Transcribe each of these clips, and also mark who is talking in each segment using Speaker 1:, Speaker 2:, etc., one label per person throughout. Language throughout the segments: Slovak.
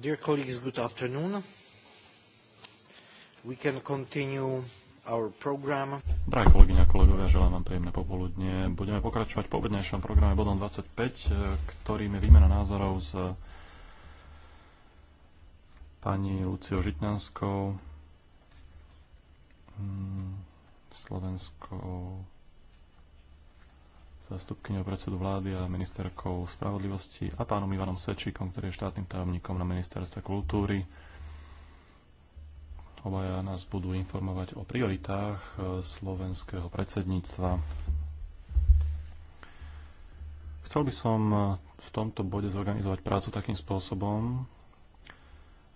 Speaker 1: Dear colleagues, good afternoon. We can continue our program.
Speaker 2: Drahé kolegyne a kolegovia, želám vám príjemné popoludne. Budeme pokračovať po obednejšom programe bodom 25, eh, ktorým je výmena názorov s pani Lucio Žitňanskou, mm, slovenskou zastupkyňou predsedu vlády a ministerkou spravodlivosti a pánom Ivanom Sečíkom, ktorý je štátnym tajomníkom na ministerstve kultúry. Obaja nás budú informovať o prioritách e, slovenského predsedníctva. Chcel by som e, v tomto bode zorganizovať prácu takým spôsobom,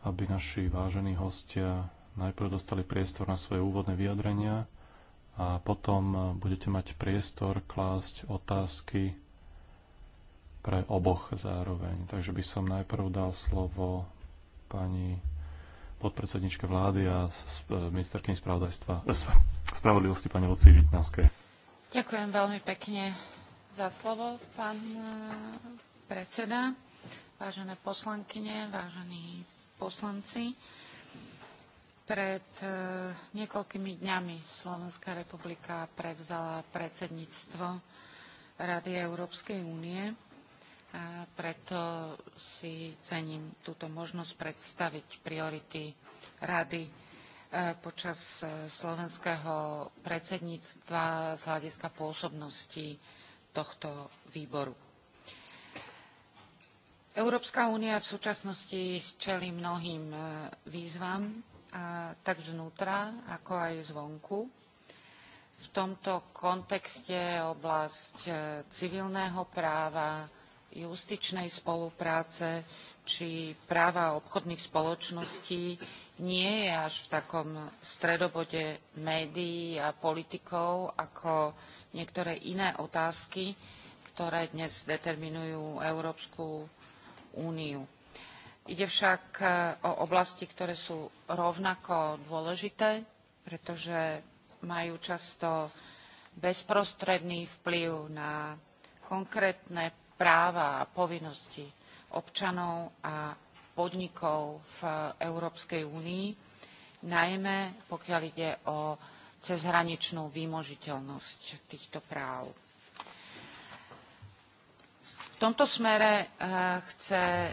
Speaker 2: aby naši vážení hostia najprv dostali priestor na svoje úvodné vyjadrenia, a potom e, budete mať priestor klásť otázky pre oboch zároveň. Takže by som najprv dal slovo pani podpredsedničke vlády a e, ministerkyni spravodajstva, e, spravodlivosti pani Luci Žitnánskej.
Speaker 3: Ďakujem veľmi pekne za slovo, pán predseda, vážené poslankyne, vážení poslanci. Pred e, niekoľkými dňami Slovenská republika prevzala predsedníctvo Rady Európskej únie, a preto si cením túto možnosť predstaviť priority Rady e, počas e, slovenského predsedníctva z hľadiska pôsobnosti tohto výboru. Európska únia v súčasnosti čelí mnohým výzvam, tak znútra, ako aj zvonku. V tomto kontexte oblasť e, civilného práva, justičnej spolupráce či práva obchodných spoločností nie je až v takom stredobode médií a politikov ako niektoré iné otázky, ktoré dnes determinujú Európsku úniu. Ide však e, o oblasti, ktoré sú rovnako dôležité, pretože majú často bezprostredný vplyv na konkrétne práva a povinnosti občanov a podnikov v Európskej únii, najmä pokiaľ ide o cezhraničnú výmožiteľnosť týchto práv tomto smere eh, chce eh,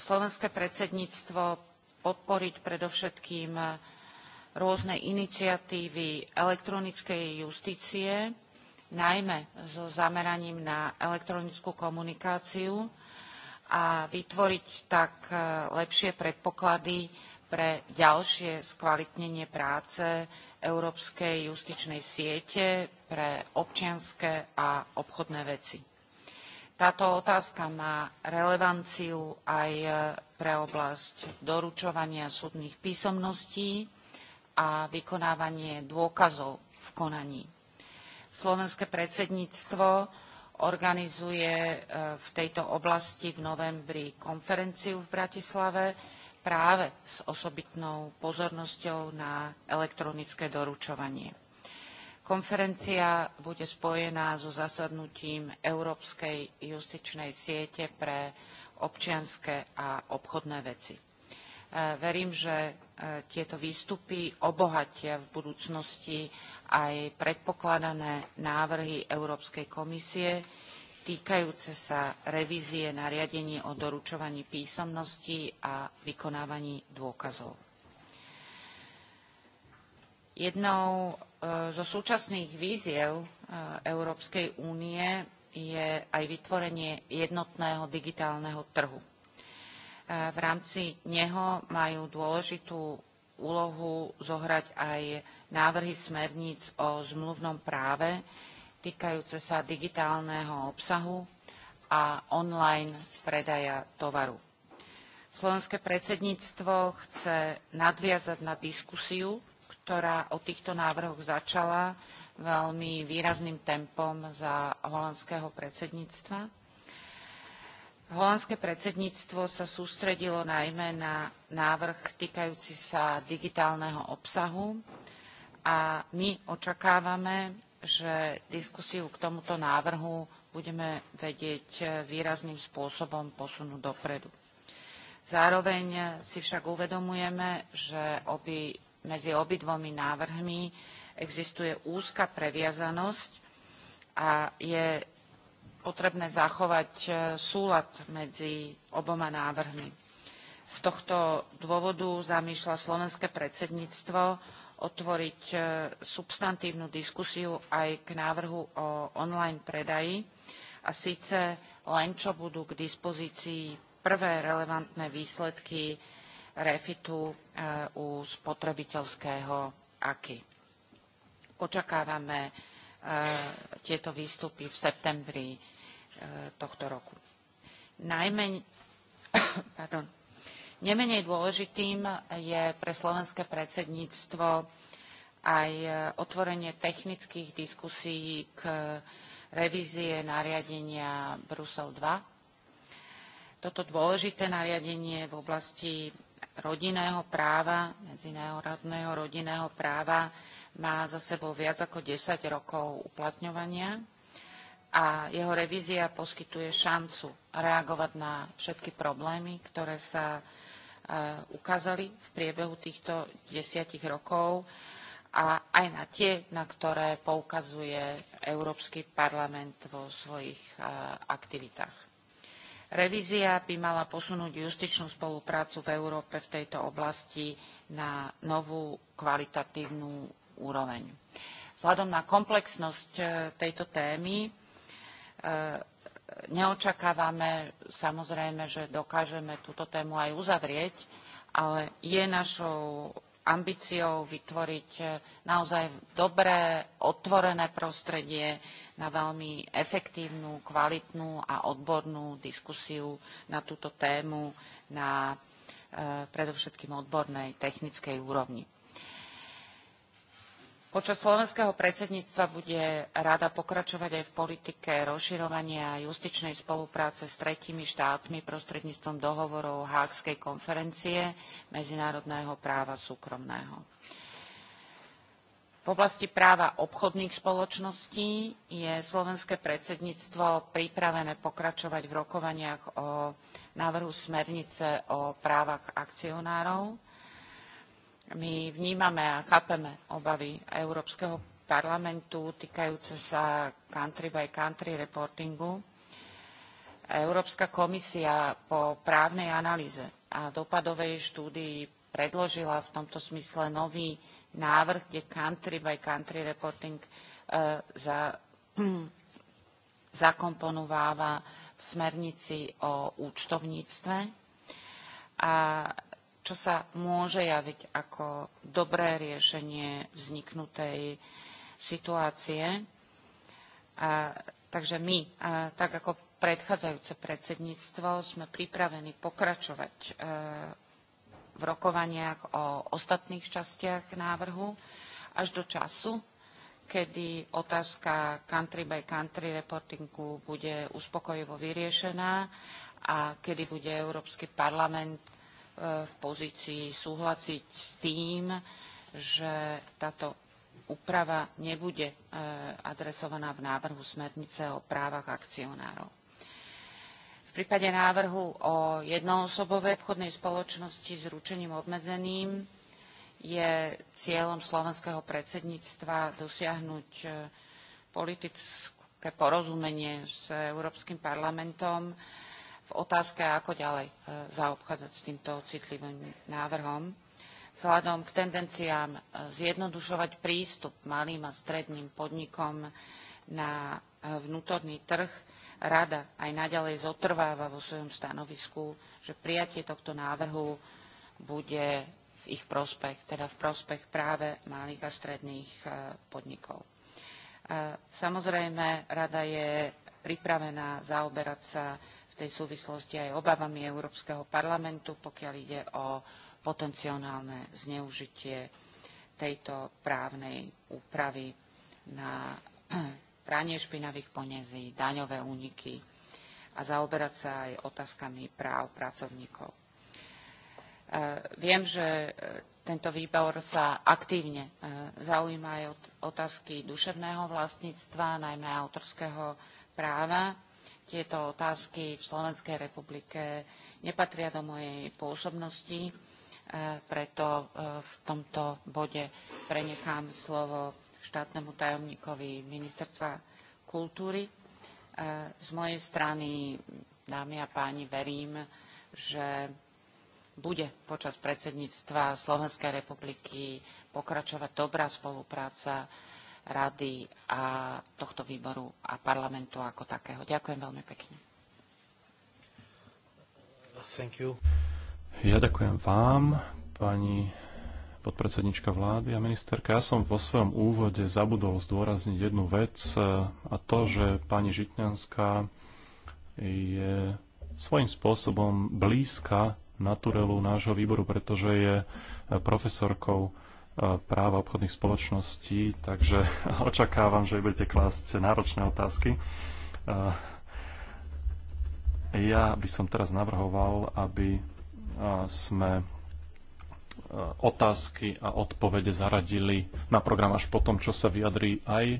Speaker 3: slovenské predsedníctvo podporiť predovšetkým eh, rôzne iniciatívy elektronickej justície, najmä so zameraním na elektronickú komunikáciu a vytvoriť tak lepšie predpoklady pre ďalšie skvalitnenie práce Európskej justičnej siete pre občianske a obchodné veci. Táto otázka má relevanciu aj e, pre oblasť doručovania súdnych písomností a vykonávanie dôkazov v konaní. Slovenské predsedníctvo organizuje e, v tejto oblasti v novembri konferenciu v Bratislave práve s osobitnou pozornosťou na elektronické doručovanie. Konferencia bude spojená so zasadnutím Európskej justičnej siete pre občianske a obchodné veci. E, verím, že e, tieto výstupy obohatia v budúcnosti aj predpokladané návrhy Európskej komisie týkajúce sa revízie nariadení o doručovaní písomností a vykonávaní dôkazov. Jednou E, zo súčasných víziev e, Európskej únie je aj vytvorenie jednotného digitálneho trhu. E, v rámci neho majú dôležitú úlohu zohrať aj návrhy smerníc o zmluvnom práve týkajúce sa digitálneho obsahu a online predaja tovaru. Slovenské predsedníctvo chce nadviazať na diskusiu ktorá o týchto návrhoch začala veľmi výrazným tempom za holandského predsedníctva. Holandské predsedníctvo sa sústredilo najmä na návrh týkajúci sa digitálneho obsahu a my očakávame, že diskusiu k tomuto návrhu budeme vedieť výrazným spôsobom posunúť dopredu. Zároveň si však uvedomujeme, že obi medzi obidvomi návrhmi existuje úzka previazanosť a je potrebné zachovať e, súlad medzi oboma návrhmi. Z tohto dôvodu zamýšľa slovenské predsedníctvo otvoriť e, substantívnu diskusiu aj k návrhu o online predaji a síce len čo budú k dispozícii prvé relevantné výsledky refitu e, u spotrebiteľského AKY. Očakávame e, tieto výstupy v septembri e, tohto roku. nemenej dôležitým je pre slovenské predsedníctvo aj otvorenie technických diskusí k revízie nariadenia Brusel II. Toto dôležité nariadenie v oblasti rodinného práva, medzinárodného rodinného práva, má za sebou viac ako 10 rokov uplatňovania a jeho revízia poskytuje šancu reagovať na všetky problémy, ktoré sa e, ukázali v priebehu týchto desiatich rokov a aj na tie, na ktoré poukazuje Európsky parlament vo svojich e, aktivitách. Revízia by mala posunúť justičnú spoluprácu v Európe v tejto oblasti na novú kvalitatívnu úroveň. Vzhľadom na komplexnosť e, tejto témy e, neočakávame samozrejme, že dokážeme túto tému aj uzavrieť, ale je našou ambíciou vytvoriť e, naozaj dobré, otvorené prostredie na veľmi efektívnu, kvalitnú a odbornú diskusiu na túto tému na e, predovšetkým odbornej technickej úrovni. Počas slovenského predsedníctva bude rada pokračovať aj v politike rozširovania justičnej spolupráce s tretími štátmi prostredníctvom dohovorov Hákskej konferencie medzinárodného práva súkromného. V oblasti práva obchodných spoločností je slovenské predsedníctvo pripravené pokračovať v rokovaniach o návrhu smernice o právach akcionárov my vnímame a chápeme obavy Európskeho parlamentu týkajúce sa country by country reportingu. Európska komisia po právnej analýze a dopadovej štúdii predložila v tomto smysle nový návrh, kde country by country reporting e, za, zakomponováva v smernici o účtovníctve. A čo sa môže javiť ako dobré riešenie vzniknutej situácie. A, takže my, a, tak ako predchádzajúce predsedníctvo, sme pripravení pokračovať a, e, v rokovaniach o ostatných častiach návrhu až do času, kedy otázka country by country reportingu bude uspokojivo vyriešená a kedy bude Európsky parlament E, v pozícii súhlasiť s tým, že táto úprava nebude e, adresovaná v návrhu smernice o právach akcionárov. V prípade návrhu o jednoosobovej obchodnej spoločnosti s ručením obmedzeným je cieľom slovenského predsedníctva dosiahnuť e, politické porozumenie s Európskym parlamentom otázke, ako ďalej e, zaobchádzať s týmto citlivým návrhom. Vzhľadom k tendenciám e, zjednodušovať prístup malým a stredným podnikom na e, vnútorný trh, Rada aj naďalej zotrváva vo svojom stanovisku, že prijatie tohto návrhu bude v ich prospech, teda v prospech práve malých a stredných podnikov. Samozrejme, rada je pripravená zaoberať sa v tej súvislosti aj obavami Európskeho parlamentu, pokiaľ ide o potenciálne zneužitie tejto právnej úpravy na pranie špinavých poniezí, daňové úniky a zaoberať sa aj otázkami práv pracovníkov. E, viem, že e, tento výbor sa aktívne e, zaujíma aj otázky duševného vlastníctva, najmä autorského práva tieto otázky v Slovenskej republike nepatria do mojej pôsobnosti, e, preto e, v tomto bode prenechám slovo štátnemu tajomníkovi ministerstva kultúry. E, z mojej strany, dámy a páni, verím, že bude počas predsedníctva Slovenskej republiky pokračovať dobrá spolupráca rady a tohto výboru a parlamentu ako takého. Ďakujem veľmi
Speaker 1: pekne. Thank you.
Speaker 2: Ja ďakujem vám, pani podpredsednička vlády a ministerka. Ja som vo svojom úvode zabudol zdôrazniť jednu vec eh, a to, že pani Žitňanská je svojím spôsobom blízka naturelu nášho výboru, pretože je eh, profesorkou E, práva obchodných spoločností, takže očakávam, že budete klásť náročné otázky. E, ja by som teraz navrhoval, aby e, sme otázky a odpovede zaradili na program až po tom, čo sa vyjadrí aj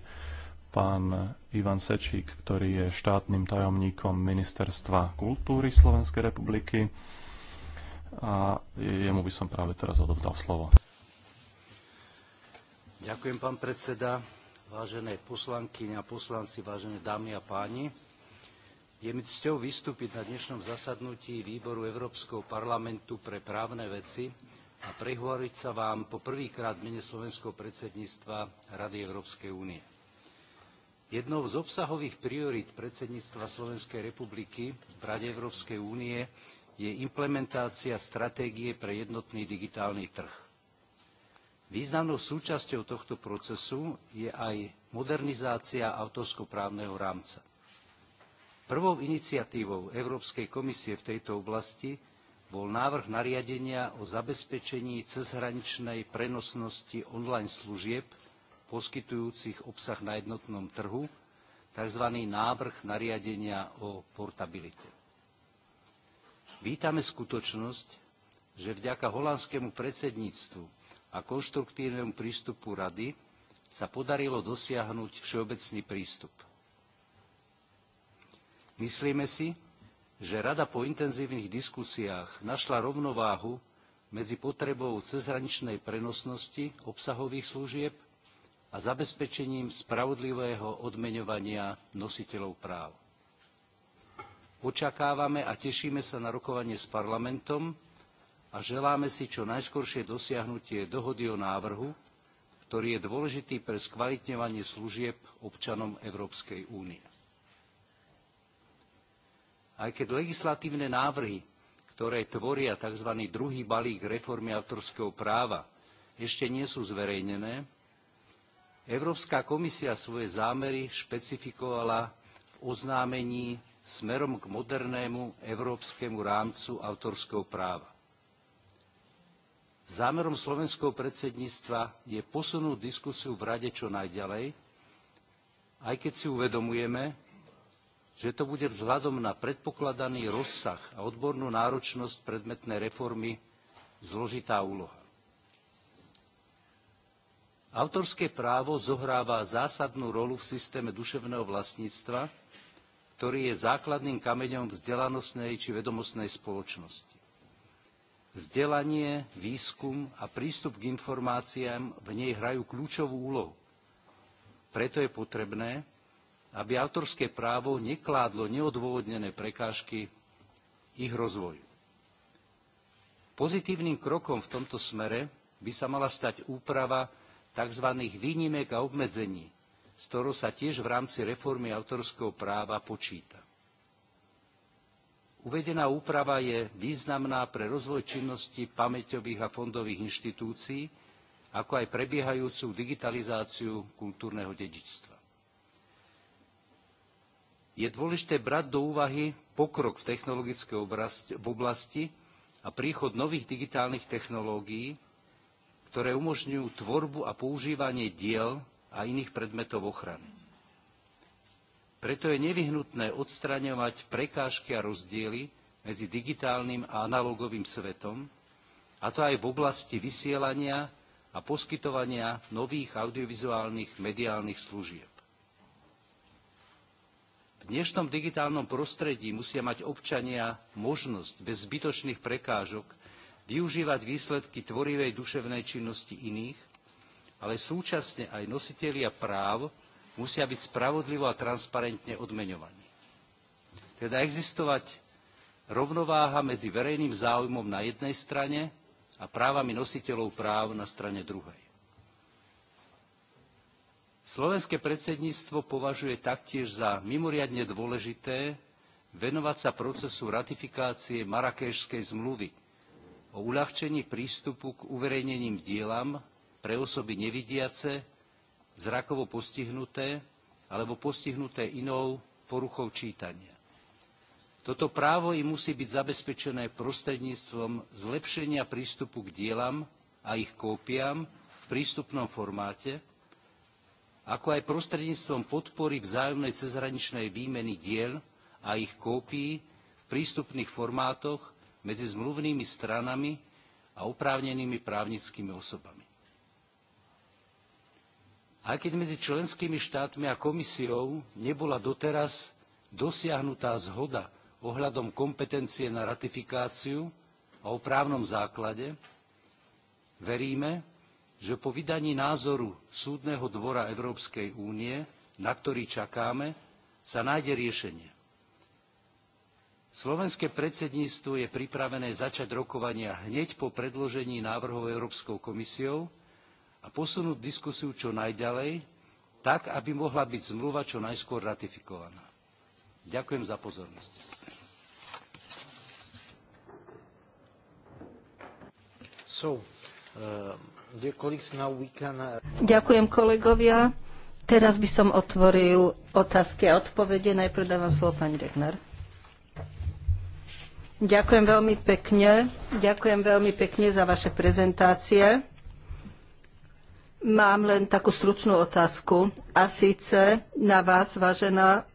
Speaker 2: pán Ivan Sečík, ktorý je štátnym tajomníkom Ministerstva kultúry Slovenskej republiky. A jemu by som práve teraz odovzdal slovo.
Speaker 4: Ďakujem, pán predseda. Vážené poslankyne a poslanci, vážené dámy a páni, je mi cťou vystúpiť na dnešnom zasadnutí Výboru Európskeho parlamentu pre právne veci a prehovoriť sa vám po prvýkrát v mene slovenského predsedníctva Rady Európskej únie. Jednou z obsahových priorít predsedníctva Slovenskej republiky v Rade Európskej únie je implementácia stratégie pre jednotný digitálny trh. Významnou súčasťou tohto procesu je aj modernizácia autorskoprávneho rámca. Prvou iniciatívou Európskej komisie v tejto oblasti bol návrh nariadenia o zabezpečení cezhraničnej prenosnosti online služieb poskytujúcich obsah na jednotnom trhu, tzv. návrh nariadenia o portabilite. Vítame skutočnosť, že vďaka holandskému predsedníctvu a konštruktívnemu prístupu Rady sa podarilo dosiahnuť všeobecný prístup. Myslíme si, že Rada po intenzívnych diskusiách našla rovnováhu medzi potrebou cezhraničnej prenosnosti obsahových služieb a zabezpečením spravodlivého odmeňovania nositeľov práv. Očakávame a tešíme sa na rokovanie s parlamentom a želáme si čo najskoršie dosiahnutie dohody o návrhu, ktorý je dôležitý pre skvalitňovanie služieb občanom Európskej únie. Aj keď legislatívne návrhy, ktoré tvoria tzv. druhý balík reformy autorského práva, ešte nie sú zverejnené, Európska komisia svoje zámery špecifikovala v oznámení smerom k modernému európskemu rámcu autorského práva. Zámerom slovenského predsedníctva je posunúť diskusiu v Rade čo najďalej, aj keď si uvedomujeme, že to bude vzhľadom na predpokladaný rozsah a odbornú náročnosť predmetnej reformy zložitá úloha. Autorské právo zohráva zásadnú rolu v systéme duševného vlastníctva, ktorý je základným kameňom vzdelanostnej či vedomostnej spoločnosti. Vzdelanie, výskum a prístup k informáciám v nej hrajú kľúčovú úlohu. Preto je potrebné, aby autorské právo nekládlo neodôvodnené prekážky ich rozvoju. Pozitívnym krokom v tomto smere by sa mala stať úprava tzv. výnimek a obmedzení, s ktorou sa tiež v rámci reformy autorského práva počíta. Uvedená úprava je významná pre rozvoj činnosti pamäťových a fondových inštitúcií, ako aj prebiehajúcu digitalizáciu kultúrneho dedičstva. Je dôležité brať do úvahy pokrok v technologickej oblasti a príchod nových digitálnych technológií, ktoré umožňujú tvorbu a používanie diel a iných predmetov ochrany. Preto je nevyhnutné odstraňovať prekážky a rozdiely medzi digitálnym a analogovým svetom, a to aj v oblasti vysielania a poskytovania nových audiovizuálnych mediálnych služieb. V dnešnom digitálnom prostredí musia mať občania možnosť bez zbytočných prekážok využívať výsledky tvorivej duševnej činnosti iných, ale súčasne aj nositelia práv musia byť spravodlivo a transparentne odmeňovaní. Teda existovať rovnováha medzi verejným záujmom na jednej strane a právami nositeľov práv na strane druhej. Slovenské predsedníctvo považuje taktiež za mimoriadne dôležité venovať sa procesu ratifikácie Marakešskej zmluvy o uľahčení prístupu k uverejnením dielam pre osoby nevidiace zrakovo postihnuté alebo postihnuté inou poruchou čítania. Toto právo im musí byť zabezpečené prostredníctvom zlepšenia prístupu k dielam a ich kópiám v prístupnom formáte, ako aj prostredníctvom podpory vzájomnej cezhraničnej výmeny diel a ich kópií v prístupných formátoch medzi zmluvnými stranami a oprávnenými právnickými osobami aj keď medzi členskými štátmi a komisiou nebola doteraz dosiahnutá zhoda ohľadom kompetencie na ratifikáciu a o právnom základe, veríme, že po vydaní názoru Súdneho dvora Európskej únie, na ktorý čakáme, sa nájde riešenie. Slovenské predsedníctvo je pripravené začať rokovania hneď po predložení návrhov Európskou komisiou a posunúť diskusiu čo najďalej, tak, aby mohla byť zmluva čo najskôr ratifikovaná. Ďakujem za pozornosť. So, uh, can... Uh, Ďakujem
Speaker 5: kolegovia. Teraz by som otvoril otázky a odpovede. Najprv dávam slovo pani Regner. Ďakujem veľmi pekne. Ďakujem veľmi pekne za vaše prezentácie. Mám len takú stručnú otázku. A síce na vás, vážená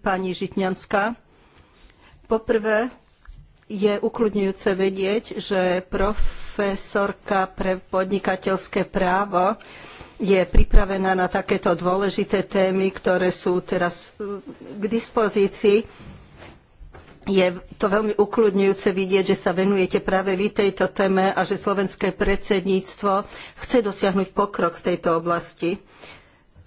Speaker 5: pani Žitňanská. Poprvé je ukludňujúce vedieť, že profesorka pre podnikateľské právo je pripravená na takéto dôležité témy, ktoré sú teraz eh, k dispozícii je to veľmi ukludňujúce vidieť, že sa venujete práve vy tejto téme a že slovenské predsedníctvo chce dosiahnuť pokrok v tejto oblasti.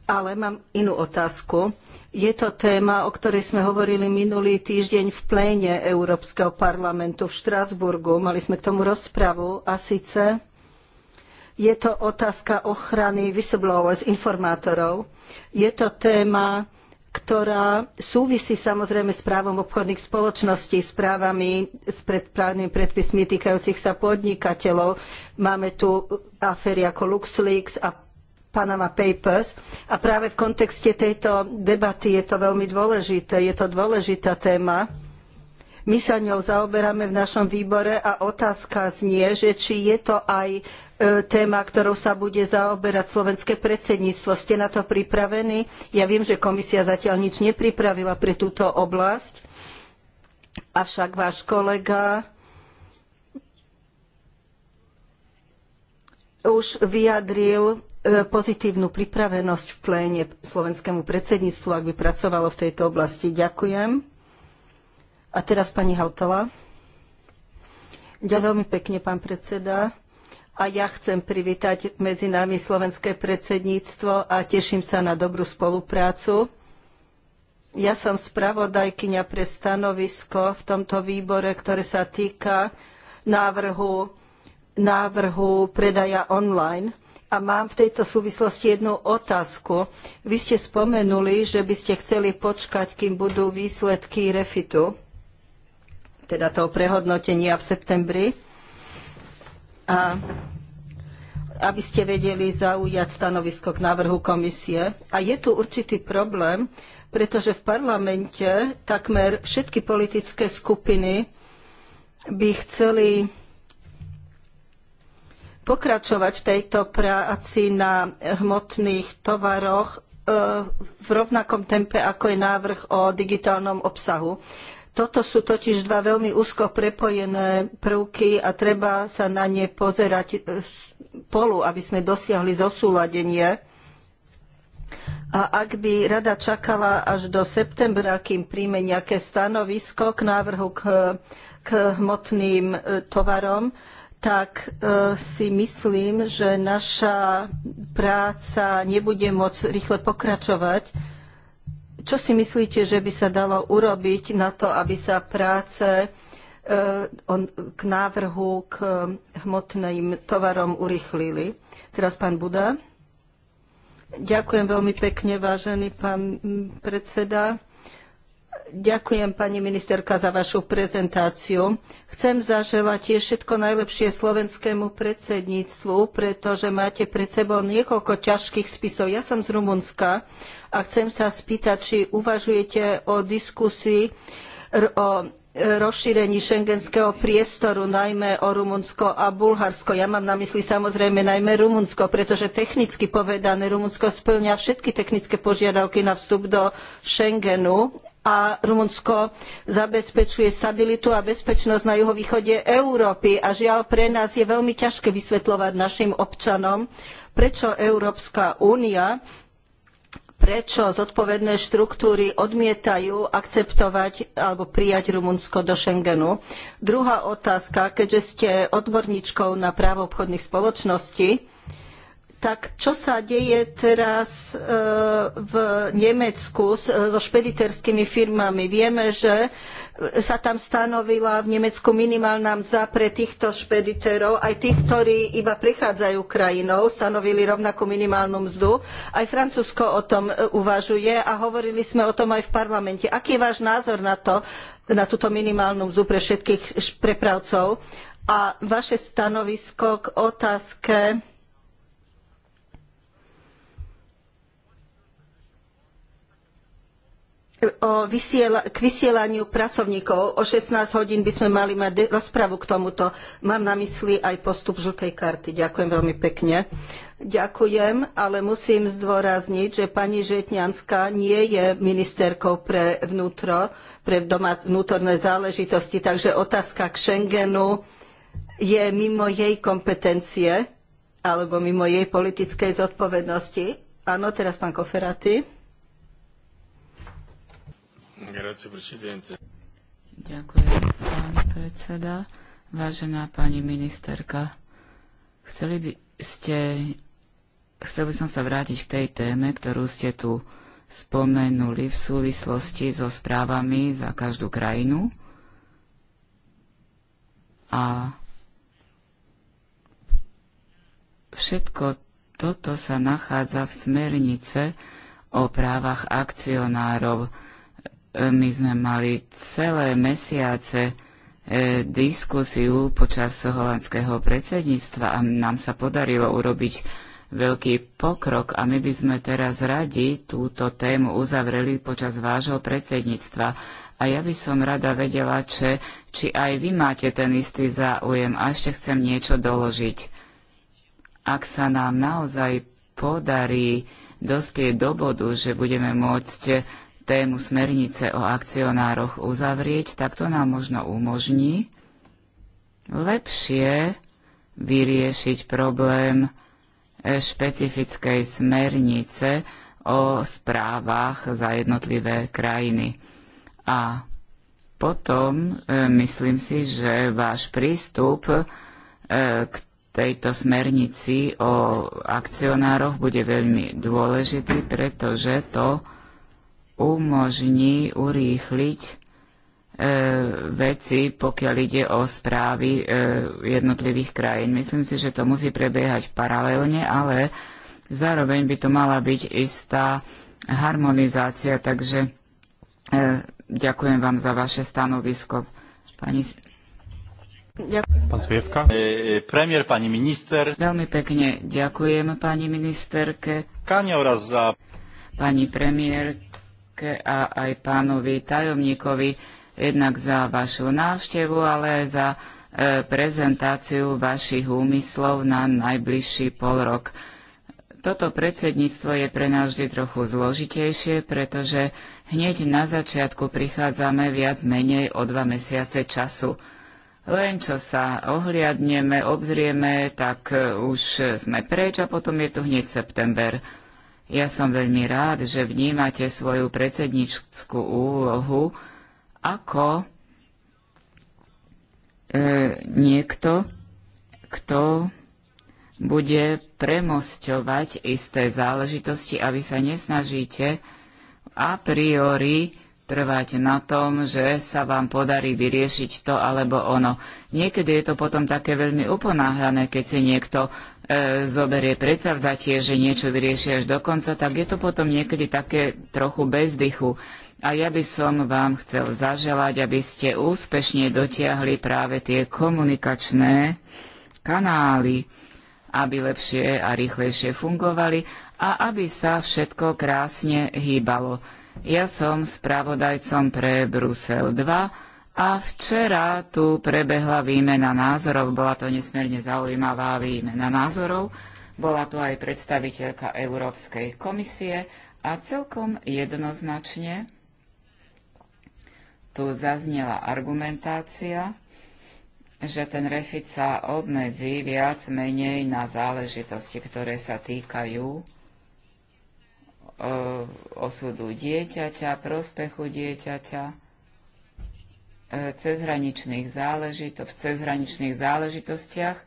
Speaker 5: Ale mám inú otázku. Je to téma, o ktorej sme hovorili minulý týždeň v pléne Európskeho parlamentu v Štrasburgu. Mali sme k tomu rozpravu a síce je to otázka ochrany whistleblowers, informátorov. Je to téma, ktorá súvisí samozrejme s právom obchodných spoločností, s právami, s právnymi predpismi týkajúcich sa podnikateľov. Máme tu aféry ako LuxLeaks a Panama Papers. A práve v kontexte tejto debaty je to veľmi dôležité. Je to dôležitá téma. My sa ňou zaoberáme v našom výbore a otázka znie, že či je to aj E, téma, ktorou sa bude zaoberať slovenské predsedníctvo. Ste na to pripravení? Ja viem, že komisia zatiaľ nič nepripravila pre túto oblasť, avšak váš kolega už vyjadril e, pozitívnu pripravenosť v pléne slovenskému predsedníctvu, ak by pracovalo v tejto oblasti. Ďakujem. A teraz pani Hautala. Ďakujem veľmi pekne, pán predseda a ja chcem privítať medzi nami slovenské predsedníctvo a teším sa na dobrú spoluprácu. Ja som spravodajkyňa pre stanovisko v tomto výbore, ktoré sa týka návrhu, návrhu predaja online. A mám v tejto súvislosti jednu otázku. Vy ste spomenuli, že by ste chceli počkať, kým budú výsledky refitu, teda toho prehodnotenia v septembri a aby ste vedeli zaujať stanovisko k návrhu komisie. A je tu určitý problém, pretože v parlamente takmer všetky politické skupiny by chceli pokračovať v tejto práci na hmotných tovaroch e, v rovnakom tempe, ako je návrh o digitálnom obsahu. Toto sú totiž dva veľmi úzko prepojené prvky a treba sa na ne pozerať e, spolu, aby sme dosiahli zosúladenie. A ak by rada čakala až do septembra, kým príjme nejaké stanovisko k návrhu k, k hmotným e, tovarom, tak e, si myslím, že naša práca nebude môcť rýchle pokračovať čo si myslíte, že by sa dalo urobiť na to, aby sa práce eh, k návrhu k hmotným tovarom urychlili? Teraz pán Buda. Ďakujem veľmi pekne, vážený pán mm, predseda. Ďakujem, pani ministerka, za vašu prezentáciu. Chcem zaželať tiež všetko najlepšie slovenskému predsedníctvu, pretože máte pred sebou niekoľko ťažkých spisov. Ja som z Rumunska a chcem sa spýtať, či uvažujete o diskusii o rozšírení schengenského priestoru, najmä o Rumunsko a Bulharsko. Ja mám na mysli samozrejme najmä Rumunsko, pretože technicky povedané Rumunsko spĺňa všetky technické požiadavky na vstup do Schengenu a Rumunsko zabezpečuje stabilitu a bezpečnosť na juhovýchode Európy. A žiaľ, pre nás je veľmi ťažké vysvetľovať našim občanom, prečo Európska únia prečo zodpovedné štruktúry odmietajú akceptovať alebo prijať Rumunsko do Schengenu. Druhá otázka, keďže ste odborníčkou na právo obchodných spoločností, tak čo sa deje teraz e, v Nemecku e, so špediterskými firmami? Vieme, že sa tam stanovila v Nemecku minimálna mzda pre týchto špediterov, aj tých, ktorí iba prichádzajú krajinou, stanovili rovnakú minimálnu mzdu. Aj Francúzsko o tom e, uvažuje a hovorili sme o tom aj v parlamente. Aký je váš názor na to, na túto minimálnu mzdu pre všetkých prepravcov? A vaše stanovisko k otázke vysiela k vysielaniu pracovníkov. O 16 hodín by sme mali mať rozpravu k tomuto. Mám na mysli aj postup žltej karty. Ďakujem veľmi pekne. Ďakujem, ale musím zdôrazniť, že pani Žetňanská nie je ministerkou pre vnútro, pre vnútorné záležitosti, takže otázka k Schengenu je mimo jej kompetencie alebo mimo jej politickej zodpovednosti. Áno, teraz pán Koferaty.
Speaker 6: Ďakujem, pán predseda. Vážená pani ministerka, chceli by ste, chcel by som sa vrátiť k tej téme, ktorú ste tu spomenuli v súvislosti so správami za každú krajinu. A všetko toto sa nachádza v smernice o právach akcionárov my sme mali celé mesiace e, diskusiu počas holandského predsedníctva a nám sa podarilo urobiť veľký pokrok a my by sme teraz radi túto tému uzavreli počas vášho predsedníctva. A ja by som rada vedela, či, či aj vy máte ten istý záujem a ešte chcem niečo doložiť. Ak sa nám naozaj podarí dospieť do bodu, že budeme môcť tému smernice o akcionároch uzavrieť, tak to nám možno umožní lepšie vyriešiť problém e, špecifickej smernice o správach za jednotlivé krajiny. A potom e, myslím si, že váš prístup e, k tejto smernici o akcionároch bude veľmi dôležitý, pretože to umožní urýchliť e, veci, pokiaľ ide o správy e, jednotlivých krajín. Myslím si, že to musí prebiehať paralelne, ale zároveň by to mala byť istá harmonizácia, takže e, ďakujem vám za vaše stanovisko. Pani...
Speaker 2: Pán Svievka. E, e, premiér, pani minister.
Speaker 6: Veľmi pekne ďakujem pani ministerke.
Speaker 4: Kania za...
Speaker 6: Pani premiérke Baške a aj pánovi tajomníkovi jednak za vašu návštevu, ale aj za e, prezentáciu vašich úmyslov na najbližší pol rok. Toto predsedníctvo je pre nás vždy trochu zložitejšie, pretože hneď na začiatku prichádzame viac menej o dva mesiace času. Len čo sa ohliadneme, obzrieme, tak e, už sme preč a potom je tu hneď september. Ja som veľmi rád, že vnímate svoju predsedničskú úlohu ako e, niekto, kto bude premosťovať isté záležitosti a vy sa nesnažíte a priori trvať na tom, že sa vám podarí vyriešiť to alebo ono. Niekedy je to potom také veľmi uponáhľané, keď si niekto e, zoberie predsa vzatie, že niečo vyrieši až do konca, tak je to potom niekedy také trochu bezdychu. A ja by som vám chcel zaželať, aby ste úspešne dotiahli práve tie komunikačné kanály, aby lepšie a rýchlejšie fungovali a aby sa všetko krásne hýbalo. Ja som spravodajcom pre Brusel 2 a včera tu prebehla výmena názorov. Bola to nesmierne zaujímavá výmena názorov. Bola tu aj predstaviteľka Európskej komisie a celkom jednoznačne tu zaznela argumentácia, že ten refit sa obmedzí viac menej na záležitosti, ktoré sa týkajú osudu dieťaťa, prospechu dieťaťa, e, cezhraničných záležito- v cezhraničných záležitostiach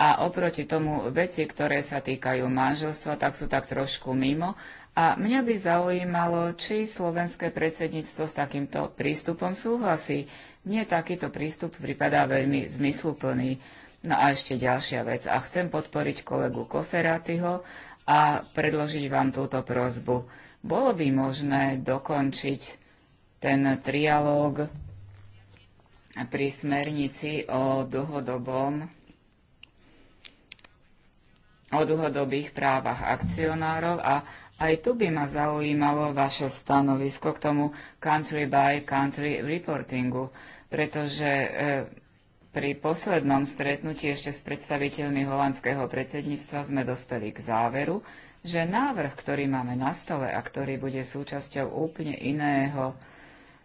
Speaker 6: a oproti tomu veci, ktoré sa týkajú manželstva, tak sú tak trošku mimo. A mňa by zaujímalo, či slovenské predsedníctvo s takýmto prístupom súhlasí. Mne takýto prístup pripadá veľmi zmysluplný. No a ešte ďalšia vec. A chcem podporiť kolegu Koferatyho, a predložiť vám túto prozbu. Bolo by možné dokončiť ten trialóg pri smernici o dlhodobom o dlhodobých právach akcionárov a aj tu by ma zaujímalo vaše stanovisko k tomu country by country reportingu, pretože e, pri poslednom stretnutí ešte s predstaviteľmi holandského predsedníctva sme dospeli k záveru, že návrh, ktorý máme na stole a ktorý bude súčasťou úplne iného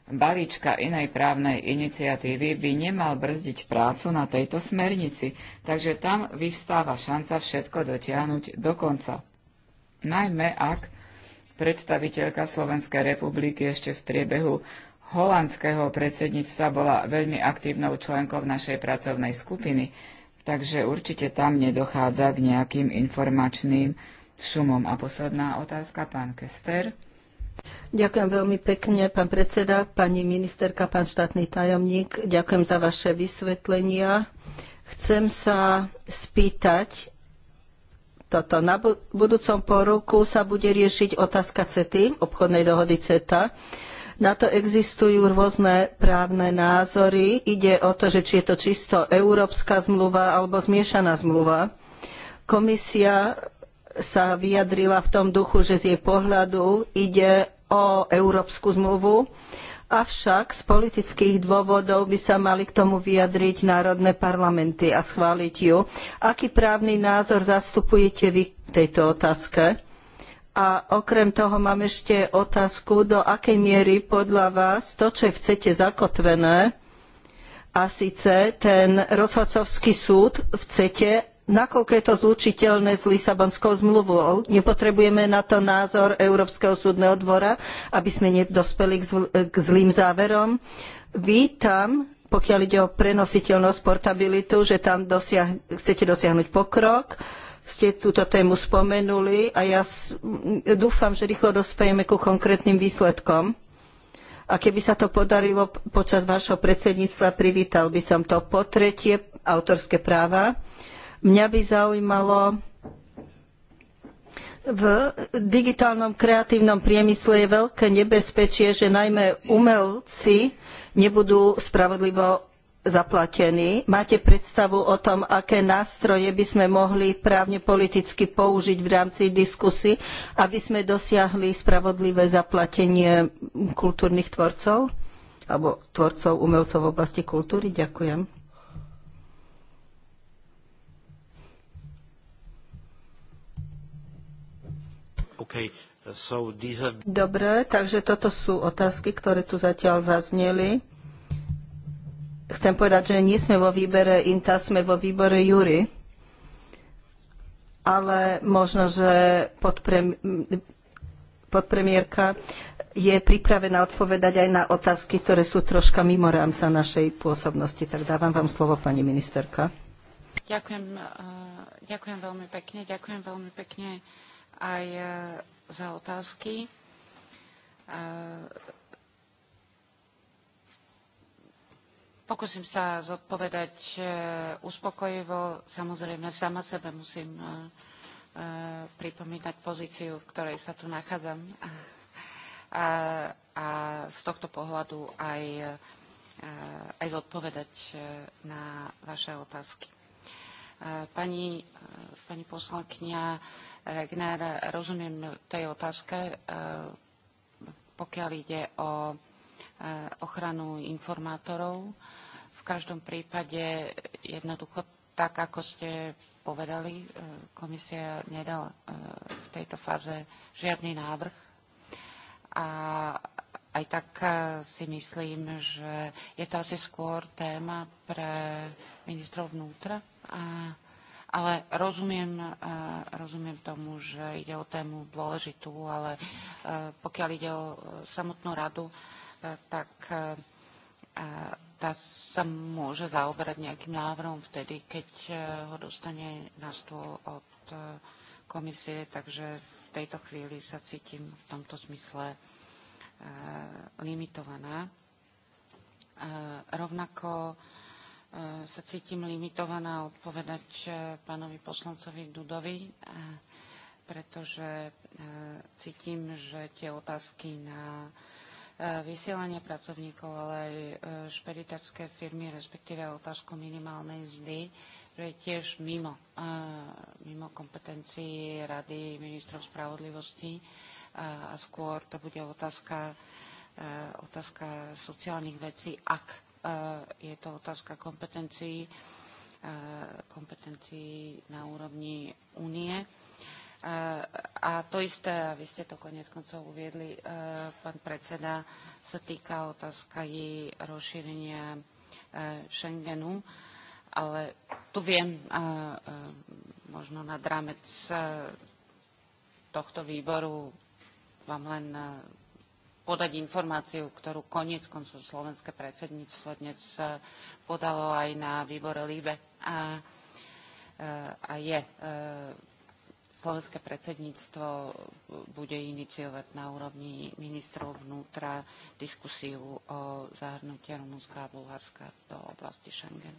Speaker 6: balíčka inej právnej iniciatívy, by nemal brzdiť prácu na tejto smernici, takže tam vyvstáva šanca všetko dotiahnuť do konca. Najmä ak predstaviteľka Slovenskej republiky ešte v priebehu holandského predsedníctva bola veľmi aktívnou členkou našej pracovnej skupiny, takže určite tam nedochádza k nejakým informačným šumom. A posledná otázka, pán Kester.
Speaker 5: Ďakujem veľmi pekne, pán predseda, pani ministerka, pán štátny tajomník. Ďakujem za vaše vysvetlenia. Chcem sa spýtať, toto. Na budúcom poruku sa bude riešiť otázka CETY, obchodnej dohody CETA. Na to existujú rôzne právne názory. Ide o to, že či je to čisto európska zmluva alebo zmiešaná zmluva. Komisia sa vyjadrila v tom duchu, že z jej pohľadu ide o európsku zmluvu, avšak z politických dôvodov by sa mali k tomu vyjadriť národné parlamenty a schváliť ju. Aký právny názor zastupujete vy k tejto otázke? A okrem toho mám ešte otázku, do akej miery podľa vás to, čo je v CETE zakotvené, a síce ten rozhodcovský súd v CETE, nakoľko je to zlučiteľné s Lisabonskou zmluvou, nepotrebujeme na to názor Európskeho súdneho dvora, aby sme nedospeli k zlým záverom. Vítam pokiaľ ide o prenositeľnosť, portabilitu, že tam dosiah chcete dosiahnuť pokrok ste túto tému spomenuli a ja dúfam, že rýchlo dospejeme ku konkrétnym výsledkom. A keby sa to podarilo počas vášho predsedníctva, privítal by som to. Po tretie, autorské práva. Mňa by zaujímalo, v digitálnom kreatívnom priemysle je veľké nebezpečie, že najmä umelci nebudú spravodlivo zaplatení. Máte predstavu o tom, aké nástroje by sme mohli právne politicky použiť v rámci diskusy, aby sme dosiahli spravodlivé zaplatenie kultúrnych tvorcov alebo tvorcov umelcov v oblasti kultúry? Ďakujem.
Speaker 4: Okay. So are...
Speaker 5: Dobre, takže toto sú otázky, ktoré tu zatiaľ zazneli chcem povedať, že nie sme vo výbere INTA, sme vo výbore Jury. Ale možno, že podpremierka je pripravená odpovedať aj na otázky, ktoré sú troška mimo rámca našej pôsobnosti. Tak dávam vám slovo, pani ministerka.
Speaker 3: Ďakujem, e, ďakujem veľmi pekne. Ďakujem veľmi pekne aj e, za otázky. E, Pokúsim sa zodpovedať e, uspokojivo. Samozrejme, sama sebe musím e, e, pripomínať pozíciu, v ktorej sa tu nachádzam. A, z tohto pohľadu aj, aj zodpovedať na vaše otázky. Pani, pani poslankyňa Regner, rozumiem tej otázke, pokiaľ ide o ochranu informátorov v každom prípade jednoducho tak, ako ste povedali, e, komisia nedala e, v tejto fáze žiadny návrh. A aj tak e, si myslím, že je to asi skôr téma pre ministrov vnútra. A, ale rozumiem, rozumiem tomu, že ide o tému dôležitú, ale pokiaľ ide o samotnú radu, tak tá sa môže zaoberať nejakým návrhom vtedy, keď eh, ho dostane na stôl od eh, komisie, takže v tejto chvíli sa cítim v tomto smysle eh, limitovaná. Rovnako sa cítim limitovaná odpovedať pánovi poslancovi Dudovi, pretože cítim, že tie otázky na E, vysielania pracovníkov, ale aj e, špeditárske firmy, respektíve otázku minimálnej mzdy, že je tiež mimo, e, mimo kompetencií Rady ministrov spravodlivosti a skôr to bude otázka, otázka sociálnych vecí, ak je to otázka kompetencií, kompetencií na úrovni únie a to isté, a vy ste to konec koncov uviedli, e, pán predseda, sa týka otázka jej rozšírenia e, Schengenu, ale tu viem, e, možno nad rámec tohto výboru vám len podať informáciu, ktorú koniec koncov slovenské predsedníctvo dnes podalo aj na výbore LIBE a, a je Slovenské predsedníctvo bude iniciovať na úrovni ministrov vnútra diskusiu o zahrnutí Rumunska a Bulharska do oblasti Schengenu.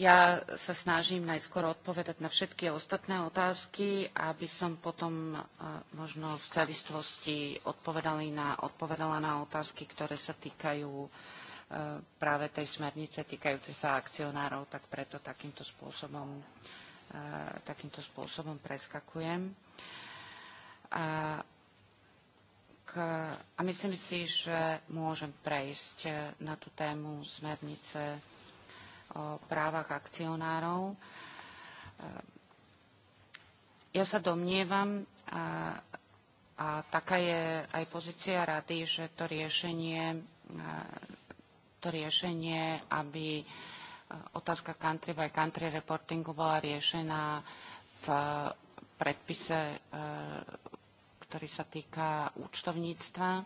Speaker 3: Ja sa snažím najskôr odpovedať na všetky ostatné otázky, aby som potom možno v celistvosti na, odpovedala na otázky, ktoré sa týkajú práve tej smernice týkajúce sa akcionárov, tak preto takýmto spôsobom takýmto spôsobom preskakujem. A, k, a myslím si, že môžem prejsť e, na tú tému smernice o právach akcionárov. E, ja sa domnievam, a, a taká je aj pozícia rady, že to riešenie, to riešenie aby otázka country by country reportingu bola riešená v predpise, e, ktorý sa týka účtovníctva, e,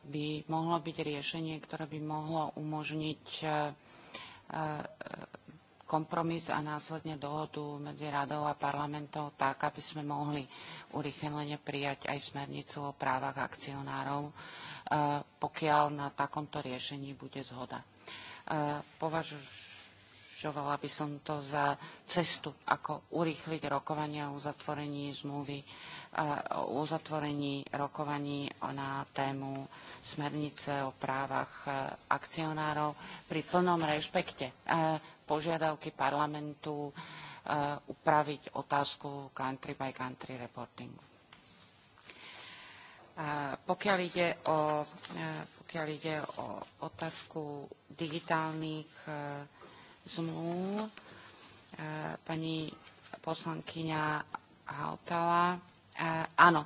Speaker 3: by mohlo byť riešenie, ktoré by mohlo umožniť e, kompromis a následne dohodu medzi radou a parlamentom tak, aby sme mohli urychlene prijať aj smernicu o právach akcionárov, pokiaľ na takomto riešení bude zhoda. Považovala by som to za cestu, ako urýchliť rokovania o uzatvorení zmluvy, o uzatvorení rokovaní na tému smernice o právach akcionárov pri plnom rešpekte požiadavky parlamentu upraviť otázku country by country reportingu. Pokiaľ ide o e, pokiaľ ide o otázku digitálnych e, zmluv. E, pani poslankyňa Hautala. E, áno,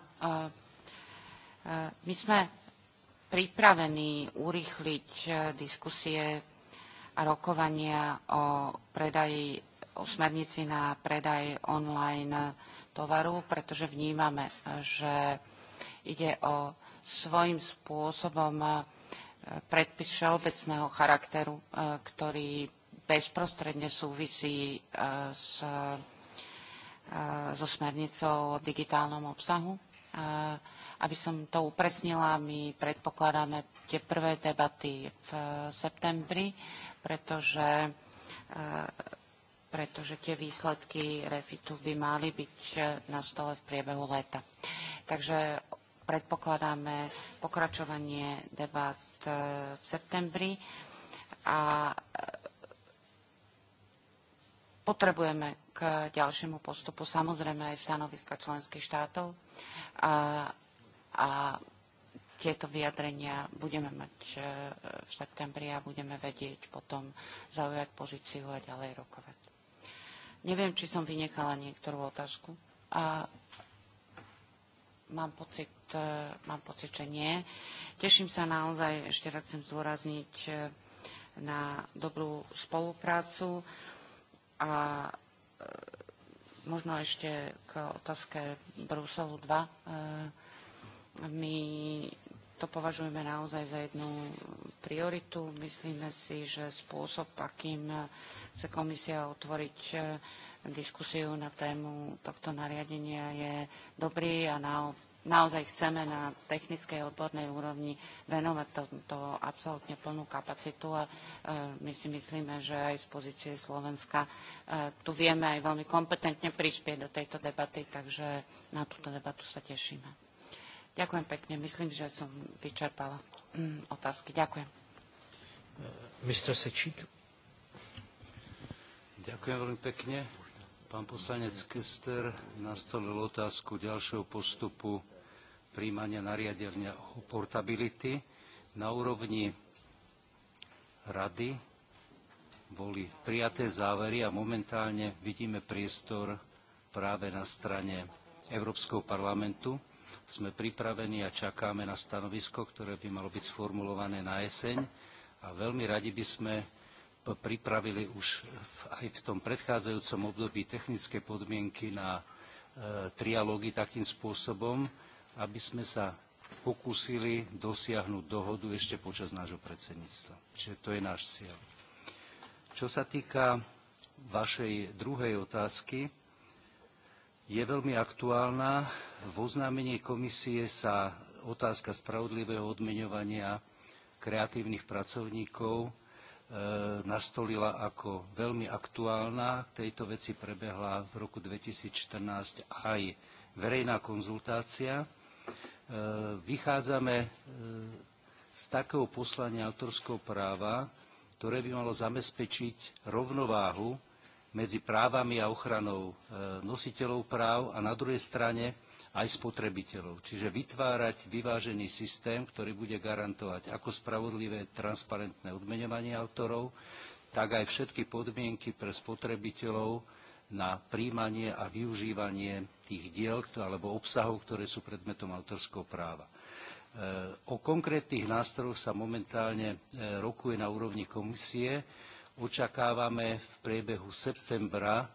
Speaker 3: my sme pripravení urýchliť diskusie a rokovania o predaji, o smernici na predaj online tovaru, pretože vnímame, že ide o svojím spôsobom predpis všeobecného charakteru, e, ktorý bezprostredne súvisí e, s, e, so smernicou o digitálnom obsahu. Aby som to upresnila, my predpokladáme tie prvé debaty v septembri, pretože, pretože tie výsledky refitu by mali byť na stole v priebehu leta. Takže predpokladáme pokračovanie debat. E, v septembri a e, potrebujeme k ďalšiemu postupu samozrejme aj stanoviska členských štátov a, a tieto vyjadrenia budeme mať e, v septembri a budeme vedieť potom zaujať pozíciu a ďalej rokovať. Neviem, či som vynechala niektorú otázku. A mám pocit, e, mám pocit, že nie. Teším sa naozaj, ešte raz chcem zdôrazniť, e, na dobrú spoluprácu a e, možno ešte k otázke Bruselu 2. My to považujeme naozaj za jednu prioritu. Myslíme si, že spôsob, akým chce komisia otvoriť diskusiu na tému tohto nariadenia je dobrý a naozaj chceme na technickej odbornej úrovni venovať to absolútne plnú kapacitu a e, my si myslíme, že aj z pozície Slovenska e, tu vieme aj veľmi kompetentne prispieť do tejto debaty, takže na túto debatu sa tešíme. Ďakujem pekne. Myslím, že som vyčerpala mm, otázky. Ďakujem.
Speaker 4: E, Mr. Sečík. Ďakujem veľmi pekne. Pán poslanec Kester nastolil otázku ďalšieho postupu príjmania nariadenia o portability. Na úrovni rady boli prijaté závery a momentálne vidíme priestor práve na strane Európskeho parlamentu. Sme pripravení a čakáme na stanovisko, ktoré by malo byť sformulované na jeseň a veľmi radi by sme pripravili už v, aj v tom predchádzajúcom období technické podmienky na e, trialógy takým spôsobom, aby sme sa pokúsili dosiahnuť dohodu ešte počas nášho predsedníctva. Čiže to je náš cieľ. Čo sa týka vašej druhej otázky, je veľmi aktuálna. V oznámení komisie sa otázka spravodlivého odmeňovania kreatívnych pracovníkov E, nastolila ako veľmi aktuálna. K tejto veci prebehla v roku 2014 aj verejná konzultácia. E, vychádzame e, z takého poslania autorského práva, ktoré by malo zabezpečiť rovnováhu medzi právami a ochranou nositeľov práv a na druhej strane aj spotrebiteľov. Čiže vytvárať vyvážený systém, ktorý bude garantovať ako spravodlivé, transparentné odmenovanie autorov, tak aj všetky podmienky pre spotrebiteľov na príjmanie a využívanie tých diel alebo obsahov, ktoré sú predmetom autorského práva. E, o konkrétnych nástrojoch sa momentálne e, rokuje na úrovni komisie. Očakávame v priebehu septembra e,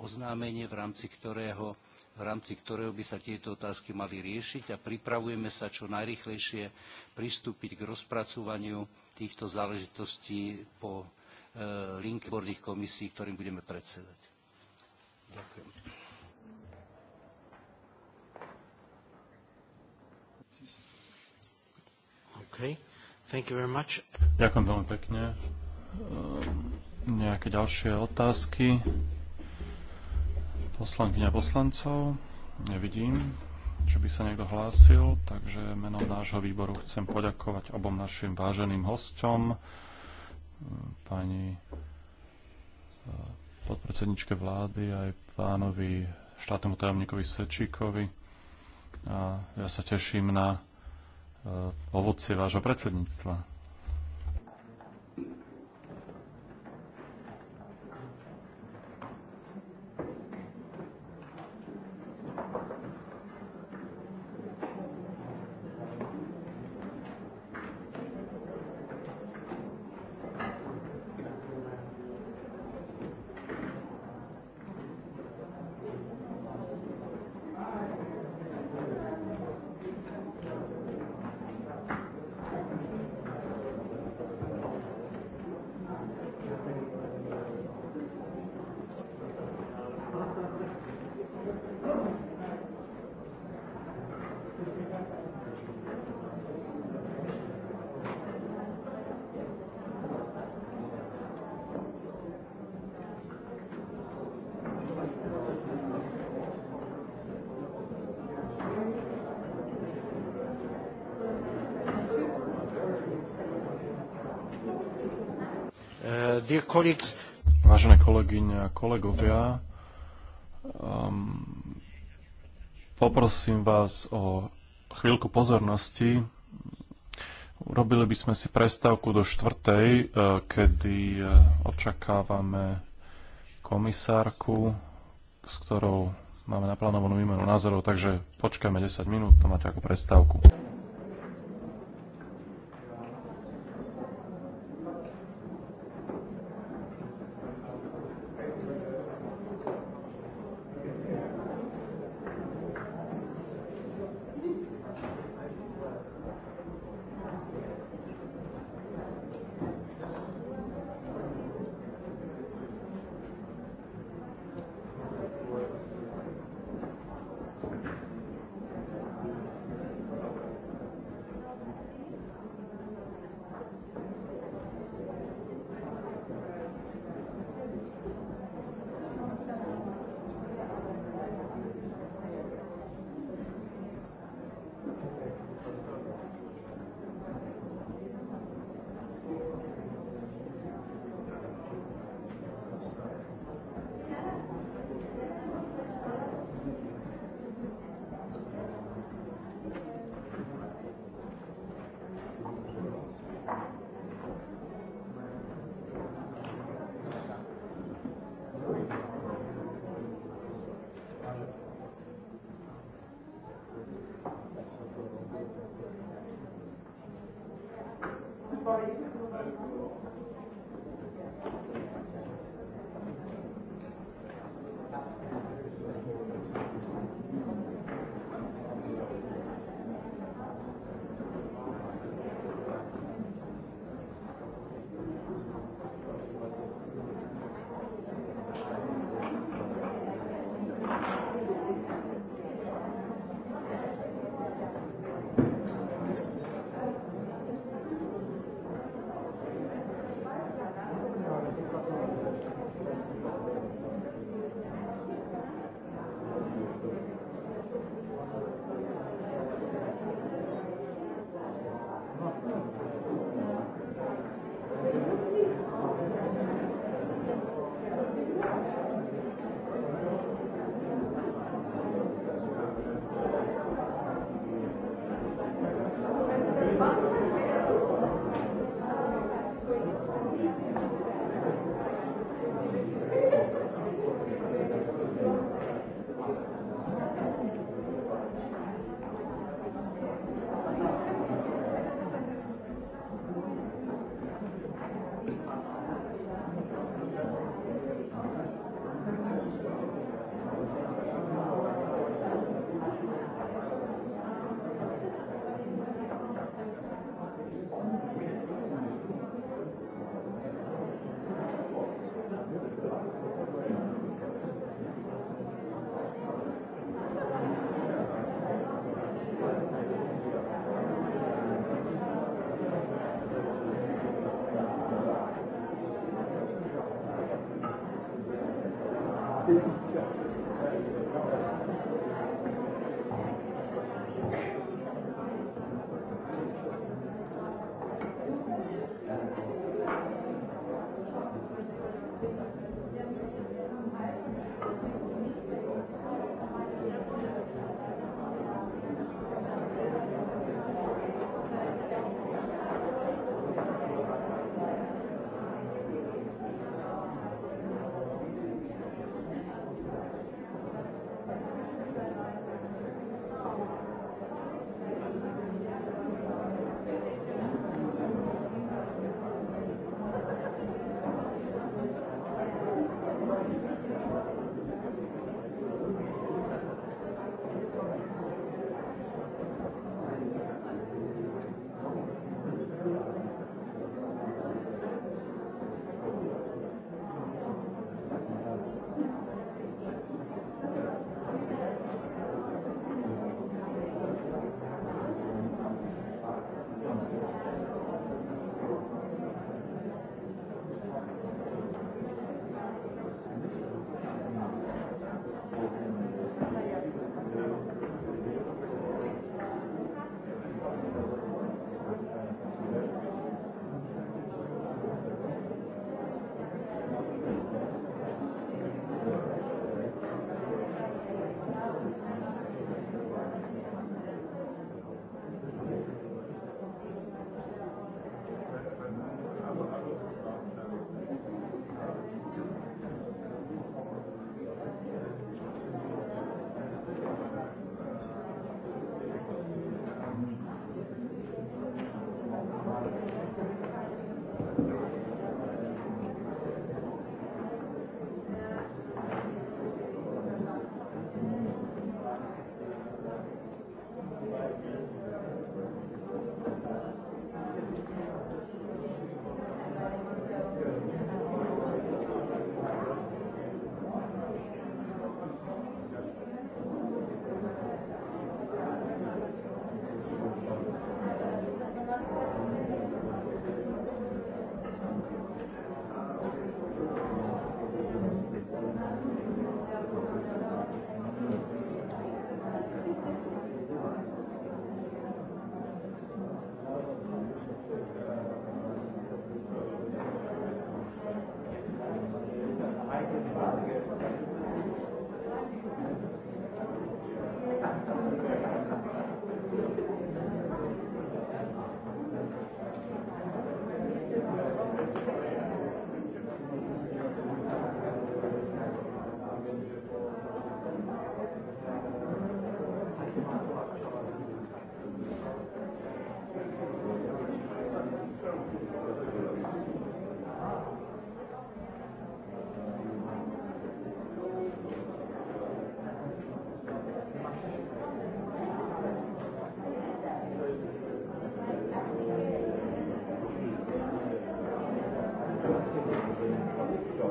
Speaker 4: oznámenie, v rámci ktorého v rámci ktorého by sa tieto otázky mali riešiť a pripravujeme sa čo najrychlejšie pristúpiť k rozpracovaniu týchto záležitostí po e, linke odborných komisí, ktorým budeme predsedať. Ďakujem. Okay.
Speaker 1: Ďakujem veľmi pekne.
Speaker 2: Um, nejaké ďalšie otázky? poslankyňa poslancov. Nevidím, že by sa niekto hlásil, takže menom nášho výboru chcem poďakovať obom našim váženým hostom, pani eh, podpredsedničke vlády aj pánovi štátnemu tajomníkovi Sečíkovi. A ja sa teším na eh, ovocie vášho predsedníctva. Vážené kolegyne a kolegovia, um, poprosím vás o chvíľku pozornosti. Urobili by sme si prestávku do štvrtej, eh, kedy eh, očakávame komisárku, s ktorou máme naplánovanú výmenu názorov, takže počkajme 10 minút, to máte ako prestávku.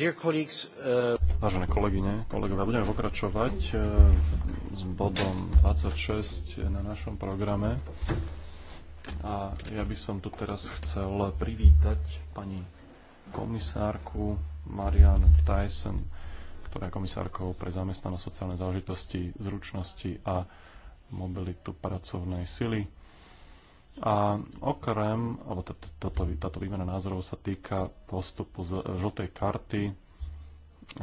Speaker 2: Uh, Vážené kolegyne, kolegovia, budeme pokračovať uh, s bodom 26 na našom programe. A ja by som tu teraz chcel privítať pani komisárku Marianu Tyson, ktorá je komisárkou pre zamestnanosť sociálne záležitosti, zručnosti a mobilitu pracovnej sily a okrem, alebo táto výmena názorov sa týka postupu z žltej karty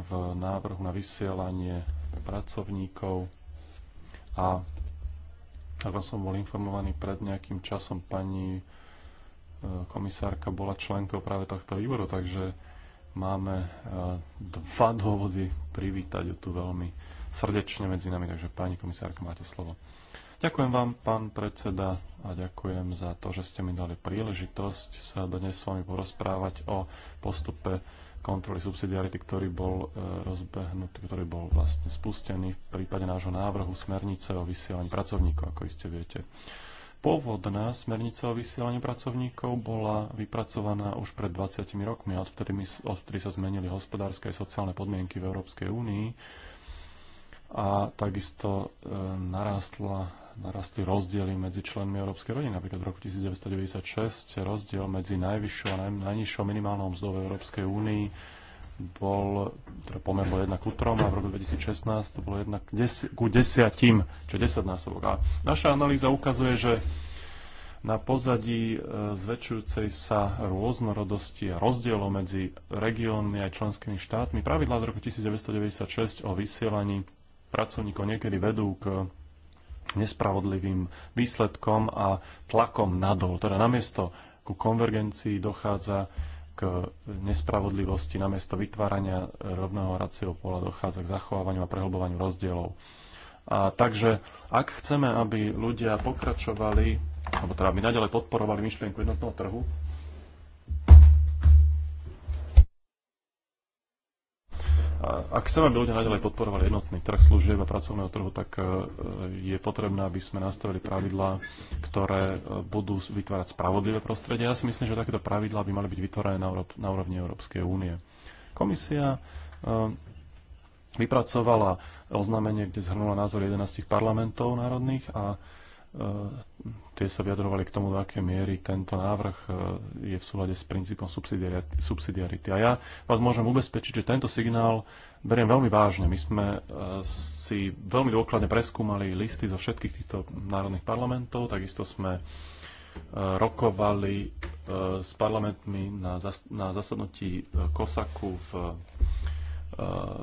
Speaker 2: v návrhu na vysielanie pracovníkov. A ako som bol informovaný pred nejakým časom, pani e, komisárka bola členkou práve tohto výboru, takže máme e, dva dôvody privítať ju tu veľmi srdečne medzi nami. Takže pani komisárka, máte slovo. Ďakujem vám, pán predseda, a ďakujem za to, že ste mi dali príležitosť sa dnes s vami porozprávať o postupe kontroly subsidiarity, ktorý bol e, rozbehnutý, ktorý bol vlastne spustený v prípade nášho návrhu smernice o vysielaní pracovníkov, ako iste viete. Pôvodná smernica o vysielaní pracovníkov bola vypracovaná už pred 20 rokmi a odvtedy, my, odvtedy sa zmenili hospodárske a sociálne podmienky v Európskej únii a takisto e, narástla narastli rozdiely medzi členmi európskej rodiny. Napríklad v roku 1996 rozdiel medzi najvyššou a najnižšou minimálnou mzdou v Európskej únii bol, teda pomer bol 1 ku 3 a v roku 2016 to bolo 1 desi, ku 10, čo 10 násobok. A naša analýza ukazuje, že na pozadí e, zväčšujúcej sa rôznorodosti a rozdielov medzi regiónmi a členskými štátmi pravidlá z roku 1996 o vysielaní pracovníkov niekedy vedú k nespravodlivým výsledkom a tlakom nadol. Teda namiesto ku konvergencii dochádza k nespravodlivosti, namiesto vytvárania rovného racieho pola dochádza k zachovávaniu a prehlbovaniu rozdielov. A takže ak chceme, aby ľudia pokračovali, alebo teda aby nadalej podporovali myšlienku jednotného trhu, ak chceme, aby ľudia naďalej podporovali jednotný trh služieb a pracovného trhu, tak e, je potrebné, aby sme nastavili pravidlá, ktoré e, budú vytvárať spravodlivé prostredie. Ja si myslím, že takéto pravidlá by mali byť vytvorené na úrovni Európskej únie. Komisia e, vypracovala oznámenie, kde zhrnula názor 11 parlamentov národných a tie sa vyjadrovali k tomu, do aké miery tento návrh e, je v súlade s princípom subsidiarity. A ja vás môžem ubezpečiť, že tento signál beriem veľmi vážne. My sme e, si veľmi dôkladne preskúmali listy zo všetkých týchto národných parlamentov, takisto sme e, rokovali s parlamentmi na, na zasadnutí Kosaku v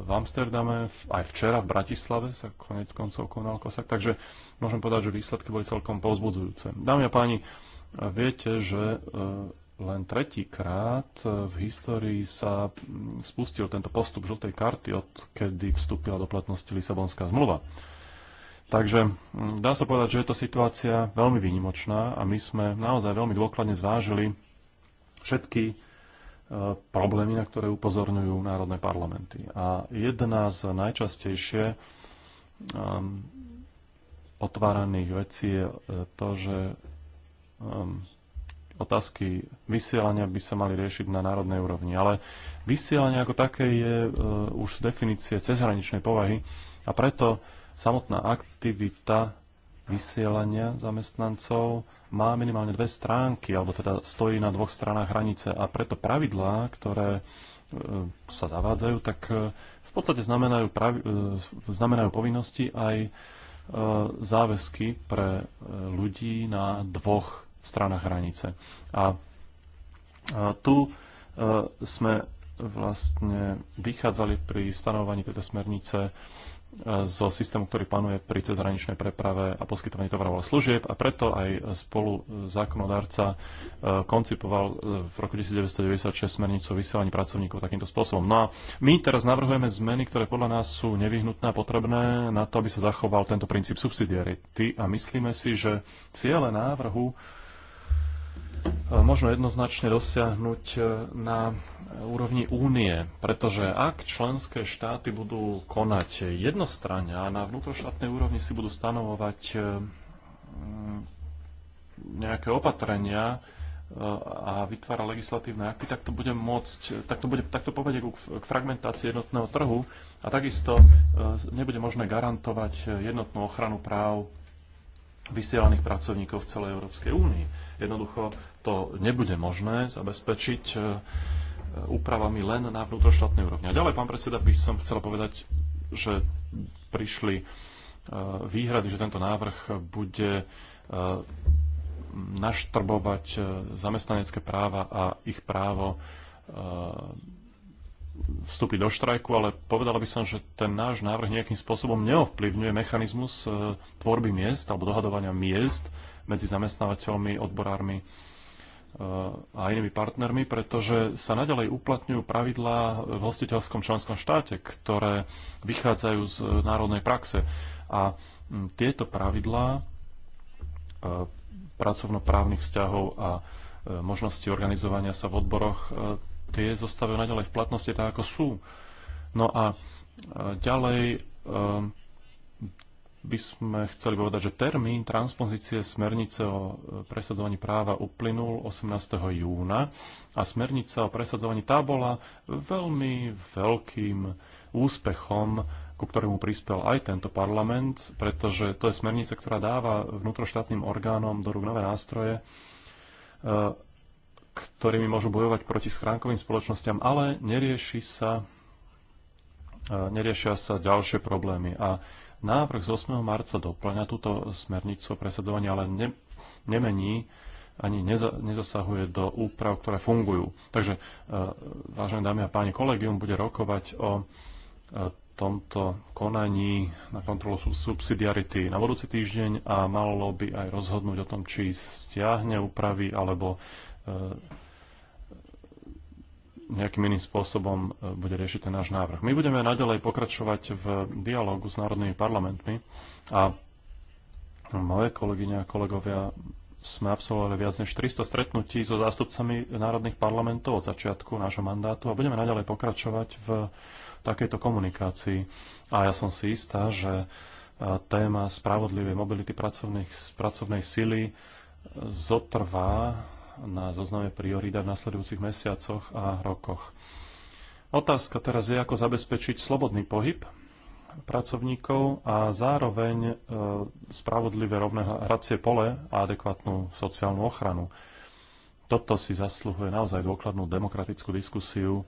Speaker 2: v Amsterdame, aj včera v Bratislave sa konec koncov konal kosak, takže môžem povedať, že výsledky boli celkom povzbudzujúce. Dámy a páni, viete, že e, len tretíkrát e, v histórii sa mm, spustil tento postup žltej karty, odkedy vstúpila do platnosti Lisabonská zmluva. Takže mm, dá sa povedať, že je to situácia veľmi výnimočná a my sme naozaj veľmi dôkladne zvážili všetky problémy, na ktoré upozorňujú národné parlamenty. A jedna z najčastejšie um, otváraných vecí je e, to, že um, otázky vysielania by sa mali riešiť na národnej úrovni. Ale vysielanie ako také je uh, už z definície cezhraničnej povahy a preto samotná aktivita vysielania zamestnancov má minimálne dve stránky, alebo teda stojí na dvoch stranách hranice a preto pravidlá, ktoré e, sa zavádzajú, tak e, v podstate znamenajú, pravi, e, znamenajú povinnosti aj záväzky pre ľudí na dvoch stranách hranice. A tu sme vlastne vychádzali pri stanovaní tejto smernice so systému, ktorý panuje pri cezhraničnej preprave a poskytovaní tovarov a služieb a preto aj spolu zákonodárca e, koncipoval e, v roku 1996 smernicu o vysielaní pracovníkov takýmto spôsobom. No a my teraz navrhujeme zmeny, ktoré podľa nás sú nevyhnutné a potrebné na to, aby sa zachoval tento princíp subsidiarity a myslíme si, že ciele návrhu E, možno jednoznačne dosiahnuť e, na úrovni únie, pretože ak členské štáty budú konať jednostranne a na vnútroštátnej úrovni si budú stanovovať e, nejaké opatrenia a vytvára legislatívne akty, tak to bude môcť, tak to, bude, tak to povedie k fragmentácii jednotného trhu a takisto nebude možné garantovať jednotnú ochranu práv vysielaných pracovníkov v celej Európskej únii. Jednoducho to nebude možné zabezpečiť e, úpravami len na vnútroštátnej úrovni. A ďalej, pán predseda, by som chcel povedať, že prišli e, výhrady, že tento návrh bude e, naštrbovať zamestnanecké práva a ich právo vstúpiť do štrajku, ale povedala by som, že ten náš návrh nejakým spôsobom neovplyvňuje mechanizmus tvorby miest alebo dohadovania miest medzi zamestnávateľmi, odborármi eh, a inými partnermi, pretože sa nadalej uplatňujú pravidlá v hostiteľskom členskom štáte, ktoré vychádzajú z národnej praxe. A hm, tieto pravidlá eh, pracovnoprávnych vzťahov a eh, možnosti organizovania sa v odboroch, tie zostávajú nadalej v platnosti tak, ako sú. No a ďalej by sme chceli povedať, že termín transpozície smernice o e, presadzovaní práva uplynul 18. júna a smernica o presadzovaní tá bola veľmi veľkým úspechom, ku ktorému prispel aj tento parlament, pretože to je smernica, ktorá dáva vnútroštátnym orgánom do rúk nové nástroje, e, ktorými môžu bojovať proti schránkovým spoločnosťam, ale nerieši sa, e, neriešia sa ďalšie problémy. A Návrh z 8. marca doplňa túto smernicu o presadzovaní, ale ne, nemení ani neza, nezasahuje do úprav, ktoré fungujú. Takže, e, vážené dámy a páni, kolegium bude rokovať o e, tomto konaní na kontrolu subsidiarity na budúci týždeň a malo by aj rozhodnúť o tom, či stiahne úpravy alebo e, nejakým iným spôsobom e, bude riešiť ten náš návrh. My budeme naďalej pokračovať v dialogu s národnými parlamentmi a moje kolegyne a kolegovia sme absolvovali viac než 300 stretnutí so zástupcami národných parlamentov od začiatku nášho mandátu a budeme naďalej pokračovať v takejto komunikácii. A ja som si istá, že e, téma spravodlivej mobility pracovnej sily e, zotrvá na zozname priorita v nasledujúcich mesiacoch a rokoch. Otázka teraz je, ako zabezpečiť slobodný pohyb pracovníkov a zároveň e, spravodlivé rovné hracie pole a adekvátnu sociálnu ochranu. Toto si zasluhuje naozaj dôkladnú demokratickú diskusiu,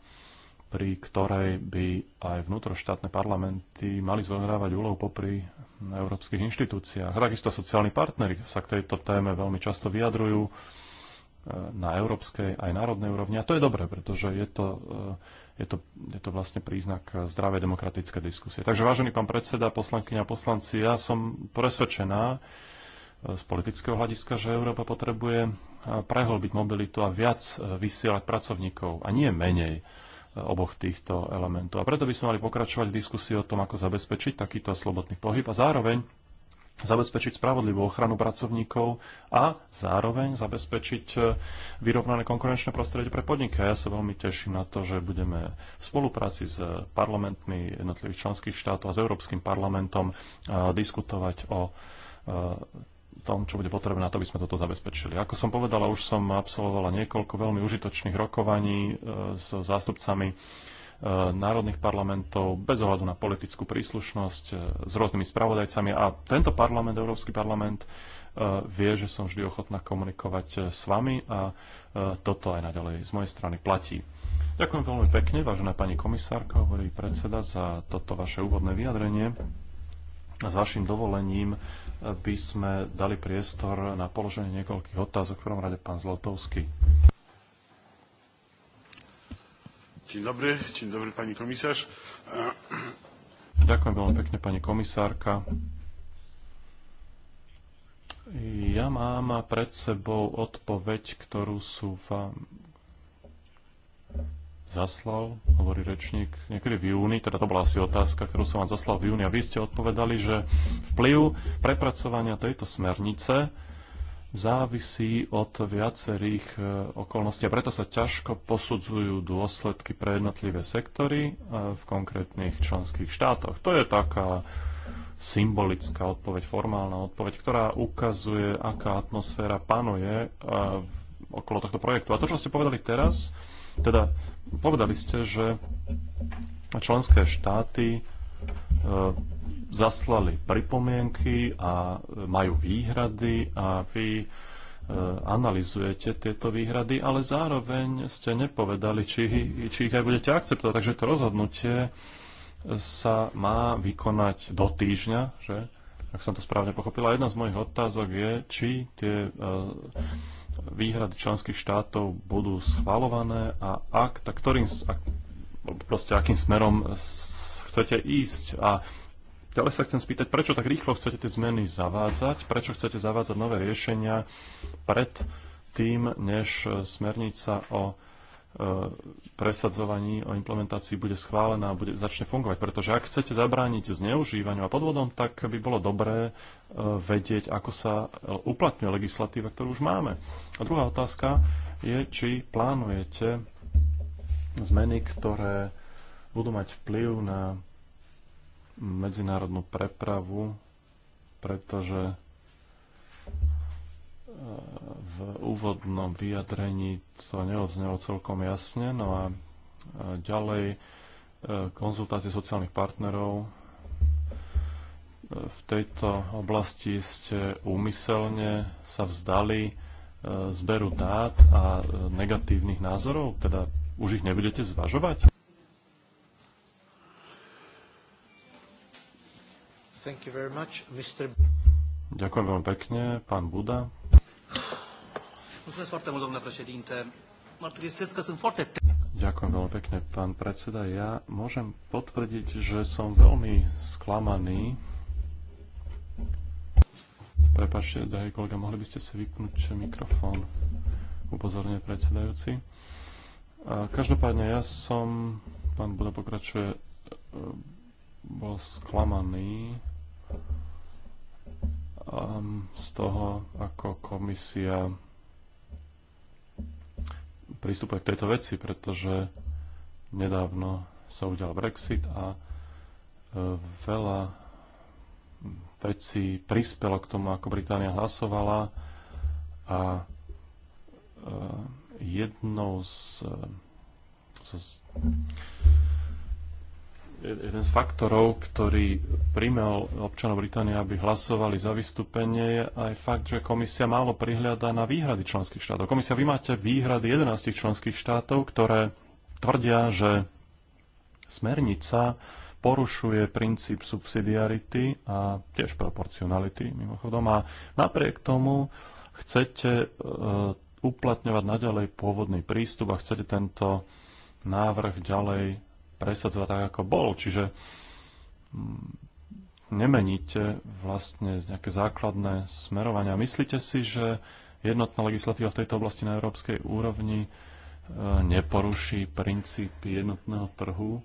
Speaker 2: pri ktorej by aj vnútroštátne parlamenty mali zohrávať úlohu popri európskych inštitúciách. takisto sociálni partnery sa k tejto téme veľmi často vyjadrujú na európskej aj národnej úrovni. A to je dobré, pretože je to, e, je to, je to vlastne príznak zdravej demokratické diskusie. Takže, vážený pán predseda, poslankyňa a poslanci, ja som presvedčená e, z politického hľadiska, že Európa potrebuje e, prehlbiť mobilitu a viac vysielať pracovníkov a nie menej oboch týchto elementov. A preto by sme mali pokračovať v diskusii o tom, ako zabezpečiť takýto slobodný pohyb a zároveň zabezpečiť spravodlivú ochranu pracovníkov a zároveň zabezpečiť e, vyrovnané konkurenčné prostredie pre podniky. A ja sa veľmi teším na to, že budeme v spolupráci s parlamentmi jednotlivých členských štátov a s Európskym parlamentom e, diskutovať o e, tom, čo bude potrebné na to, aby sme toto zabezpečili. Ako som povedala, už som absolvovala niekoľko veľmi užitočných rokovaní so zástupcami E, národných parlamentov bez ohľadu na politickú príslušnosť e, s rôznymi spravodajcami a tento parlament, Európsky parlament, e, vie, že som vždy ochotná komunikovať s vami a toto aj naďalej z mojej strany platí. Ďakujem veľmi pekne, vážená pani komisárka, hovorí predseda, za toto vaše úvodné vyjadrenie. S vašim dovolením by sme dali priestor na položenie niekoľkých otázok, v prvom rade pán Zlotovský. Dzień dobry, dzień dobry pani komisarz. Ďakujem veľmi pekne, pani komisárka. Ja mám pred sebou odpoveď, ktorú sú vám zaslal, hovorí rečník, niekedy v júni, teda to bola asi otázka, ktorú som vám zaslal v júni a vy ste odpovedali, že vplyv prepracovania tejto smernice závisí od viacerých e, okolností a preto sa ťažko posudzujú dôsledky pre jednotlivé sektory e, v konkrétnych členských štátoch. To je taká symbolická odpoveď, formálna odpoveď, ktorá ukazuje, aká atmosféra panuje e, okolo tohto projektu. A to, čo ste povedali teraz, teda povedali ste, že členské štáty zaslali pripomienky a e, majú výhrady a vy e, analizujete tieto výhrady, ale zároveň ste nepovedali, či, či ich aj budete akceptovať. Takže to rozhodnutie sa má vykonať do týždňa, že? Ak som to správne pochopila. Jedna z mojich otázok je, či tie e, výhrady členských štátov budú schvalované a ak, tak ktorým, ak, proste akým smerom chcete ísť. A Ďalej sa chcem spýtať, prečo tak rýchlo chcete tie zmeny zavádzať, prečo chcete zavádzať nové riešenia pred tým, než smernica o e, presadzovaní, o implementácii bude schválená a bude, začne fungovať. Pretože ak chcete zabrániť zneužívaniu a podvodom, tak by bolo dobré e, vedieť, ako sa e, uplatňuje legislatíva, ktorú už máme. A druhá otázka je, či plánujete zmeny, ktoré budú mať vplyv na medzinárodnú prepravu, pretože e, v úvodnom vyjadrení to neodznelo celkom jasne. No a e, ďalej e, konzultácie sociálnych partnerov. V tejto oblasti ste úmyselne sa vzdali zberu dát a negatívnych názorov, teda už ich nebudete zvažovať?
Speaker 4: Thank you very much, Mr.
Speaker 2: Ďakujem veľmi pekne. Pán Buda.
Speaker 4: Mulțumesc foarte mult, domnule președinte. Mărturisesc că sunt foarte...
Speaker 2: Ďakujem veľmi pekne, pán predseda. Ja môžem potvrdiť, že som veľmi sklamaný. Prepačte, drahý kolega, mohli by ste si vypnúť mikrofón, upozorne predsedajúci. každopádne ja som, pán Buda pokračuje, e, bol sklamaný z toho, ako komisia prístupuje k tejto veci, pretože nedávno sa udial Brexit a e, veľa vecí prispelo k tomu, ako Británia hlasovala a e, jednou z, e, z jeden z faktorov, ktorý primel občanov Británie, aby hlasovali za vystúpenie, je aj fakt, že komisia málo prihliada na výhrady členských štátov. Komisia, vy máte výhrady 11 členských štátov, ktoré tvrdia, že smernica porušuje princíp subsidiarity a tiež proporcionality, mimochodom. A napriek tomu chcete e, uplatňovať naďalej pôvodný prístup a chcete tento návrh ďalej presadzovať tak, ako bol. Čiže mm, nemeníte vlastne nejaké základné smerovania. Myslíte si, že jednotná legislatíva v tejto oblasti na európskej úrovni e, neporuší princíp jednotného trhu,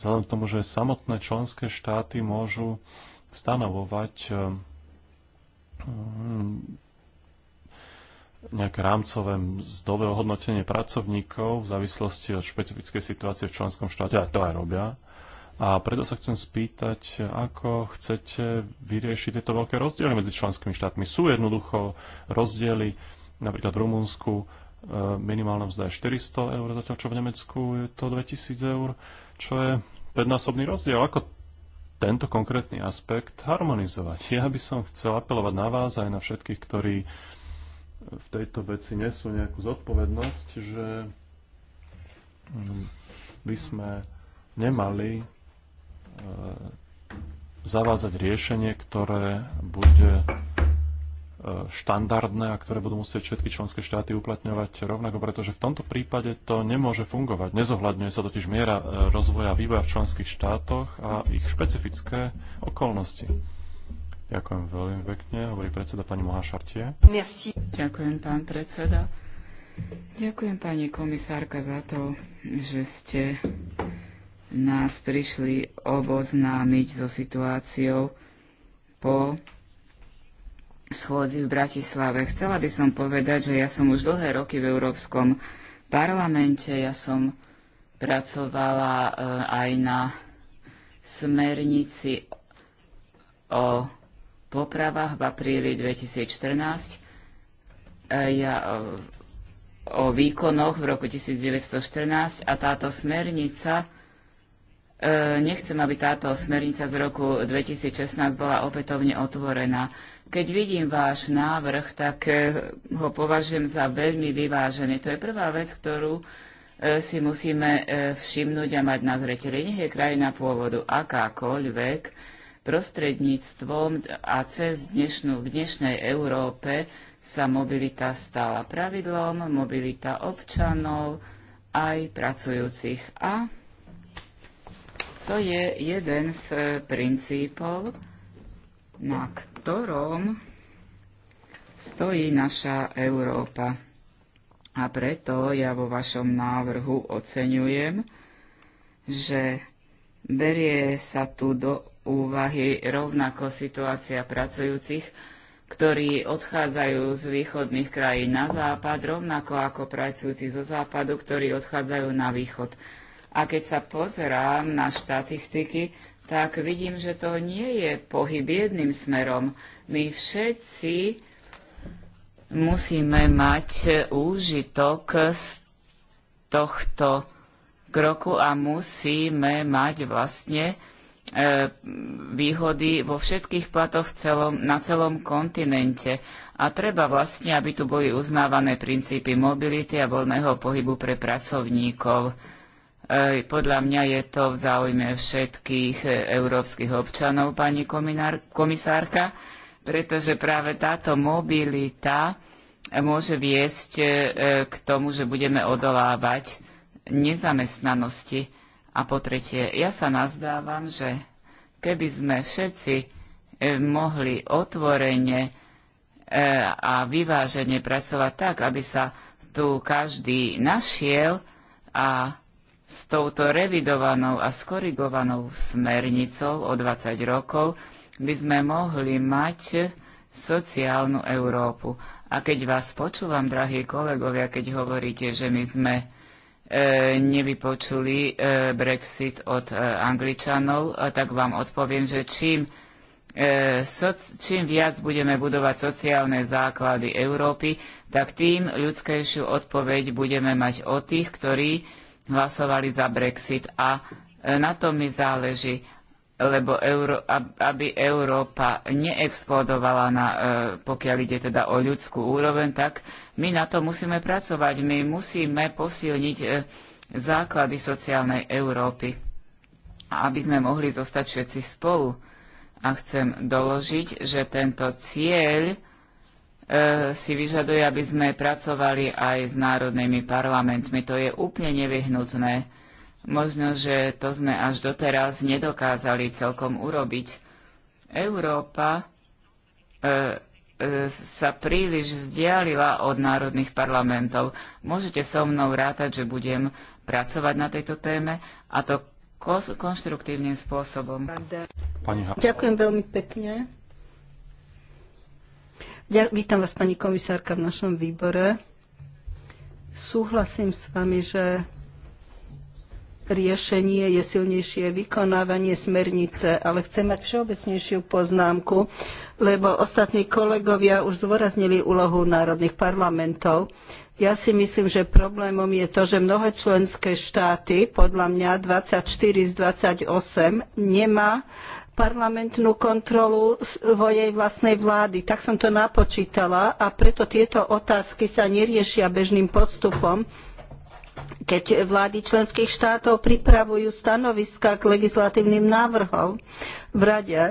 Speaker 2: vzhľadom k tomu, že samotné členské štáty môžu stanovovať e, mm, nejaké rámcové mzdové ohodnotenie pracovníkov v závislosti od špecifickej situácie v členskom štáte, a to aj robia. A preto sa chcem spýtať, ako chcete vyriešiť tieto veľké rozdiely medzi členskými štátmi. Sú jednoducho rozdiely, napríklad v Rumunsku, e, minimálna mzda je 400 eur, zatiaľ čo v Nemecku je to 2000 eur, čo je prednásobný rozdiel. Ako tento konkrétny aspekt harmonizovať? Ja by som chcel apelovať na vás aj na všetkých, ktorí v tejto veci nesú nejakú zodpovednosť, že mm, by sme nemali e, zavázať riešenie, ktoré bude e, štandardné a ktoré budú musieť všetky členské štáty uplatňovať rovnako, pretože v tomto prípade to nemôže fungovať. Nezohľadňuje sa totiž miera e, rozvoja a vývoja v členských štátoch a ich špecifické okolnosti. Ďakujem veľmi pekne, hovorí predseda pani Moha Šartie.
Speaker 6: Merci. Ďakujem, pán predseda. Ďakujem, pani komisárka, za to, že ste nás prišli oboznámiť so situáciou po schôdzi v Bratislave. Chcela by som povedať, že ja som už dlhé roky v Európskom parlamente, ja som pracovala eh, aj na smernici o popravách v apríli 2014 e, ja, e, o výkonoch v roku 1914 a táto smernica, e, nechcem, aby táto smernica z roku 2016 bola opätovne otvorená. Keď vidím váš návrh, tak ho považujem za veľmi vyvážený. To je prvá vec, ktorú si musíme všimnúť a mať na zreteli. Nech je krajina pôvodu akákoľvek, prostredníctvom a cez dnešnú, v dnešnej Európe sa mobilita stala pravidlom, mobilita občanov aj pracujúcich. A to je jeden z e, princípov, na ktorom stojí naša Európa. A preto ja vo vašom návrhu oceňujem, že berie sa tu do úvahy rovnako situácia pracujúcich, ktorí odchádzajú z východných krajín na západ, rovnako ako pracujúci zo západu, ktorí odchádzajú na východ. A keď sa pozerám na štatistiky, tak vidím, že to nie je pohyb jedným smerom. My všetci musíme mať úžitok z tohto kroku a musíme mať vlastne E, výhody vo všetkých platoch celom, na celom kontinente. A treba vlastne, aby tu boli uznávané princípy mobility a voľného pohybu pre pracovníkov. E, podľa mňa je to v záujme všetkých e, európskych občanov, pani kominár, komisárka, pretože práve táto mobilita môže viesť k tomu, že budeme odolávať nezamestnanosti a po tretie, ja sa nazdávam, že keby sme všetci e, mohli otvorene e, a vyvážene pracovať tak, aby sa tu každý našiel a s touto revidovanou a skorigovanou smernicou o 20 rokov by sme mohli mať sociálnu Európu. A keď vás počúvam, drahí kolegovia, keď hovoríte, že my sme E, nevypočuli e, Brexit od e, Angličanov, tak vám odpoviem, že čím, čím viac budeme budovať sociálne základy Európy, tak tým ľudskejšiu odpoveď budeme mať od tých, ktorí hlasovali za Brexit. A na tom mi záleží lebo Euró- aby Európa neexplodovala, na, e, pokiaľ ide teda o ľudskú úroveň, tak my na to musíme pracovať. My musíme posilniť e, základy sociálnej Európy, aby sme mohli zostať všetci spolu. A chcem doložiť, že tento cieľ e, si vyžaduje, aby sme pracovali aj s národnými parlamentmi. To je úplne nevyhnutné Možno, že to sme až doteraz nedokázali celkom urobiť. Európa e, e, sa príliš vzdialila od národných parlamentov. Môžete so mnou rátať, že budem pracovať na tejto téme a to konštruktívnym spôsobom. Ďakujem
Speaker 5: veľmi pekne. Ja, vítam vás, pani komisárka, v našom výbore. Súhlasím s vami, že riešenie je silnejšie vykonávanie smernice, ale chcem mať všeobecnejšiu poznámku, lebo ostatní kolegovia už zdôraznili úlohu národných parlamentov. Ja si myslím, že problémom je to, že mnohé členské štáty, podľa mňa 24 z 28, nemá parlamentnú kontrolu svojej vlastnej vlády. Tak som to napočítala a preto tieto otázky sa neriešia bežným postupom, keď vlády členských štátov pripravujú stanoviska k legislatívnym návrhom v Rade.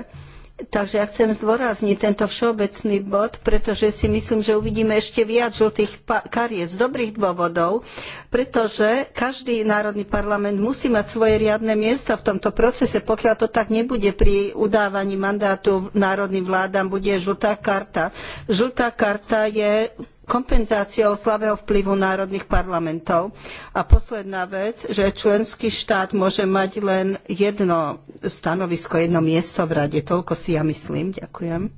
Speaker 5: Takže ja chcem zdôrazniť tento všeobecný bod, pretože si myslím, že uvidíme ešte viac žltých kariet z dobrých dôvodov, pretože každý národný parlament musí mať svoje riadne miesto v tomto procese. Pokiaľ to tak nebude pri udávaní mandátu národným vládam, bude žltá karta. Žltá karta je kompenzáciou slabého vplyvu národných parlamentov. A posledná vec, že členský štát môže mať len jedno stanovisko, jedno miesto v rade. Toľko si ja myslím. Ďakujem.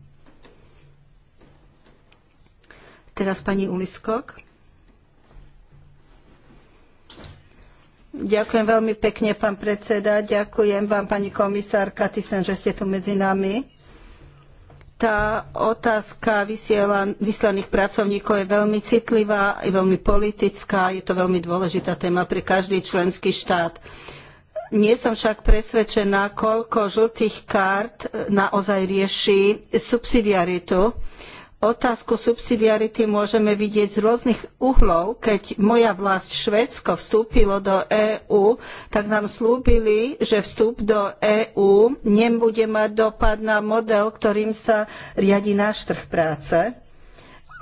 Speaker 5: Teraz pani Uliskok. Ďakujem veľmi pekne, pán predseda. Ďakujem vám, pani komisárka Tysen, že ste tu medzi nami tá otázka vyslaných pracovníkov je veľmi citlivá, je veľmi politická, je to veľmi dôležitá téma pre každý členský štát. Nie som však presvedčená, koľko žltých kart naozaj rieši subsidiaritu. Uh, Otázku subsidiarity môžeme vidieť z rôznych uhlov. Keď moja vlast Švédsko vstúpilo do EÚ, tak nám slúbili, že vstup do EÚ nebude mať dopad na model, ktorým sa riadi náš trh práce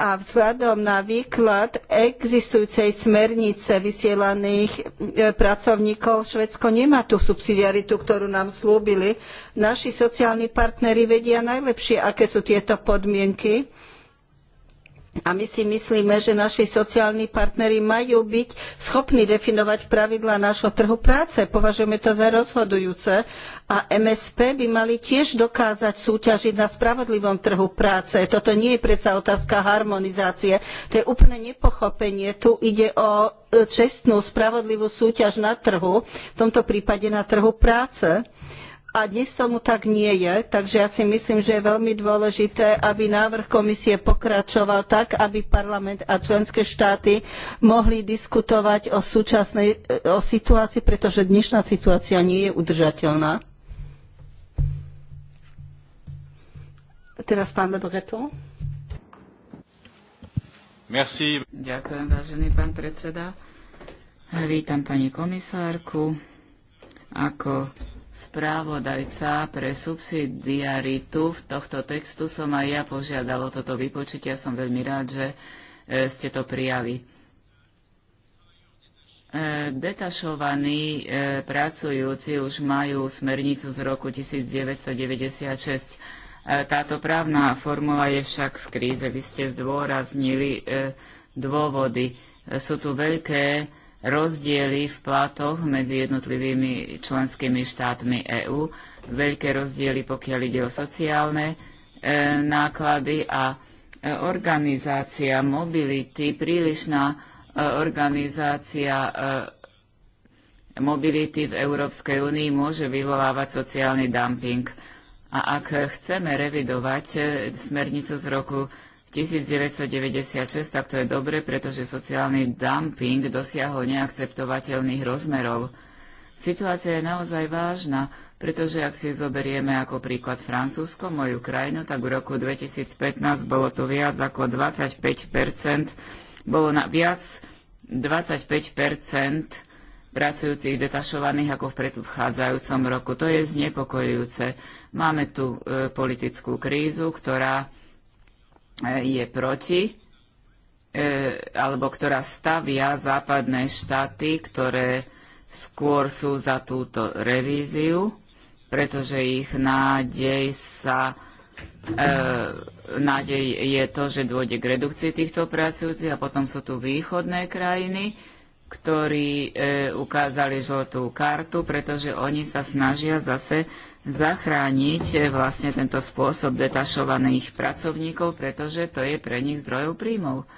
Speaker 5: a vzhľadom na výklad existujúcej smernice vysielaných e, pracovníkov Švedsko nemá tú subsidiaritu, ktorú nám slúbili. Naši sociálni partneri vedia najlepšie, aké sú tieto podmienky a my si myslíme, že naši sociálni partneri majú byť schopní definovať pravidlá nášho trhu práce. Považujeme to za rozhodujúce. A MSP by mali tiež dokázať súťažiť na spravodlivom trhu práce. Toto nie je predsa otázka harmonizácie. To je úplné nepochopenie. Tu ide o e, čestnú, spravodlivú súťaž na trhu, v tomto prípade na trhu práce a dnes tomu tak nie je, takže ja si myslím, že je veľmi dôležité, aby návrh komisie pokračoval tak, aby parlament a členské štáty mohli diskutovať o súčasnej o situácii, pretože dnešná situácia nie je udržateľná. Teraz pán Le
Speaker 4: Merci.
Speaker 6: Ďakujem, vážený pán predseda. Vítam pani komisárku. Ako správodajca pre subsidiaritu v tohto textu som aj ja požiadalo toto vypočutie. Ja som veľmi rád, že e, ste to prijali. E, detašovaní e, pracujúci už majú smernicu z roku 1996. Táto právna formula je však v kríze. Vy ste zdôraznili dôvody. Sú tu veľké rozdiely v platoch medzi jednotlivými členskými štátmi EÚ, veľké rozdiely, pokiaľ ide o sociálne e, náklady a e, organizácia mobility, prílišná e, organizácia e, mobility v Európskej únii môže vyvolávať sociálny dumping. A ak chceme revidovať e, smernicu z roku 1996, tak to je dobre, pretože sociálny dumping dosiahol neakceptovateľných rozmerov. Situácia je naozaj vážna, pretože ak si zoberieme ako príklad Francúzsko, moju krajinu, tak v roku 2015 bolo to viac ako 25 bolo na viac 25 pracujúcich detašovaných ako v predchádzajúcom roku. To je znepokojujúce. Máme tu e, politickú krízu, ktorá je proti, e, alebo ktorá stavia západné štáty, ktoré skôr sú za túto revíziu, pretože ich nádej sa e, nádej je to, že dôjde k redukcii týchto pracujúcich a potom sú tu východné krajiny, ktorí e, ukázali žltú kartu, pretože oni sa snažia zase zachrániť eh, vlastne tento spôsob detašovaných pracovníkov, pretože to je pre nich zdrojov príjmov.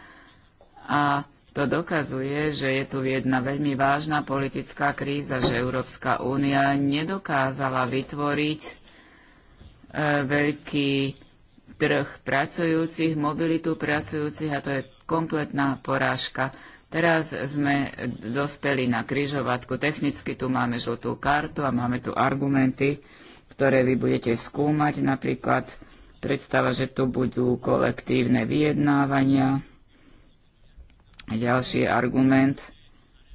Speaker 6: A to dokazuje, že je tu jedna veľmi vážna politická kríza, že Európska únia nedokázala vytvoriť e, veľký trh pracujúcich, mobilitu pracujúcich a to je kompletná porážka. Teraz sme dospeli na kryžovatku. Technicky tu máme žltú kartu a máme tu argumenty, ktoré vy budete skúmať, napríklad predstava, že tu budú kolektívne vyjednávania. Ďalší argument,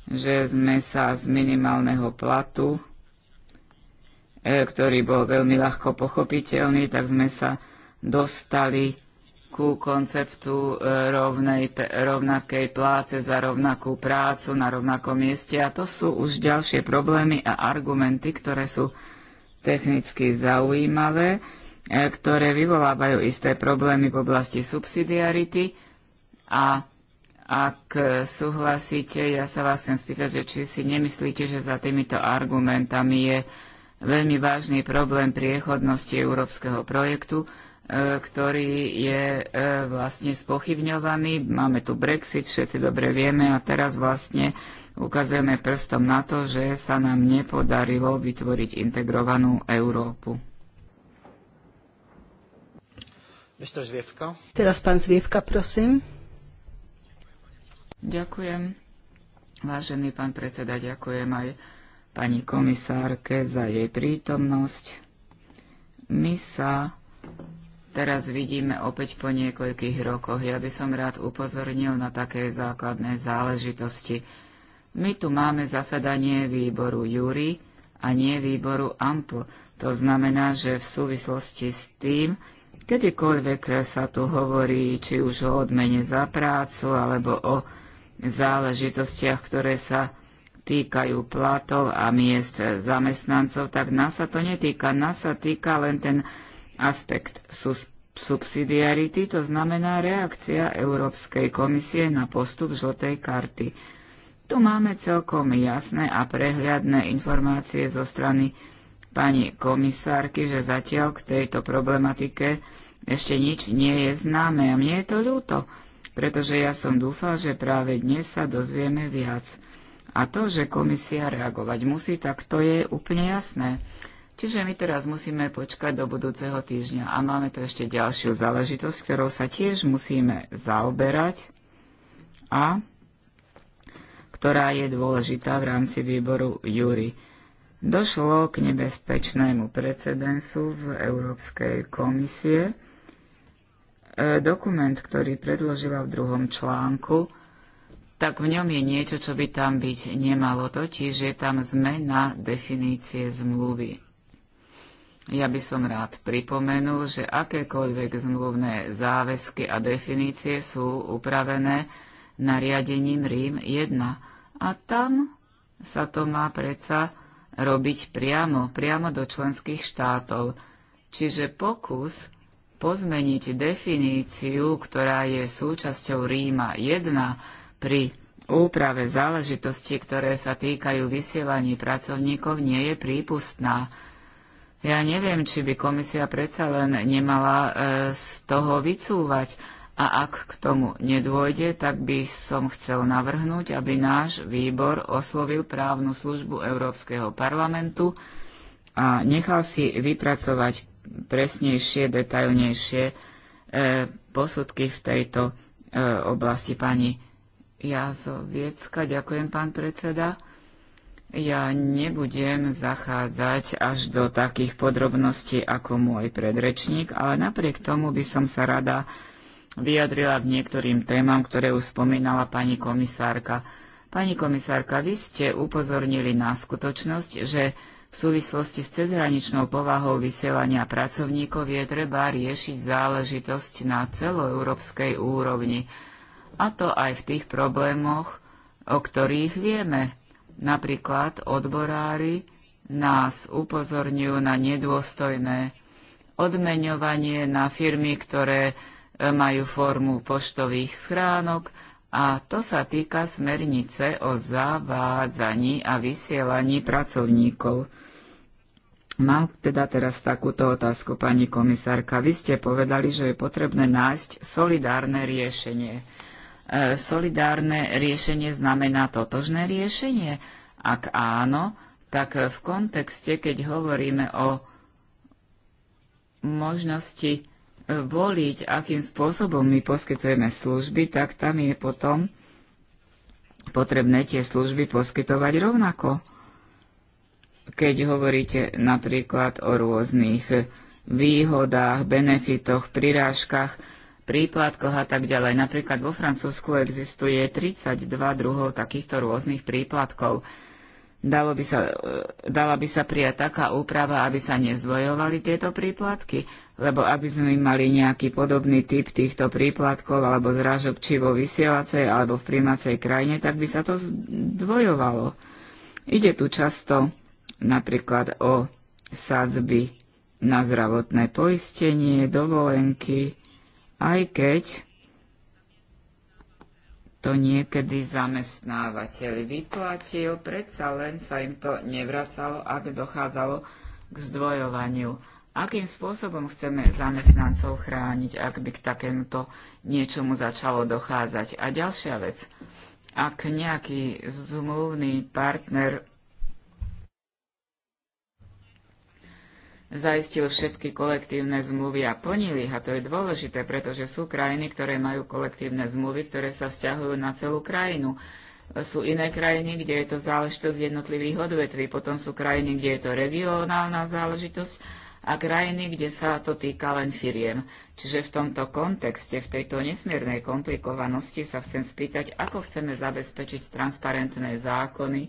Speaker 6: že sme sa z minimálneho platu, e, ktorý bol veľmi ľahko pochopiteľný, tak sme sa dostali ku konceptu e, rovnej, rovnakej pláce za rovnakú prácu na rovnakom mieste. A to sú už ďalšie problémy a argumenty, ktoré sú technicky zaujímavé, e, ktoré vyvolávajú isté problémy v oblasti subsidiarity a ak súhlasíte, ja sa vás chcem spýtať, že či si nemyslíte, že za týmito argumentami je veľmi vážny problém priechodnosti európskeho projektu, e, ktorý je e, vlastne spochybňovaný. Máme tu Brexit, všetci dobre vieme a teraz vlastne ukazujeme prstom na to, že sa nám nepodarilo vytvoriť integrovanú Európu. Teraz pán
Speaker 5: Zvievka, prosím.
Speaker 6: Ďakujem. Vážený pán predseda, ďakujem aj pani komisárke za jej prítomnosť. My sa teraz vidíme opäť po niekoľkých rokoch. Ja by som rád upozornil na také základné záležitosti. My tu máme zasadanie výboru Júri a nie výboru Ampl. To znamená, že v súvislosti s tým, kedykoľvek sa tu hovorí či už o odmene za prácu alebo o záležitostiach, ktoré sa týkajú platov a miest zamestnancov, tak nás sa to netýka. Nás sa týka len ten aspekt subsidiarity, to znamená reakcia Európskej komisie na postup žltej karty. Tu máme celkom jasné a prehľadné informácie zo strany pani komisárky, že zatiaľ k tejto problematike ešte nič nie je známe. A mne je to ľúto, pretože ja som dúfal, že práve dnes sa dozvieme viac. A to, že komisia reagovať musí, tak to je úplne jasné. Čiže my teraz musíme počkať do budúceho týždňa. A máme tu ešte ďalšiu záležitosť, ktorou sa tiež musíme zaoberať. A ktorá je dôležitá v rámci výboru Júri. Došlo k nebezpečnému precedensu v Európskej komisie. E, dokument, ktorý predložila v druhom článku, tak v ňom je niečo, čo by tam byť nemalo, totiž je tam zmena definície zmluvy. Ja by som rád pripomenul, že akékoľvek zmluvné záväzky a definície sú upravené nariadením Rím 1. A tam sa to má predsa robiť priamo, priamo do členských štátov. Čiže pokus pozmeniť definíciu, ktorá je súčasťou Ríma 1 pri úprave záležitosti, ktoré sa týkajú vysielaní pracovníkov, nie je prípustná. Ja neviem, či by komisia predsa len nemala e, z toho vycúvať a ak k tomu nedôjde, tak by som chcel navrhnúť, aby náš výbor oslovil právnu službu Európskeho parlamentu a nechal si vypracovať presnejšie, detailnejšie e, posudky v tejto e, oblasti. Pani Jazoviecka, ďakujem, pán predseda. Ja nebudem zachádzať až do takých podrobností ako môj predrečník, ale napriek tomu by som sa rada vyjadrila k niektorým témam, ktoré už spomínala pani komisárka. Pani komisárka, vy ste upozornili na skutočnosť, že v súvislosti s cezhraničnou povahou vysielania pracovníkov je treba riešiť záležitosť na celoeurópskej úrovni, a to aj v tých problémoch, o ktorých vieme. Napríklad odborári nás upozorňujú na nedôstojné odmeňovanie na firmy, ktoré E, majú formu poštových schránok a to sa týka smernice o zavádzaní a vysielaní pracovníkov. Mám teda teraz takúto otázku, pani komisárka. Vy ste povedali, že je potrebné nájsť solidárne riešenie. E, solidárne riešenie znamená totožné riešenie? Ak áno, tak v kontexte, keď hovoríme o možnosti voliť, akým spôsobom my poskytujeme služby, tak tam je potom potrebné tie služby poskytovať rovnako. Keď hovoríte napríklad o rôznych výhodách, benefitoch, prirážkach, príplatkoch a tak ďalej. Napríklad vo Francúzsku existuje 32 druhov takýchto rôznych príplatkov. Dalo by sa, dala by sa prijať taká úprava, aby sa nezvojovali tieto príplatky, lebo aby sme mali nejaký podobný typ týchto príplatkov alebo zrážok či vo vysielacej alebo v príjmacej krajine, tak by sa to zdvojovalo. Ide tu často napríklad o sadzby na zdravotné poistenie, dovolenky, aj keď to niekedy zamestnávateľ vyplatil, predsa len sa im to nevracalo, ak dochádzalo k zdvojovaniu. Akým spôsobom chceme zamestnancov chrániť, ak by k takémuto niečomu začalo dochádzať? A ďalšia vec, ak nejaký zmluvný partner zaistil všetky kolektívne zmluvy a plnili ich, a to je dôležité, pretože sú krajiny, ktoré majú kolektívne zmluvy, ktoré sa vzťahujú na celú krajinu. Sú iné krajiny, kde je to záležitosť jednotlivých odvetví, potom sú krajiny, kde je to regionálna záležitosť a krajiny, kde sa to týka len firiem. Čiže v tomto kontexte, v tejto nesmiernej komplikovanosti sa chcem spýtať, ako chceme zabezpečiť transparentné zákony,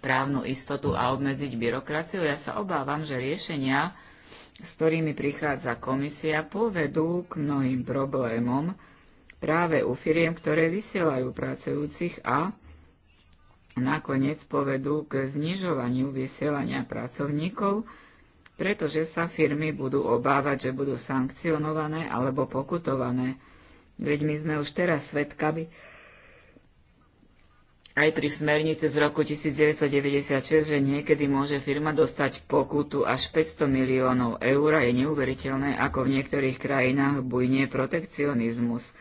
Speaker 6: právnu istotu a obmedziť byrokraciu. Ja sa obávam, že riešenia, s ktorými prichádza komisia, povedú k mnohým problémom práve u firiem, ktoré vysielajú pracujúcich a nakoniec povedú k znižovaniu vysielania pracovníkov, pretože sa firmy budú obávať, že budú sankcionované alebo pokutované. Veď my sme už teraz svedkami aj pri smernice z roku 1996, že niekedy môže firma dostať pokutu až 500 miliónov eur a je neuveriteľné, ako v niektorých krajinách bujne protekcionizmus.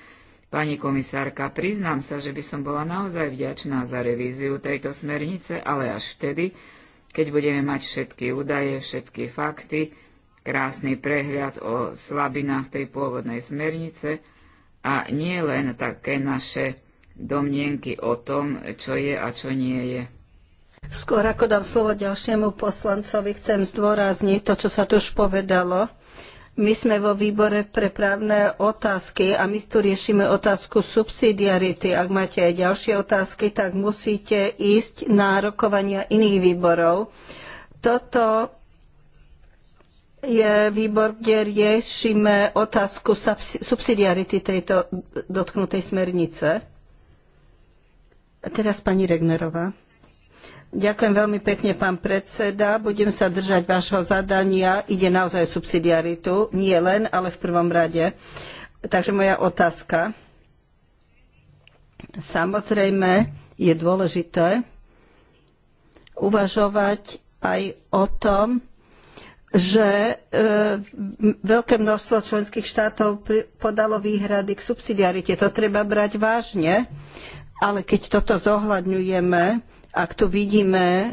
Speaker 6: Pani komisárka, priznám sa, že by som bola naozaj vďačná za revíziu tejto smernice, ale až vtedy, keď budeme mať všetky údaje, všetky fakty, krásny prehľad o slabinách tej pôvodnej smernice a nie len také naše domnienky o tom, čo je a čo nie je.
Speaker 5: Skôr ako dám slovo ďalšiemu poslancovi, chcem zdôrazniť to, čo sa tu už povedalo. My sme vo výbore pre právne otázky a my tu riešime otázku subsidiarity. Ak máte aj ďalšie otázky, tak musíte ísť na rokovania iných výborov. Toto je výbor, kde riešime otázku subsidiarity tejto dotknutej smernice. A teraz pani Regnerová. Ďakujem veľmi pekne, pán predseda. Budem sa držať vášho zadania. Ide naozaj o subsidiaritu. Nie len, ale v prvom rade. Takže moja otázka. Samozrejme je dôležité uvažovať aj o tom, že e, veľké množstvo členských štátov podalo výhrady k subsidiarite. To treba brať vážne, ale keď toto zohľadňujeme, ak tu vidíme e,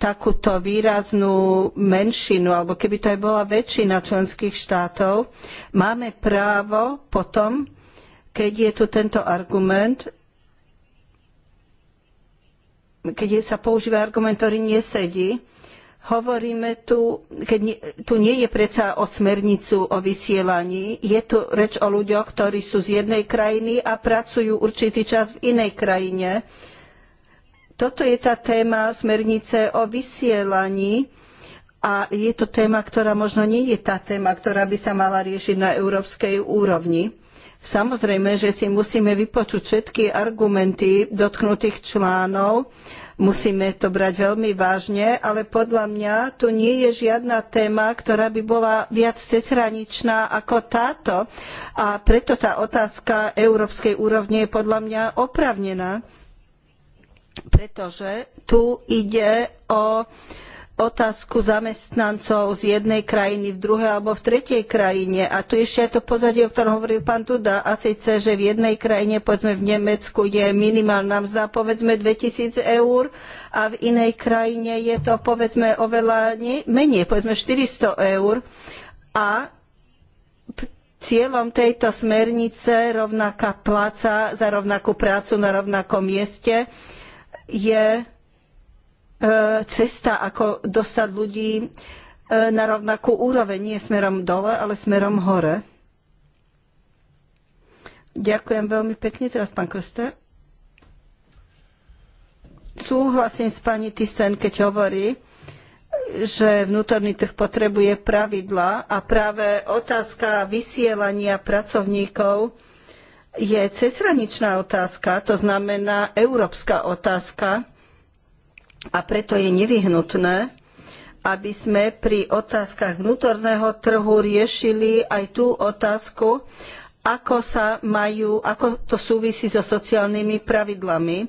Speaker 5: takúto výraznú menšinu, alebo keby to aj bola väčšina členských štátov, máme právo potom, keď je tu tento argument, keď sa používa argument, ktorý nesedí, hovoríme tu, keď nie, tu nie je predsa o smernicu o vysielaní, je tu reč o ľuďoch, ktorí sú z jednej krajiny a pracujú určitý čas v inej krajine. Toto je tá téma smernice o vysielaní a je to téma, ktorá možno nie je tá téma, ktorá by sa mala riešiť na európskej úrovni. Samozrejme, že si musíme vypočuť všetky argumenty dotknutých článov, musíme to brať veľmi vážne, ale podľa mňa tu nie je žiadna téma, ktorá by bola viac cezhraničná ako táto. A preto tá otázka európskej úrovne je podľa mňa opravnená pretože tu ide o otázku zamestnancov z jednej krajiny v druhej alebo v tretej krajine. A tu ešte aj to pozadie, o ktorom hovoril pán Duda, a síce, že v jednej krajine, povedzme v Nemecku, je minimálna mzda, povedzme 2000 eur a v inej krajine je to, povedzme, oveľa nie, menej, povedzme 400 eur. A Cieľom tejto smernice rovnaká pláca za rovnakú prácu na rovnakom mieste je e, cesta, ako dostať ľudí e, na rovnakú úroveň, nie smerom dole, ale smerom hore. Ďakujem veľmi pekne. Teraz pán Koster. Súhlasím s pani Tysen, keď hovorí, že vnútorný trh potrebuje pravidla a práve otázka vysielania pracovníkov je cezhraničná otázka, to znamená európska otázka a preto je nevyhnutné, aby sme pri otázkach vnútorného trhu riešili aj tú otázku, ako sa majú, ako to súvisí so sociálnymi pravidlami.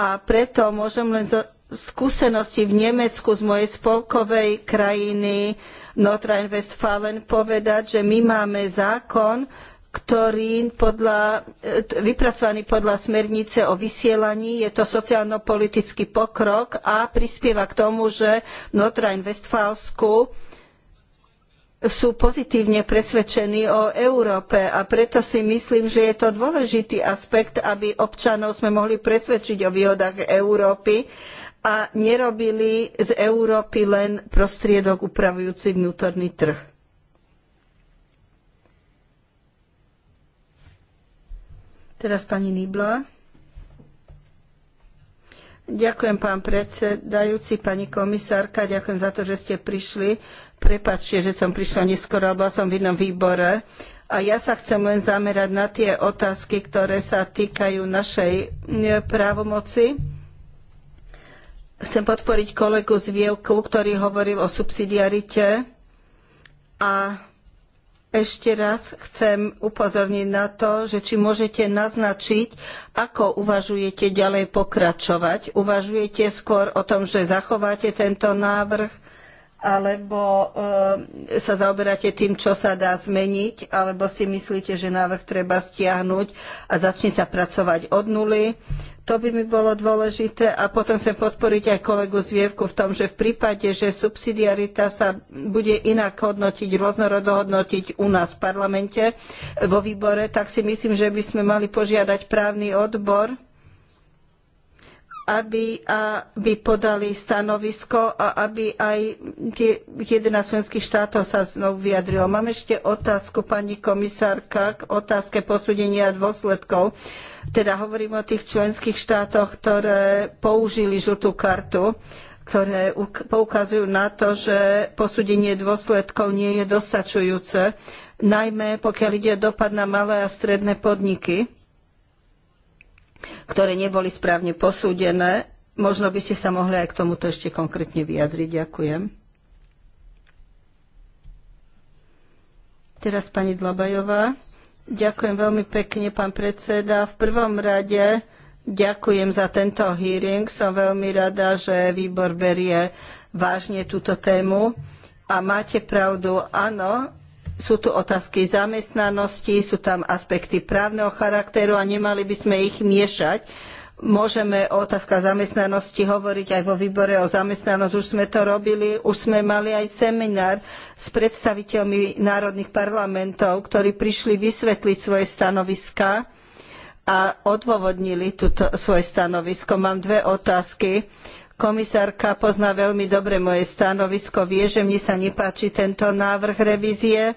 Speaker 5: A preto môžem len zo skúsenosti v Nemecku z mojej spolkovej krajiny Nordrhein-Westfalen povedať, že my máme zákon, ktorý podľa, e, vypracovaný podľa smernice o vysielaní. Je to sociálno-politický pokrok a prispieva k tomu, že v notrajn westfalsku sú pozitívne presvedčení o Európe a preto si myslím, že je to dôležitý aspekt, aby občanov sme mohli presvedčiť o výhodách Európy a nerobili z Európy len prostriedok upravujúci vnútorný trh. Teraz pani Nibla. Ďakujem, pán predsedajúci, pani komisárka, ďakujem za to, že ste prišli. Prepačte, že som prišla neskoro, bola som v inom výbore. A ja sa chcem len zamerať na tie otázky, ktoré sa týkajú našej e, právomoci. Chcem podporiť kolegu z Vievku, ktorý hovoril o subsidiarite a ešte raz chcem upozorniť na to, že či môžete naznačiť, ako uvažujete ďalej pokračovať. Uvažujete skôr o tom, že zachováte tento návrh alebo e, sa zaoberáte tým, čo sa dá zmeniť, alebo si myslíte, že návrh treba stiahnuť a začne sa pracovať od nuly. To by mi bolo dôležité a potom chcem podporiť aj kolegu Zvievku v tom, že v prípade, že subsidiarita sa bude inak hodnotiť, rôznorodo hodnotiť u nás v parlamente, vo výbore, tak si myslím, že by sme mali požiadať právny odbor, aby, aby podali stanovisko a aby aj tie 11 členských štátov sa znovu vyjadrilo. Mám ešte otázku, pani komisárka, k otázke posúdenia dôsledkov. Teda hovorím o tých členských štátoch, ktoré použili žltú kartu ktoré poukazujú na to, že posúdenie dôsledkov nie je dostačujúce, najmä pokiaľ ide o dopad na malé a stredné podniky ktoré neboli správne posúdené. Možno by ste sa mohli aj k tomuto ešte konkrétne vyjadriť. Ďakujem. Teraz pani Dlabajová. Ďakujem veľmi pekne, pán predseda. V prvom rade ďakujem za tento hearing. Som veľmi rada, že výbor berie vážne túto tému. A máte pravdu, áno, sú tu otázky zamestnanosti, sú tam aspekty právneho charakteru a nemali by sme ich miešať. Môžeme o otázka zamestnanosti hovoriť aj vo výbore o zamestnanosť. Už sme to robili, už sme mali aj seminár s predstaviteľmi národných parlamentov, ktorí prišli vysvetliť svoje stanoviská a odôvodnili túto, svoje stanovisko. Mám dve otázky Komisárka pozná veľmi dobre moje stanovisko, vie, že mne sa nepáči tento návrh revízie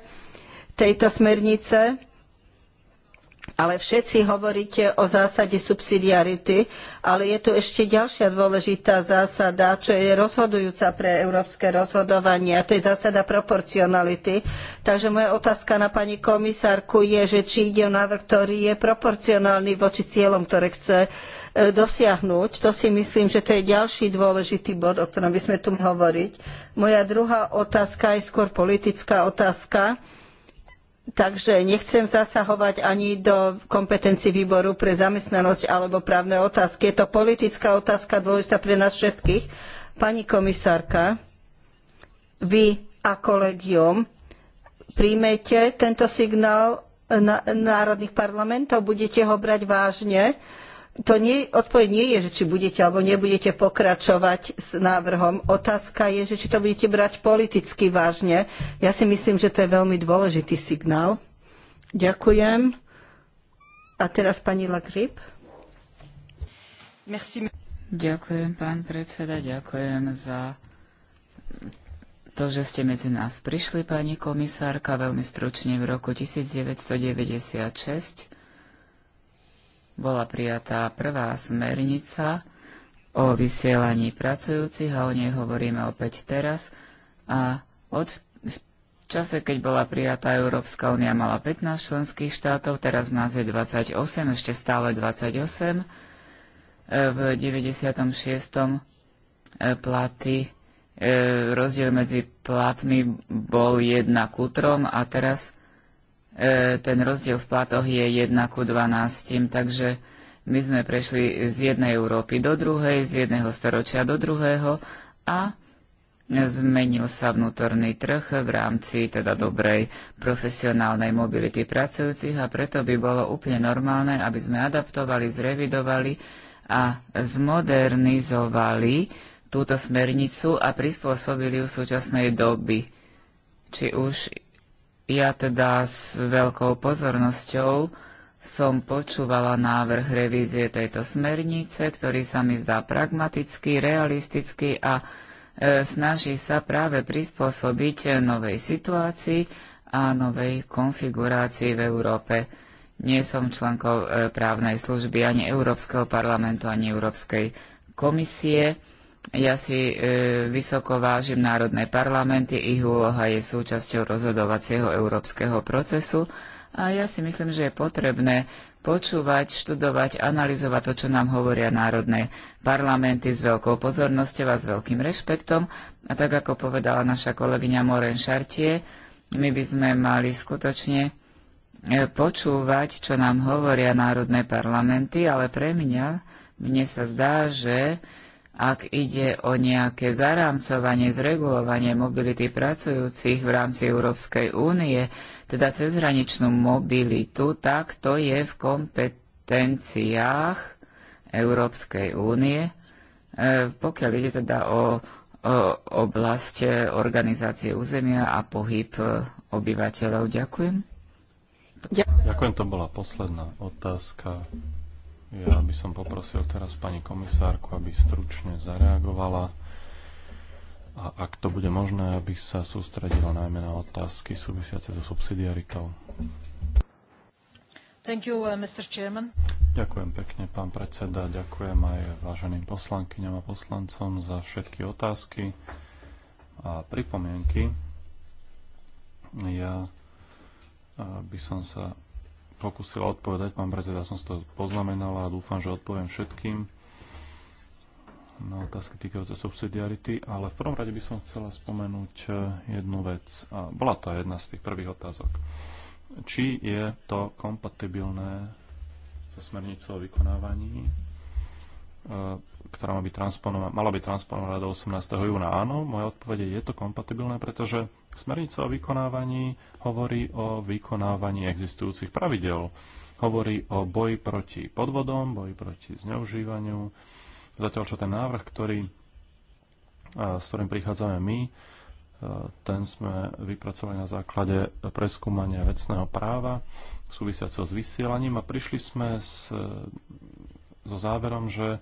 Speaker 5: tejto smernice, ale všetci hovoríte o zásade subsidiarity, ale je tu ešte ďalšia dôležitá zásada, čo je rozhodujúca pre európske rozhodovanie, a to je zásada proporcionality. Takže moja otázka na pani komisárku je, že či ide o návrh, ktorý je proporcionálny voči cieľom, ktoré chce E, dosiahnuť. To si myslím, že to je ďalší dôležitý bod, o ktorom by sme tu mohli hovoriť. Moja druhá otázka je skôr politická otázka. Takže nechcem zasahovať ani do kompetencií výboru pre zamestnanosť alebo právne otázky. Je to politická otázka dôležitá pre nás všetkých. Pani komisárka, vy a kolegium príjmete tento signál národných parlamentov, budete ho brať vážne to nie, odpoveď nie je, že či budete alebo nebudete pokračovať s návrhom. Otázka je, že či to budete brať politicky vážne. Ja si myslím, že to je veľmi dôležitý signál. Ďakujem. A teraz pani Lagrip.
Speaker 6: Merci. Ďakujem, pán predseda, ďakujem za to, že ste medzi nás prišli, pani komisárka, veľmi stručne v roku 1996 bola prijatá prvá smernica o vysielaní pracujúcich a o nej hovoríme opäť teraz. A od, v čase, keď bola prijatá Európska únia, mala 15 členských štátov, teraz nás je 28, ešte stále 28. E, v 96. E, platy e, rozdiel medzi platmi bol 1 k a teraz E, ten rozdiel v platoch je 1 ku 12, takže my sme prešli z jednej Európy do druhej, z jedného storočia do druhého a zmenil sa vnútorný trh v rámci teda dobrej profesionálnej mobility pracujúcich a preto by bolo úplne normálne, aby sme adaptovali, zrevidovali a zmodernizovali túto smernicu a prispôsobili ju súčasnej doby. Či už ja teda s veľkou pozornosťou som počúvala návrh revízie tejto smernice, ktorý sa mi zdá pragmatický, realistický a e, snaží sa práve prispôsobiť novej situácii a novej konfigurácii v Európe. Nie som členkou e, právnej služby ani Európskeho parlamentu, ani Európskej komisie ja si e, vysoko vážim národné parlamenty, ich úloha je súčasťou rozhodovacieho európskeho procesu a ja si myslím, že je potrebné počúvať, študovať, analyzovať to, čo nám hovoria národné parlamenty s veľkou pozornosťou a s veľkým rešpektom. A tak ako povedala naša kolegyňa Moren Šartie, my by sme mali skutočne e, počúvať, čo nám hovoria národné parlamenty, ale pre mňa, mne sa zdá, že ak ide o nejaké zarámcovanie, zregulovanie mobility pracujúcich v rámci Európskej únie, teda cezhraničnú mobilitu, tak to je v kompetenciách Európskej únie, e, pokiaľ ide teda o, o oblasť organizácie územia
Speaker 2: a pohyb obyvateľov. Ďakujem. Ďakujem, to bola posledná otázka. Ja by som poprosil teraz pani komisárku, aby stručne zareagovala a ak to bude možné, aby sa sústredila najmä na otázky súvisiace so subsidiaritou.
Speaker 5: Thank you, uh, Mr. Chairman.
Speaker 2: Ďakujem pekne, pán predseda. Ďakujem aj váženým poslankyňom a poslancom za všetky otázky a pripomienky. Ja eh, by som sa pokusila odpovedať, pán predseda, som si to poznamenal a dúfam, že odpoviem všetkým na otázky týkajúce subsidiarity, ale v prvom rade by som chcela spomenúť eh, jednu vec. A bola to jedna z tých prvých otázok. Či je to kompatibilné so smernicou o vykonávaní, eh, ktorá má byť transponovaná, mala byť transponovaná do 18. júna? Áno, moja odpovede je to kompatibilné, pretože Smernica o vykonávaní hovorí o vykonávaní existujúcich pravidel. Hovorí o boji proti podvodom, boji proti zneužívaniu. Zatiaľ, čo ten návrh, ktorý, e, s ktorým prichádzame my, e, ten sme vypracovali na základe preskúmania vecného práva súvisiaceho s vysielaním a prišli sme s, so záverom, že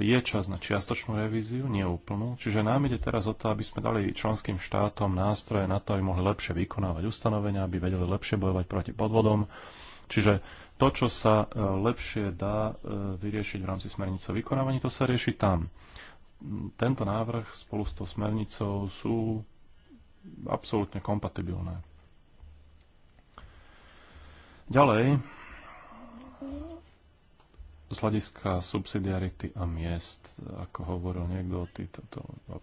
Speaker 2: je čas na čiastočnú revíziu, nie úplnú. Čiže nám ide teraz o to, aby sme dali členským štátom nástroje na to, aby mohli lepšie vykonávať ustanovenia, aby vedeli lepšie bojovať proti podvodom. Čiže to, čo sa e, lepšie dá e, vyriešiť v rámci smernice o vykonávaní, to sa rieši tam. Tento návrh spolu s tou smernicou sú absolútne kompatibilné. Ďalej, z hľadiska subsidiarity a miest, ako hovoril niekto, tí, to, to,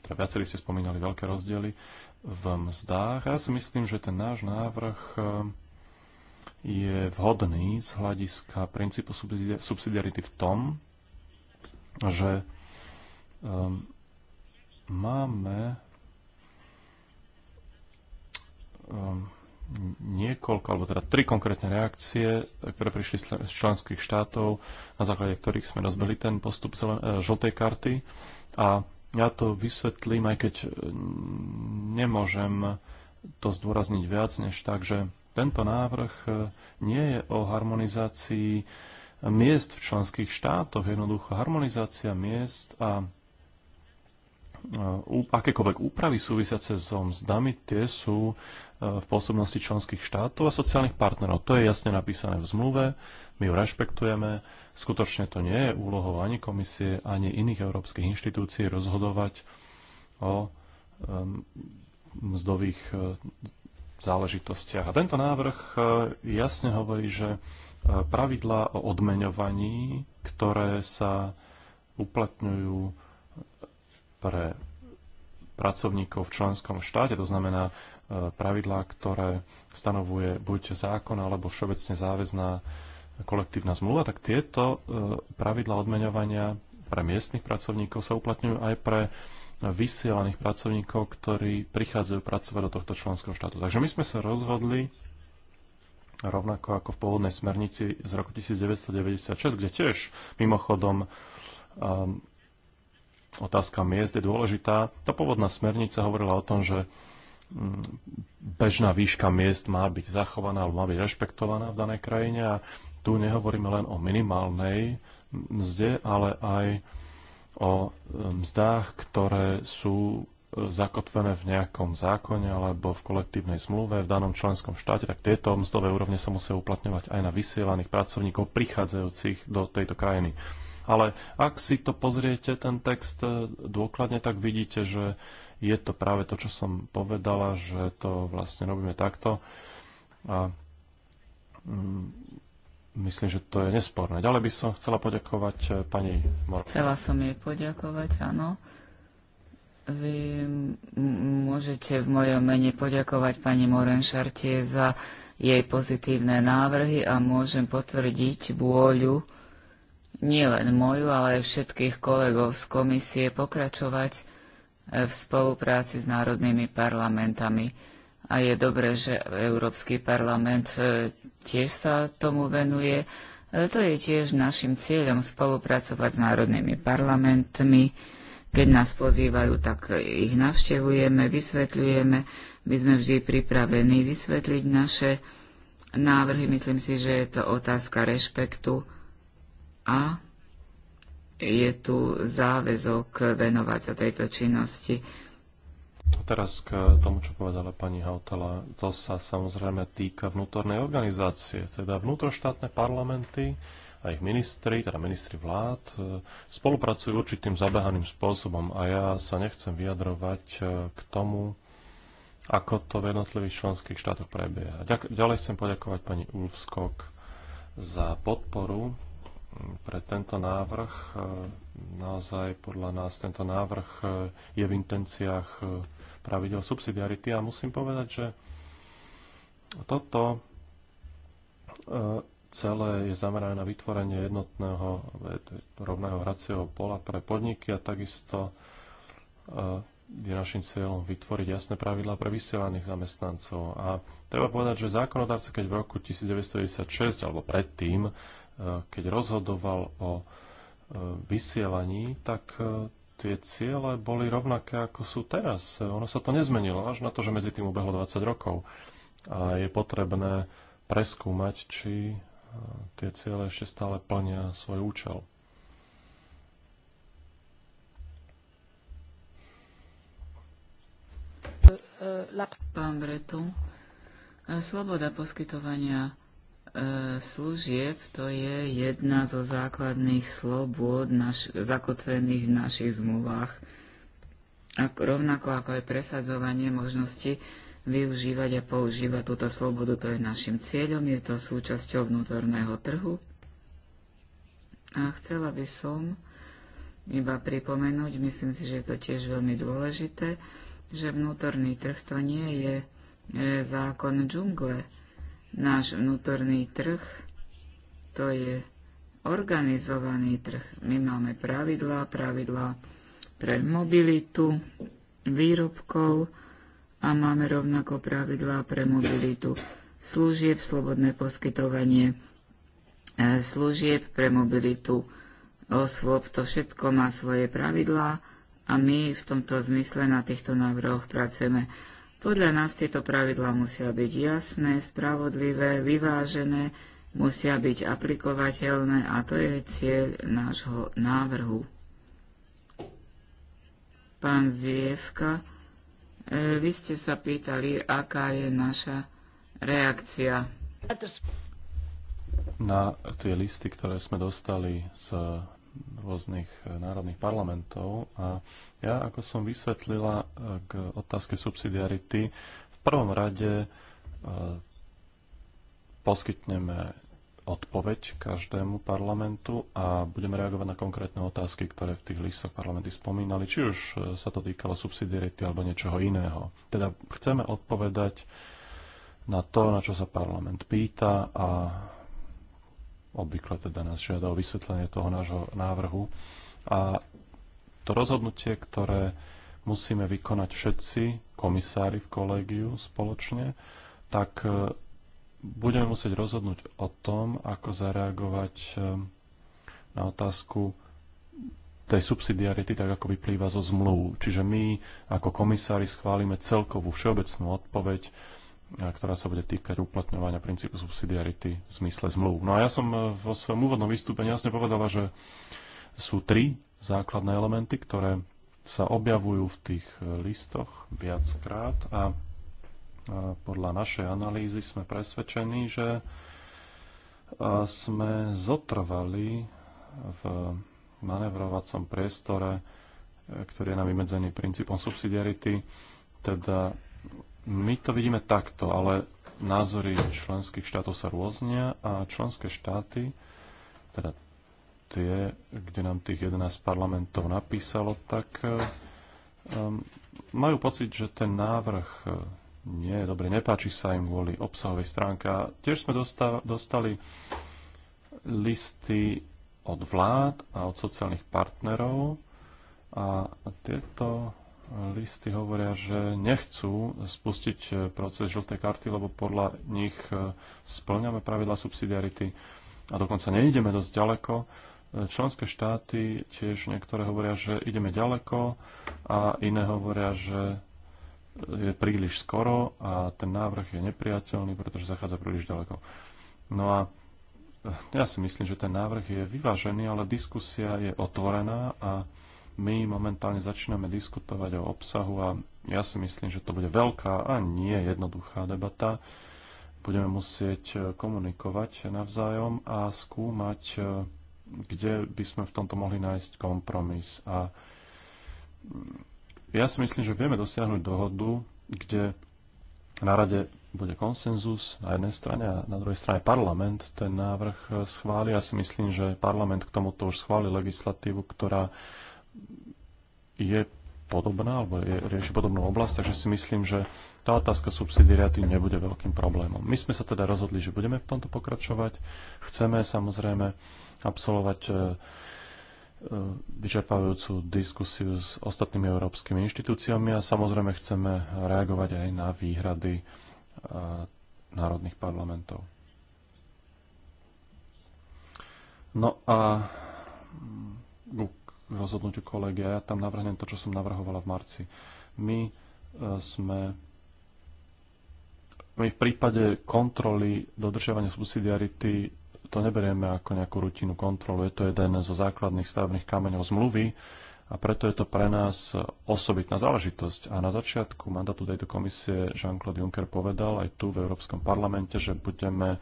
Speaker 2: teda viacerí ste spomínali veľké rozdiely v mzdách. Ja si myslím, že ten náš návrh eh, je vhodný z hľadiska princípu subsidiarity v tom, že um, máme um, niekoľko, alebo teda tri konkrétne reakcie, ktoré prišli z členských štátov, na základe ktorých sme rozbili ten postup e, žltej karty. A ja to vysvetlím, aj keď e, nemôžem to zdôrazniť viac než tak, že tento návrh e, nie je o harmonizácii miest v členských štátoch. Jednoducho harmonizácia miest a akékoľvek úpravy súvisiace so mzdami, tie sú e, v pôsobnosti členských štátov a sociálnych partnerov. To je jasne napísané v zmluve, my ju rešpektujeme. Skutočne to nie je úlohou ani komisie, ani iných európskych inštitúcií rozhodovať o mzdových e, záležitostiach. A tento návrh e, jasne hovorí, že pravidlá o odmeňovaní, ktoré sa uplatňujú pre pracovníkov v členskom štáte, to znamená e, pravidlá, ktoré stanovuje buď zákon alebo všeobecne záväzná kolektívna zmluva, tak tieto e, pravidlá odmeňovania pre miestnych pracovníkov sa uplatňujú aj pre vysielaných pracovníkov, ktorí prichádzajú pracovať do tohto členského štátu. Takže my sme sa rozhodli, rovnako ako v pôvodnej smernici z roku 1996, kde tiež mimochodom um, otázka miest je dôležitá. Tá pôvodná smernica hovorila o tom, že mm, bežná výška miest má byť zachovaná alebo má byť rešpektovaná v danej krajine a tu nehovoríme len o minimálnej mzde, ale aj o e, mzdách, ktoré sú e, zakotvené v nejakom zákone alebo v kolektívnej zmluve v danom členskom štáte, tak tieto mzdové úrovne sa musia uplatňovať aj na vysielaných pracovníkov prichádzajúcich do tejto krajiny. Ale ak si to pozriete, ten text e, dôkladne, tak vidíte, že je to práve to, čo som povedala, že to vlastne robíme takto. A mm, myslím, že to je nesporné. Ďalej by som chcela poďakovať e, pani Morko. Chcela som
Speaker 6: jej poďakovať, áno. Vy môžete v mojom mene poďakovať pani Morenšartie za jej pozitívne návrhy a môžem potvrdiť vôľu nielen moju, ale aj všetkých kolegov z komisie pokračovať eh, v spolupráci s národnými parlamentami. A je dobré, že Európsky parlament eh, tiež sa tomu venuje. Eh, to je tiež našim cieľom spolupracovať s národnými parlamentmi. Keď nás pozývajú, tak ich navštevujeme, vysvetľujeme. My sme vždy pripravení vysvetliť naše návrhy. Myslím si, že je to otázka rešpektu a je tu
Speaker 2: záväzok venovať sa tejto činnosti. A teraz k tomu, čo povedala pani Hautala, to sa samozrejme týka vnútornej organizácie, teda vnútroštátne parlamenty a ich ministri, teda ministri vlád, e, spolupracujú určitým zabehaným spôsobom a ja sa nechcem vyjadrovať e, k tomu, ako to v jednotlivých členských štátoch prebieha. Ďalej chcem poďakovať pani Ulfskok za podporu pre tento návrh. E, naozaj podľa nás tento návrh e, je v intenciách e, pravidel subsidiarity a musím povedať, že toto celé je zamerané na vytvorenie jednotného rovného hracieho pola pre podniky a takisto je našim cieľom vytvoriť jasné pravidlá pre vysielaných zamestnancov. A treba povedať, že zákonodárce, keď v roku 1996 alebo predtým keď rozhodoval o e, vysielaní, tak e, tie ciele boli rovnaké, ako sú teraz. Ono sa to nezmenilo, až na to, že medzi tým ubehlo 20 rokov. A je potrebné preskúmať, či e, tie ciele ešte stále plnia svoj účel.
Speaker 6: Pán Breton, sloboda poskytovania E, služieb to je jedna zo základných slobôd naš- zakotvených v našich zmluvách, A rovnako ako aj presadzovanie možnosti využívať a používať túto slobodu. To je našim cieľom, je to súčasťou vnútorného trhu. A chcela by som iba pripomenúť, myslím si, že je to tiež veľmi dôležité, že vnútorný trh to nie je e, zákon džungle Náš vnútorný trh to je organizovaný trh. My máme pravidlá, pravidlá pre mobilitu výrobkov a máme rovnako pravidlá pre mobilitu služieb, slobodné poskytovanie e, služieb pre mobilitu osôb. To všetko má svoje pravidlá a my v tomto zmysle na týchto návrhoch pracujeme. Podľa nás tieto pravidlá musia byť jasné, spravodlivé, vyvážené, musia byť aplikovateľné a to je cieľ nášho návrhu. Pán Zievka, e, vy ste sa pýtali, aká je naša reakcia.
Speaker 2: Na tie listy, ktoré sme dostali z rôznych eh, národných parlamentov. A ja, ako som vysvetlila eh, k otázke subsidiarity, v prvom rade eh, poskytneme odpoveď každému parlamentu a budeme reagovať na konkrétne otázky, ktoré v tých listoch parlamenty spomínali, či už sa to týkalo subsidiarity alebo niečoho iného. Teda chceme odpovedať na to, na čo sa parlament pýta a obvykle teda nás žiada o vysvetlenie toho nášho návrhu. A to rozhodnutie, ktoré musíme vykonať všetci komisári v kolégiu spoločne, tak e, budeme musieť rozhodnúť o tom, ako zareagovať e, na otázku tej subsidiarity, tak ako vyplýva zo zmluv. Čiže my ako komisári schválime celkovú všeobecnú odpoveď, ktorá sa bude týkať uplatňovania princípu subsidiarity v zmysle zmluv. No a ja som eh, vo svojom úvodnom vystúpení jasne povedala, že sú tri základné elementy, ktoré sa objavujú v tých eh, listoch viackrát a podľa našej analýzy sme presvedčení, že eh, sme zotrvali v manevrovacom priestore, ktorý je nám vymedzený princípom subsidiarity, teda my to vidíme takto, ale názory členských štátov sa rôznia a členské štáty, teda tie, kde nám tých 11 parlamentov napísalo, tak um, majú pocit, že ten návrh e, nie, je dobre, nepáči sa im kvôli obsahovej stránke. Tiež sme dostali listy od vlád a od sociálnych partnerov a tieto listy hovoria, že nechcú spustiť eh, proces žltej karty, lebo podľa nich eh, splňame pravidla subsidiarity a dokonca neideme dosť ďaleko. Eh, členské štáty tiež niektoré hovoria, že ideme ďaleko a iné hovoria, že je príliš skoro a ten návrh je nepriateľný, pretože zachádza príliš ďaleko. No a ja si myslím, že ten návrh je vyvážený, ale diskusia je otvorená a my momentálne začíname diskutovať o obsahu a ja si myslím, že to bude veľká a nie jednoduchá debata. Budeme musieť e, komunikovať navzájom a skúmať, e, kde by sme v tomto mohli nájsť kompromis. A mm, ja si myslím, že vieme dosiahnuť dohodu, kde na rade bude konsenzus na jednej strane a na druhej strane parlament ten návrh e, schváli. Ja si myslím, že parlament k tomuto už schváli legislatívu, ktorá je podobná, alebo je, rieši podobnú oblasť, takže si myslím, že tá otázka subsidiariaty nebude veľkým problémom. My sme sa teda rozhodli, že budeme v tomto pokračovať. Chceme samozrejme absolvovať e, e, vyčerpávajúcu diskusiu s ostatnými európskymi inštitúciami a samozrejme chceme reagovať aj na výhrady e, národných parlamentov. No a rozhodnutiu kolegia. Ja tam navrhnem to, čo som navrhovala v marci. My e, sme my v prípade kontroly dodržiavania subsidiarity to neberieme ako nejakú rutinu kontrolu. Je to jeden zo základných stavebných kameňov zmluvy a preto je to pre nás osobitná záležitosť. A na začiatku mandátu tejto komisie Jean-Claude Juncker povedal aj tu v Európskom parlamente, že budeme e,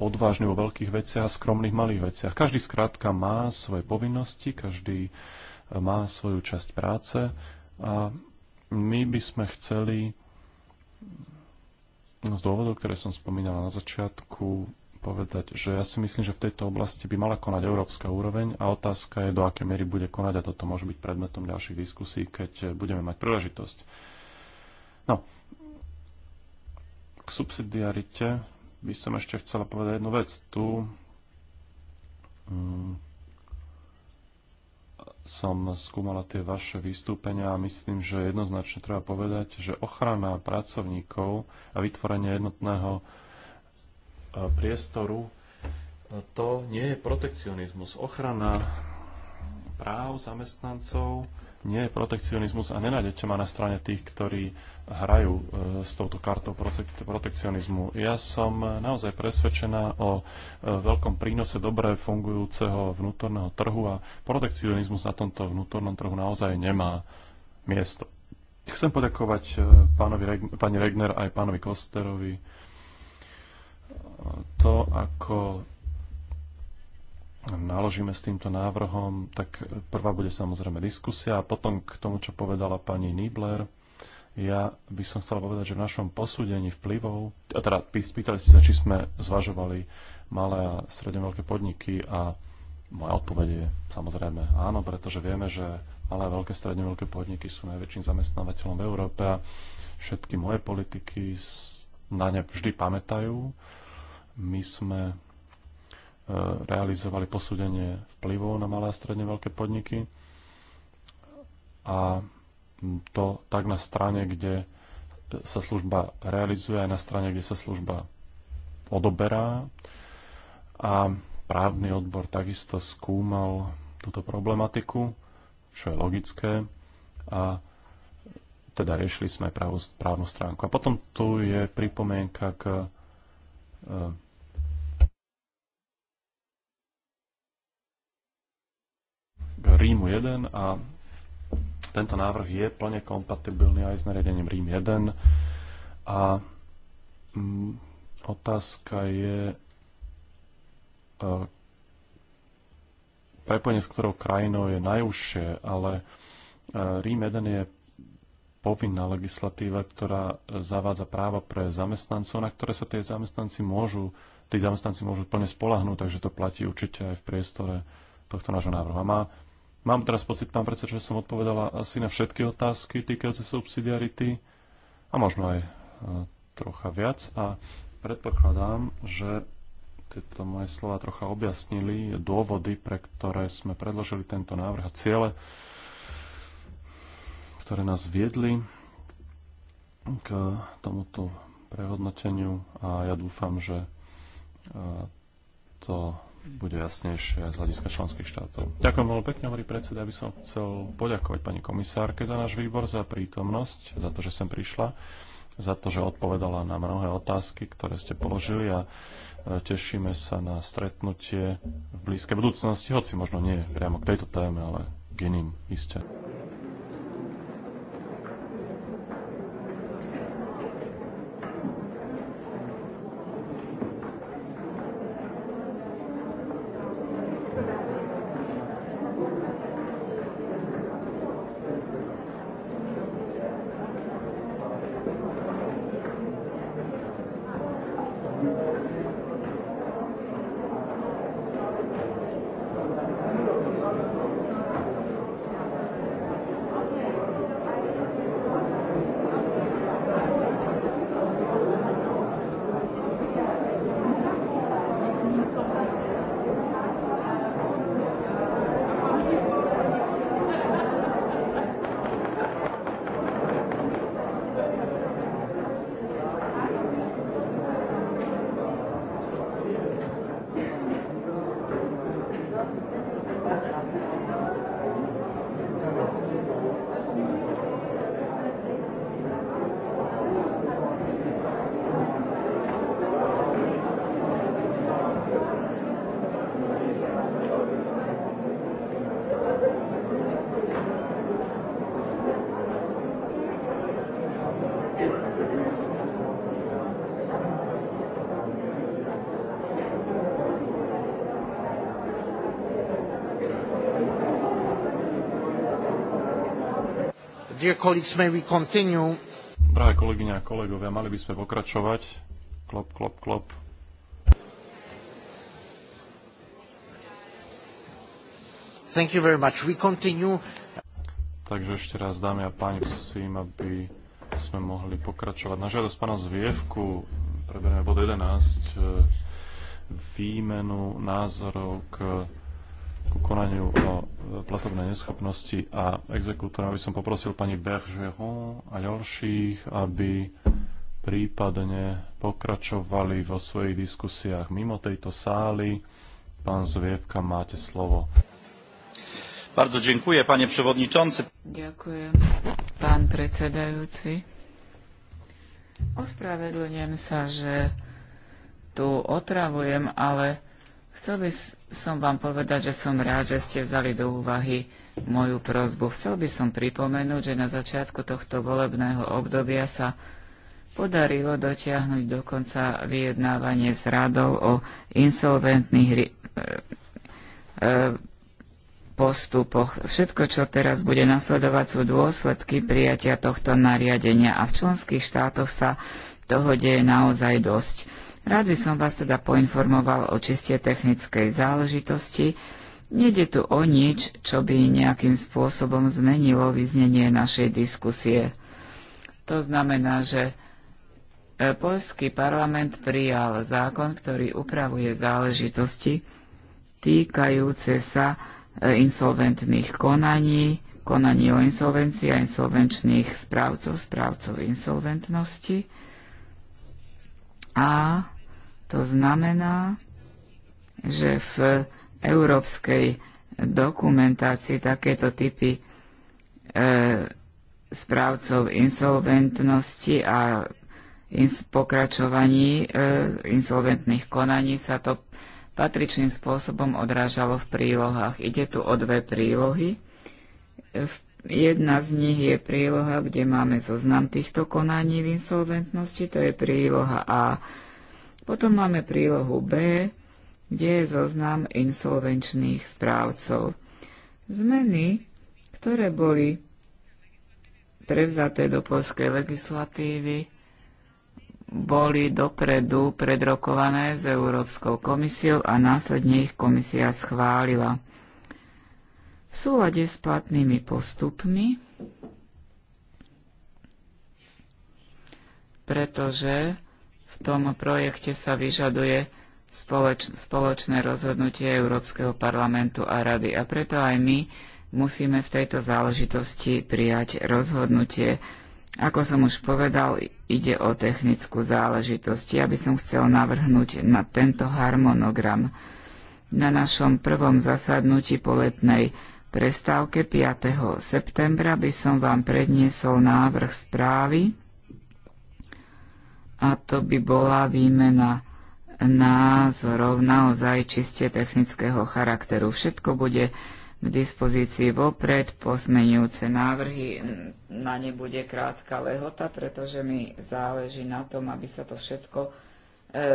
Speaker 2: odvážny vo veľkých veciach a skromných malých veciach. Každý skrátka má svoje povinnosti, každý e, má svoju časť práce a my by sme chceli z dôvodov, ktoré som spomínala na začiatku, povedať, že ja si myslím, že v tejto oblasti by mala konať európska úroveň a otázka je, do aké miery bude konať a toto môže byť predmetom ďalších diskusí, keď e, budeme mať príležitosť. No, k subsidiarite by som ešte chcela povedať jednu vec. Tu mm, som skúmala tie vaše vystúpenia a myslím, že jednoznačne treba povedať, že ochrana pracovníkov a vytvorenie jednotného e, priestoru no to nie je protekcionizmus. Ochrana práv zamestnancov nie je protekcionizmus a nenájdete ma na strane tých, ktorí hrajú e, s touto kartou protekcionizmu. Ja som naozaj presvedčená o e, veľkom prínose dobre fungujúceho vnútorného trhu a protekcionizmus na tomto vnútornom trhu naozaj nemá miesto. Chcem poďakovať e, pánovi, pani Regner aj pánovi Kosterovi to, ako naložíme s týmto návrhom, tak prvá bude samozrejme diskusia a potom k tomu, čo povedala pani Nibler, ja by som chcel povedať, že v našom posúdení vplyvov, teda spýtali ste sa, či sme zvažovali malé a stredne veľké podniky a moja odpoveď je samozrejme áno, pretože vieme, že malé a veľké stredne veľké podniky sú najväčším zamestnávateľom v Európe a všetky moje politiky na ne vždy pamätajú. My sme E, realizovali posúdenie vplyvov na malé a stredne veľké podniky a to tak na strane, kde sa služba realizuje, aj na strane, kde sa služba odoberá. A právny odbor takisto skúmal túto problematiku, čo je logické, a teda riešili sme právnu stránku. A potom tu je pripomienka k e, k Rímu 1 a tento návrh je plne kompatibilný aj s nariadením Rím 1 a mm, otázka je e, prepojenie s ktorou krajinou je najúžšie, ale e, Rím 1 je povinná legislatíva, ktorá zavádza práva pre zamestnancov, na ktoré sa tie zamestnanci môžu, tí zamestnanci môžu plne spolahnúť, takže to platí určite aj v priestore tohto nášho návrhu. A má Mám teraz pocit, pán predseda, že som odpovedala asi na všetky otázky týkajúce subsidiarity a možno aj e, trocha viac. A predpokladám, že tieto moje slova trocha objasnili dôvody, pre ktoré sme predložili tento návrh a ciele, ktoré nás viedli k tomuto prehodnoteniu a ja dúfam, že e, to bude jasnejšie z hľadiska členských štátov. Ďakujem veľmi pekne, hovorí predseda. Ja by som chcel poďakovať pani komisárke za náš výbor, za prítomnosť, za to, že sem prišla, za to, že odpovedala na mnohé otázky, ktoré ste položili a e, tešíme sa na stretnutie v blízkej budúcnosti, hoci možno nie priamo k tejto téme, ale k iným iste. dear colleagues, may we continue? Drahé kolegyne a kolegovia, mali by sme pokračovať. Klop, klop, klop. Thank you very
Speaker 1: much.
Speaker 4: We continue.
Speaker 2: Takže ešte raz, dámy a páni, prosím, aby sme mohli pokračovať. Na žiadosť pána Zvievku preberieme bod 11, e, výmenu názorov k, k konaniu o platobné neschopnosti a exekútora by som poprosil pani Bergeron a ďalších, aby prípadne pokračovali vo svojich diskusiách mimo tejto sály. Pán Zvievka, máte slovo.
Speaker 4: Bardzo dziękuję, panie przewodniczący.
Speaker 6: Ďakujem, pán predsedajúci. Ospravedlňujem sa, že tu otravujem, ale Chcel by som vám povedať, že som rád, že ste vzali do úvahy moju prozbu. Chcel by som pripomenúť, že na začiatku tohto volebného obdobia sa podarilo dotiahnuť dokonca vyjednávanie s radou o insolventných e, e, postupoch. Všetko, čo teraz bude nasledovať, sú dôsledky prijatia tohto nariadenia a v členských štátoch sa toho deje naozaj dosť. Rád by som vás teda poinformoval o čiste technickej záležitosti. Nede tu o nič, čo by nejakým spôsobom zmenilo vyznenie našej diskusie. To znamená, že e, Poľský parlament prijal zákon, ktorý upravuje záležitosti týkajúce sa e, insolventných konaní, konaní o insolvencii a insolvenčných správcov, správcov insolventnosti a to znamená, že v európskej dokumentácii takéto typy e, správcov insolventnosti a ins- pokračovaní e, insolventných konaní sa to patričným spôsobom odrážalo v prílohách. Ide tu o dve prílohy. E, jedna z nich je príloha, kde máme zoznam týchto konaní v insolventnosti, to je príloha A potom máme prílohu B, kde je zoznam insolvenčných správcov. Zmeny, ktoré boli prevzaté do polskej legislatívy, boli dopredu predrokované s Európskou komisiou a následne ich komisia schválila. V súlade s platnými postupmi, pretože tom projekte sa vyžaduje spoloč, spoločné rozhodnutie Európskeho parlamentu a rady. A preto aj my musíme v tejto záležitosti prijať rozhodnutie. Ako som už povedal, ide o technickú záležitosť. Ja by som chcel navrhnúť na tento harmonogram. Na našom prvom zasadnutí po letnej prestávke 5. septembra by som vám predniesol návrh správy a to by bola výmena názorov naozaj čiste technického charakteru. Všetko bude k dispozícii vopred, posmenujúce návrhy, na ne bude krátka lehota, pretože mi záleží na tom, aby sa to všetko e,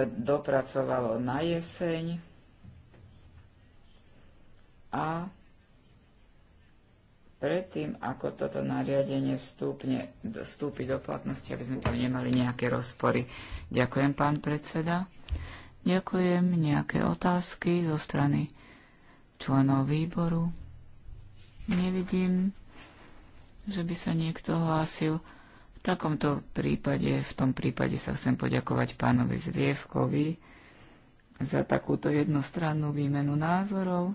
Speaker 6: dopracovalo na jeseň. A predtým, ako toto nariadenie vstúpne, vstúpi do platnosti, aby sme tam nemali nejaké rozpory. Ďakujem, pán predseda. Ďakujem. Nejaké otázky zo strany členov výboru? Nevidím, že by sa niekto hlásil. V takomto prípade, v tom prípade sa chcem poďakovať pánovi Zvievkovi za takúto jednostrannú výmenu názorov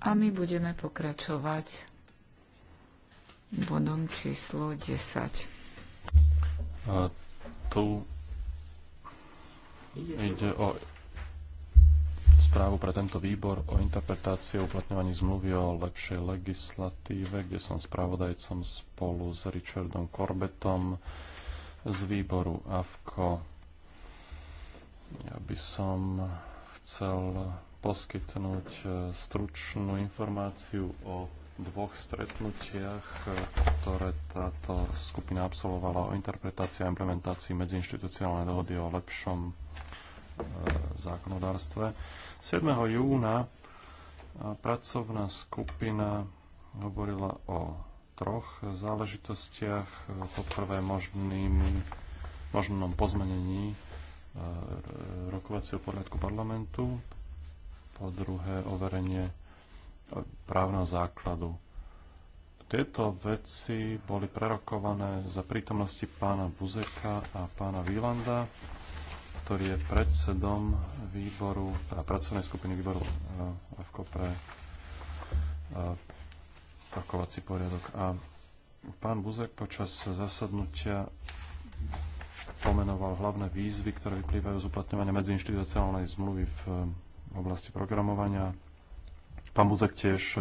Speaker 6: a my budeme pokračovať bodom číslo 10.
Speaker 2: A tu ide o správu pre tento výbor o interpretácii a uplatňovaní zmluvy o lepšej legislatíve, kde som spravodajcom spolu s Richardom Corbettom z výboru AFKO. Ja by som chcel poskytnúť e, stručnú informáciu o dvoch stretnutiach, ktoré táto skupina absolvovala o interpretácii a implementácii medziinstitucionálnej dohody o lepšom e, zákonodárstve. 7. júna pracovná skupina hovorila o troch záležitostiach. Po prvé možným, možnom pozmenení e, rokovacieho poriadku parlamentu, po druhé overenie právneho základu. Tieto veci boli prerokované za prítomnosti pána Buzeka a pána Výlanda, ktorý je predsedom výboru, teda pracovnej skupiny výboru e, AFKO pre e, rokovací poriadok. A pán Buzek počas zasadnutia pomenoval hlavné výzvy, ktoré vyplývajú z uplatňovania medziinštitucionálnej zmluvy v e, oblasti programovania Pán Buzek tiež e,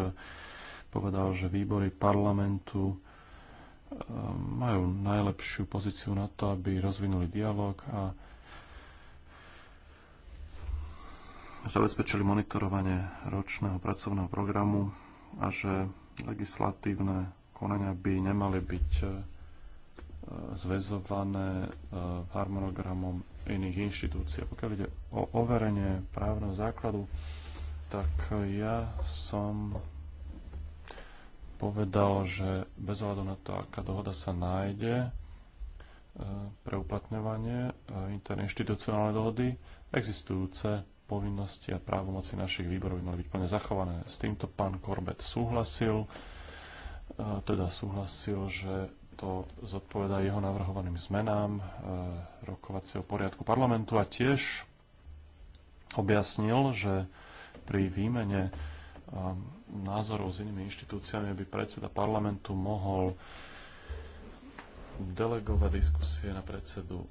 Speaker 2: povedal, že výbory parlamentu e, majú najlepšiu pozíciu na to, aby rozvinuli dialog a zabezpečili monitorovanie ročného pracovného programu a že legislatívne konania by nemali byť e, zväzované harmonogramom iných inštitúcií. pokiaľ ide o overenie právneho základu, tak ja som povedal, že bez ohľadu na to, aká dohoda sa nájde e, pre uplatňovanie e, interinstitucionálnej dohody, existujúce povinnosti a právomoci našich výborov by mali byť plne zachované. S týmto pán Korbet súhlasil, e, teda súhlasil, že to zodpoveda jeho navrhovaným zmenám rokovacieho poriadku parlamentu a tiež objasnil, že pri výmene um, názorov s inými inštitúciami, aby predseda parlamentu mohol delegovať diskusie na predsedu uh,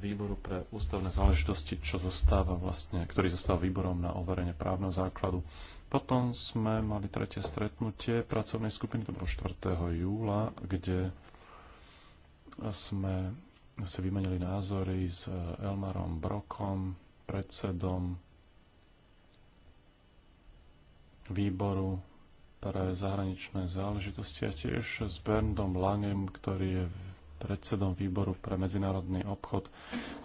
Speaker 2: výboru pre ústavné záležitosti, čo zostáva vlastne, ktorý zostáva výborom na overenie právneho základu. Potom sme mali tretie stretnutie pracovnej skupiny, to bolo 4. júla, kde sme si vymenili názory s uh, Elmarom Brokom, predsedom výboru pre zahraničné záležitosti a tiež s Berndom Langem, ktorý je predsedom výboru pre medzinárodný obchod.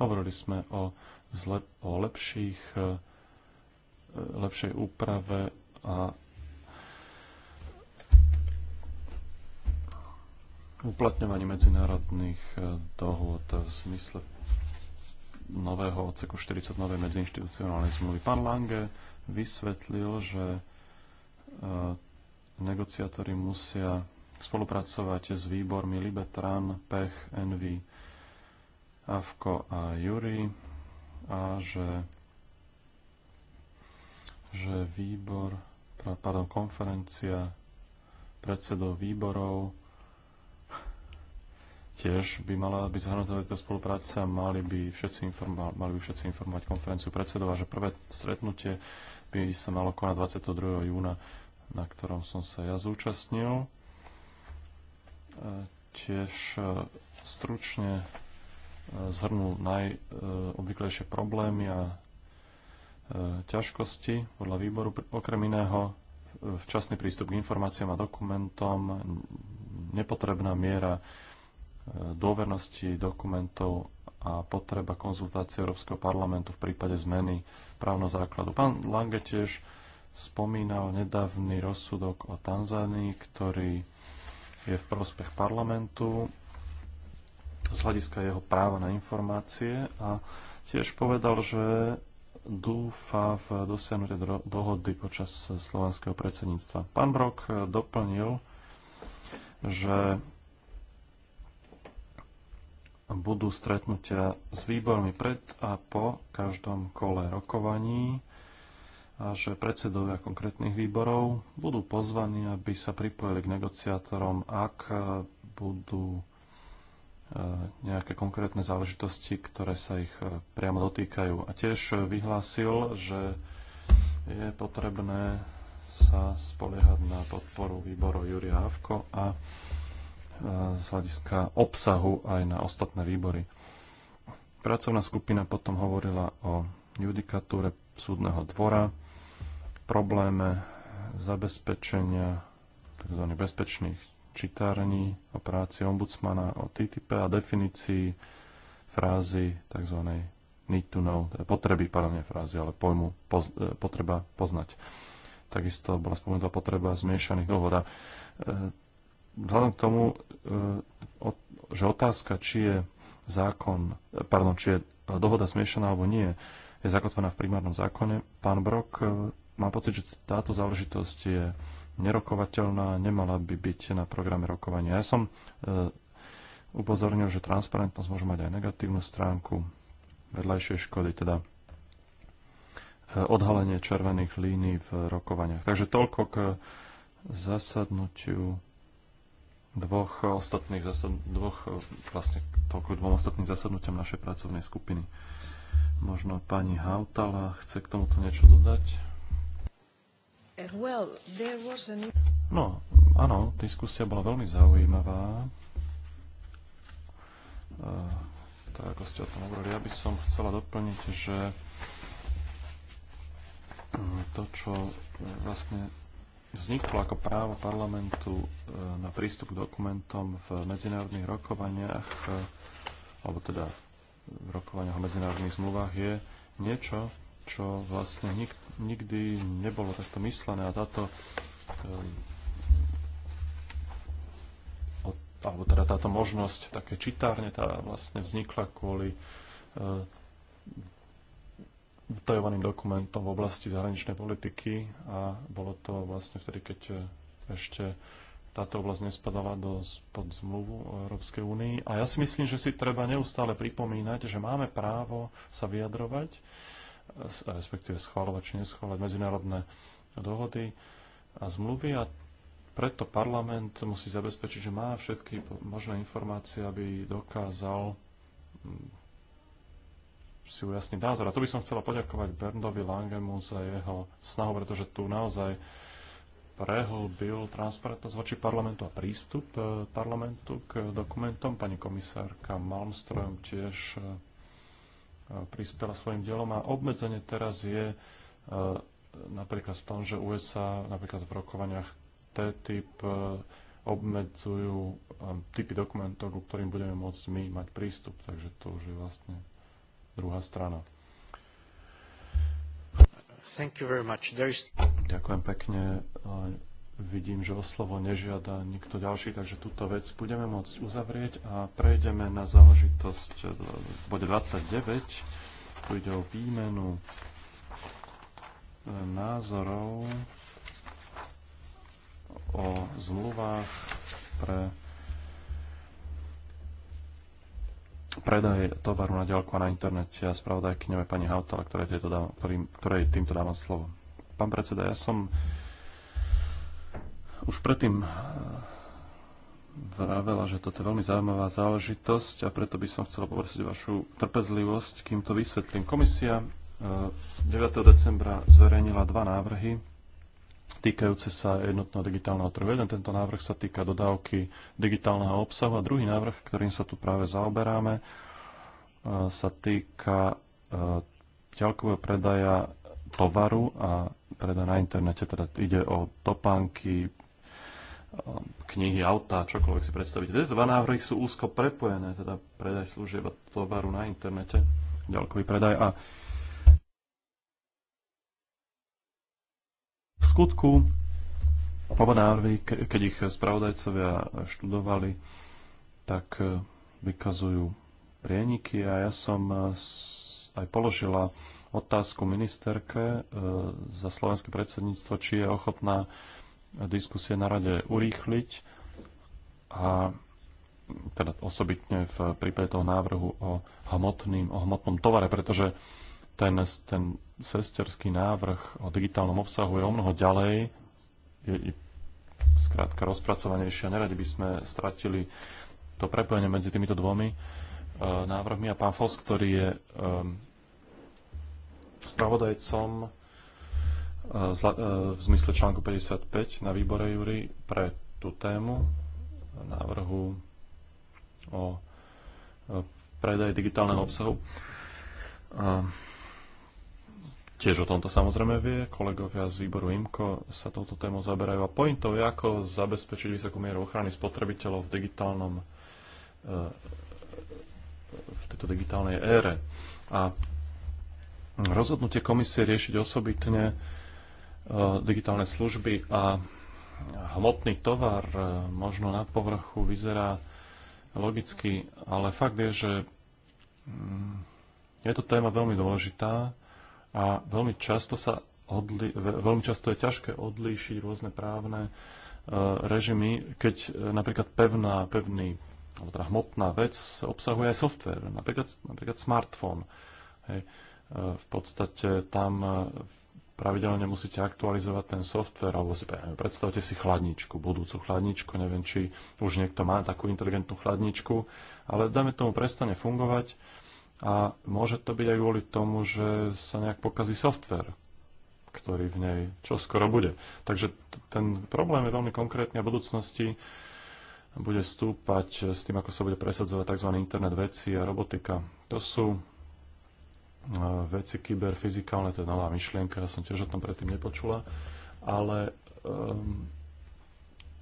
Speaker 2: Hovorili sme o, zlep- o lepších, e, lepšej úprave a uplatňovaní medzinárodných e, dohôd v zmysle nového odseku 40 novej medziinstitucionálnej zmluvy. Pán Lange vysvetlil, že E, negociátori musia spolupracovať s výbormi Libetran, Pech, Envy, Avko a Jury a že, že výbor, pardon, konferencia predsedov výborov tiež by mala byť zahrnutá do spolupráca, mali by, všetci informa- mali by všetci informovať konferenciu predsedov a že prvé stretnutie by sa malo konať 22. júna na ktorom som sa ja zúčastnil. E, tiež e, stručne e, zhrnul najobvyklejšie problémy a ťažkosti podľa výboru. Okrem iného včasný prístup k informáciám a dokumentom, nepotrebná miera dôvernosti dokumentov a potreba konzultácie Európskeho parlamentu v prípade zmeny právneho základu. Pán Lange tiež spomínal nedávny rozsudok o Tanzánii, ktorý je v prospech parlamentu z hľadiska jeho práva na informácie a tiež povedal, že dúfa v dosiahnutie dohody počas slovenského predsedníctva. Pán Brok eh, doplnil, že budú stretnutia s výbormi pred a po každom kole rokovaní a že predsedovia konkrétnych výborov budú pozvaní, aby sa pripojili k negociátorom, ak e, budú e, nejaké konkrétne záležitosti, ktoré sa ich e, priamo dotýkajú. A tiež vyhlásil, že je potrebné sa spoliehať na podporu výborov Júria Havko a z hľadiska obsahu aj na ostatné výbory. Pracovná skupina potom hovorila o judikatúre súdneho dvora, probléme zabezpečenia tzv. bezpečných čitární o práci ombudsmana o TTIP a definícii frázy tzv. need to know, teda potreby, pardon, nie frázy, ale pojmu poz, e, potreba poznať. Takisto bola spomenutá potreba zmiešaných dohod. A e, vzhľadom k tomu, e, že otázka, či je zákon, pardon, či je dohoda smiešaná alebo nie, je zakotvená v primárnom zákone. Pán Brok mám pocit, že táto záležitosť je nerokovateľná, nemala by byť na programe rokovania. Ja som e, upozornil, že transparentnosť môže mať aj negatívnu stránku vedľajšej škody, teda e, odhalenie červených línií v rokovaniach. Takže toľko k zasadnutiu dvoch ostatných zasad, dvoch, vlastne toľko dvom ostatným zasadnutiam našej pracovnej skupiny. Možno pani Hautala chce k tomuto niečo dodať? No, áno, diskusia bola veľmi zaujímavá. E, tak ako ste o tom hovorili, ja by som chcela doplniť, že e, to, čo e, vlastne vzniklo ako právo parlamentu na prístup k dokumentom v medzinárodných rokovaniach, alebo teda v rokovaniach o medzinárodných zmluvách, je niečo, čo vlastne nik, nikdy nebolo takto myslené a táto ehm, alebo teda táto možnosť také čitárne tá vlastne vznikla kvôli ehm, utajovaným dokumentom v oblasti zahraničnej politiky a bolo to vlastne vtedy, keď ehm, ešte táto oblasť nespadala do, pod zmluvu o Európskej únii. A ja si myslím, že si treba neustále pripomínať, že máme právo sa vyjadrovať respektíve schváľovať či neschváľovať medzinárodné dohody a zmluvy a preto parlament musí zabezpečiť, že má všetky možné informácie, aby dokázal mm, si ujasniť názor. A tu by som chcela poďakovať Berndovi Langemu za jeho snahu, pretože tu naozaj prehlbil transparentnosť voči parlamentu a prístup eh, parlamentu k dokumentom. Pani komisárka Malmström tiež eh, E, prispela svojim dielom a obmedzenie teraz je e, napríklad v tom, že USA napríklad v rokovaniach TTIP e, obmedzujú typy dokumentov, ku ktorým budeme môcť my mať prístup. Takže to už je vlastne druhá strana. Thank you very
Speaker 1: much. There is...
Speaker 2: Ďakujem pekne. Vidím, že o slovo nežiada nikto ďalší, takže túto vec budeme môcť uzavrieť a prejdeme na záležitosť v e, bode 29. Tu ide o výmenu e, názorov o zmluvách pre predaj tovaru na ďalku a na internete a spravodajkyňové pani Hautala, ktorým, ktorej týmto dávam slovo. Pán predseda, ja som už predtým eh, vravela, že toto je veľmi zaujímavá záležitosť a preto by som chcel poprosiť vašu trpezlivosť, kým to vysvetlím. Komisia eh, 9. decembra zverejnila dva návrhy týkajúce sa jednotného digitálneho trhu. Jeden tento návrh sa týka dodávky digitálneho obsahu a druhý návrh, ktorým sa tu práve zaoberáme, eh, sa týka ďalkového predaja tovaru a predaja na internete, teda ide o topánky, Um, knihy, autá, čokoľvek si predstavíte. Tieto dva návrhy sú úzko prepojené, teda predaj služieb a tovaru na internete, ďalkový predaj a v skutku oba návrhy, keď ich spravodajcovia študovali, tak eh, vykazujú prieniky a ja som eh, aj položila otázku ministerke eh, za slovenské predsedníctvo, či je ochotná diskusie na rade urýchliť a teda osobitne v prípade toho návrhu o hmotným, o hmotnom tovare, pretože ten, ten sesterský návrh o digitálnom obsahu je o mnoho ďalej, je, i skrátka rozpracovanejšie a neradi by sme stratili to prepojenie medzi týmito dvomi e, návrhmi a pán Fos, ktorý je e, spravodajcom Eh, eh, v zmysle článku 55 na výbore Júri pre tú tému návrhu o eh, predaj digitálneho obsahu. tiež o tomto samozrejme vie. Kolegovia z výboru IMCO sa touto tému zaberajú. A pointov je, ako zabezpečiť vysokú mieru ochrany spotrebiteľov v digitálnom v tejto digitálnej ére. A rozhodnutie komisie riešiť osobitne digitálne služby a hmotný tovar e, možno na povrchu vyzerá logicky, ale fakt je, že mm, je to téma veľmi dôležitá a veľmi často, sa odli- veľmi často je ťažké odlíšiť rôzne právne e, režimy, keď e, napríklad pevná, pevný, alebo teda hmotná vec obsahuje aj software, napríklad, napríklad smartfón. Hej. V podstate tam pravidelne musíte aktualizovať ten software, alebo si, predstavte si chladničku, budúcu chladničku, neviem, či už niekto má takú inteligentnú chladničku, ale dáme tomu prestane fungovať a môže to byť aj kvôli tomu, že sa nejak pokazí software, ktorý v nej čo skoro bude. Takže ten problém je veľmi konkrétny a v budúcnosti bude stúpať s tým, ako sa bude presadzovať tzv. internet veci a robotika. To sú E, veci kyberfyzikálne, to je nová myšlienka, ja som tiež o tom predtým nepočula, ale um,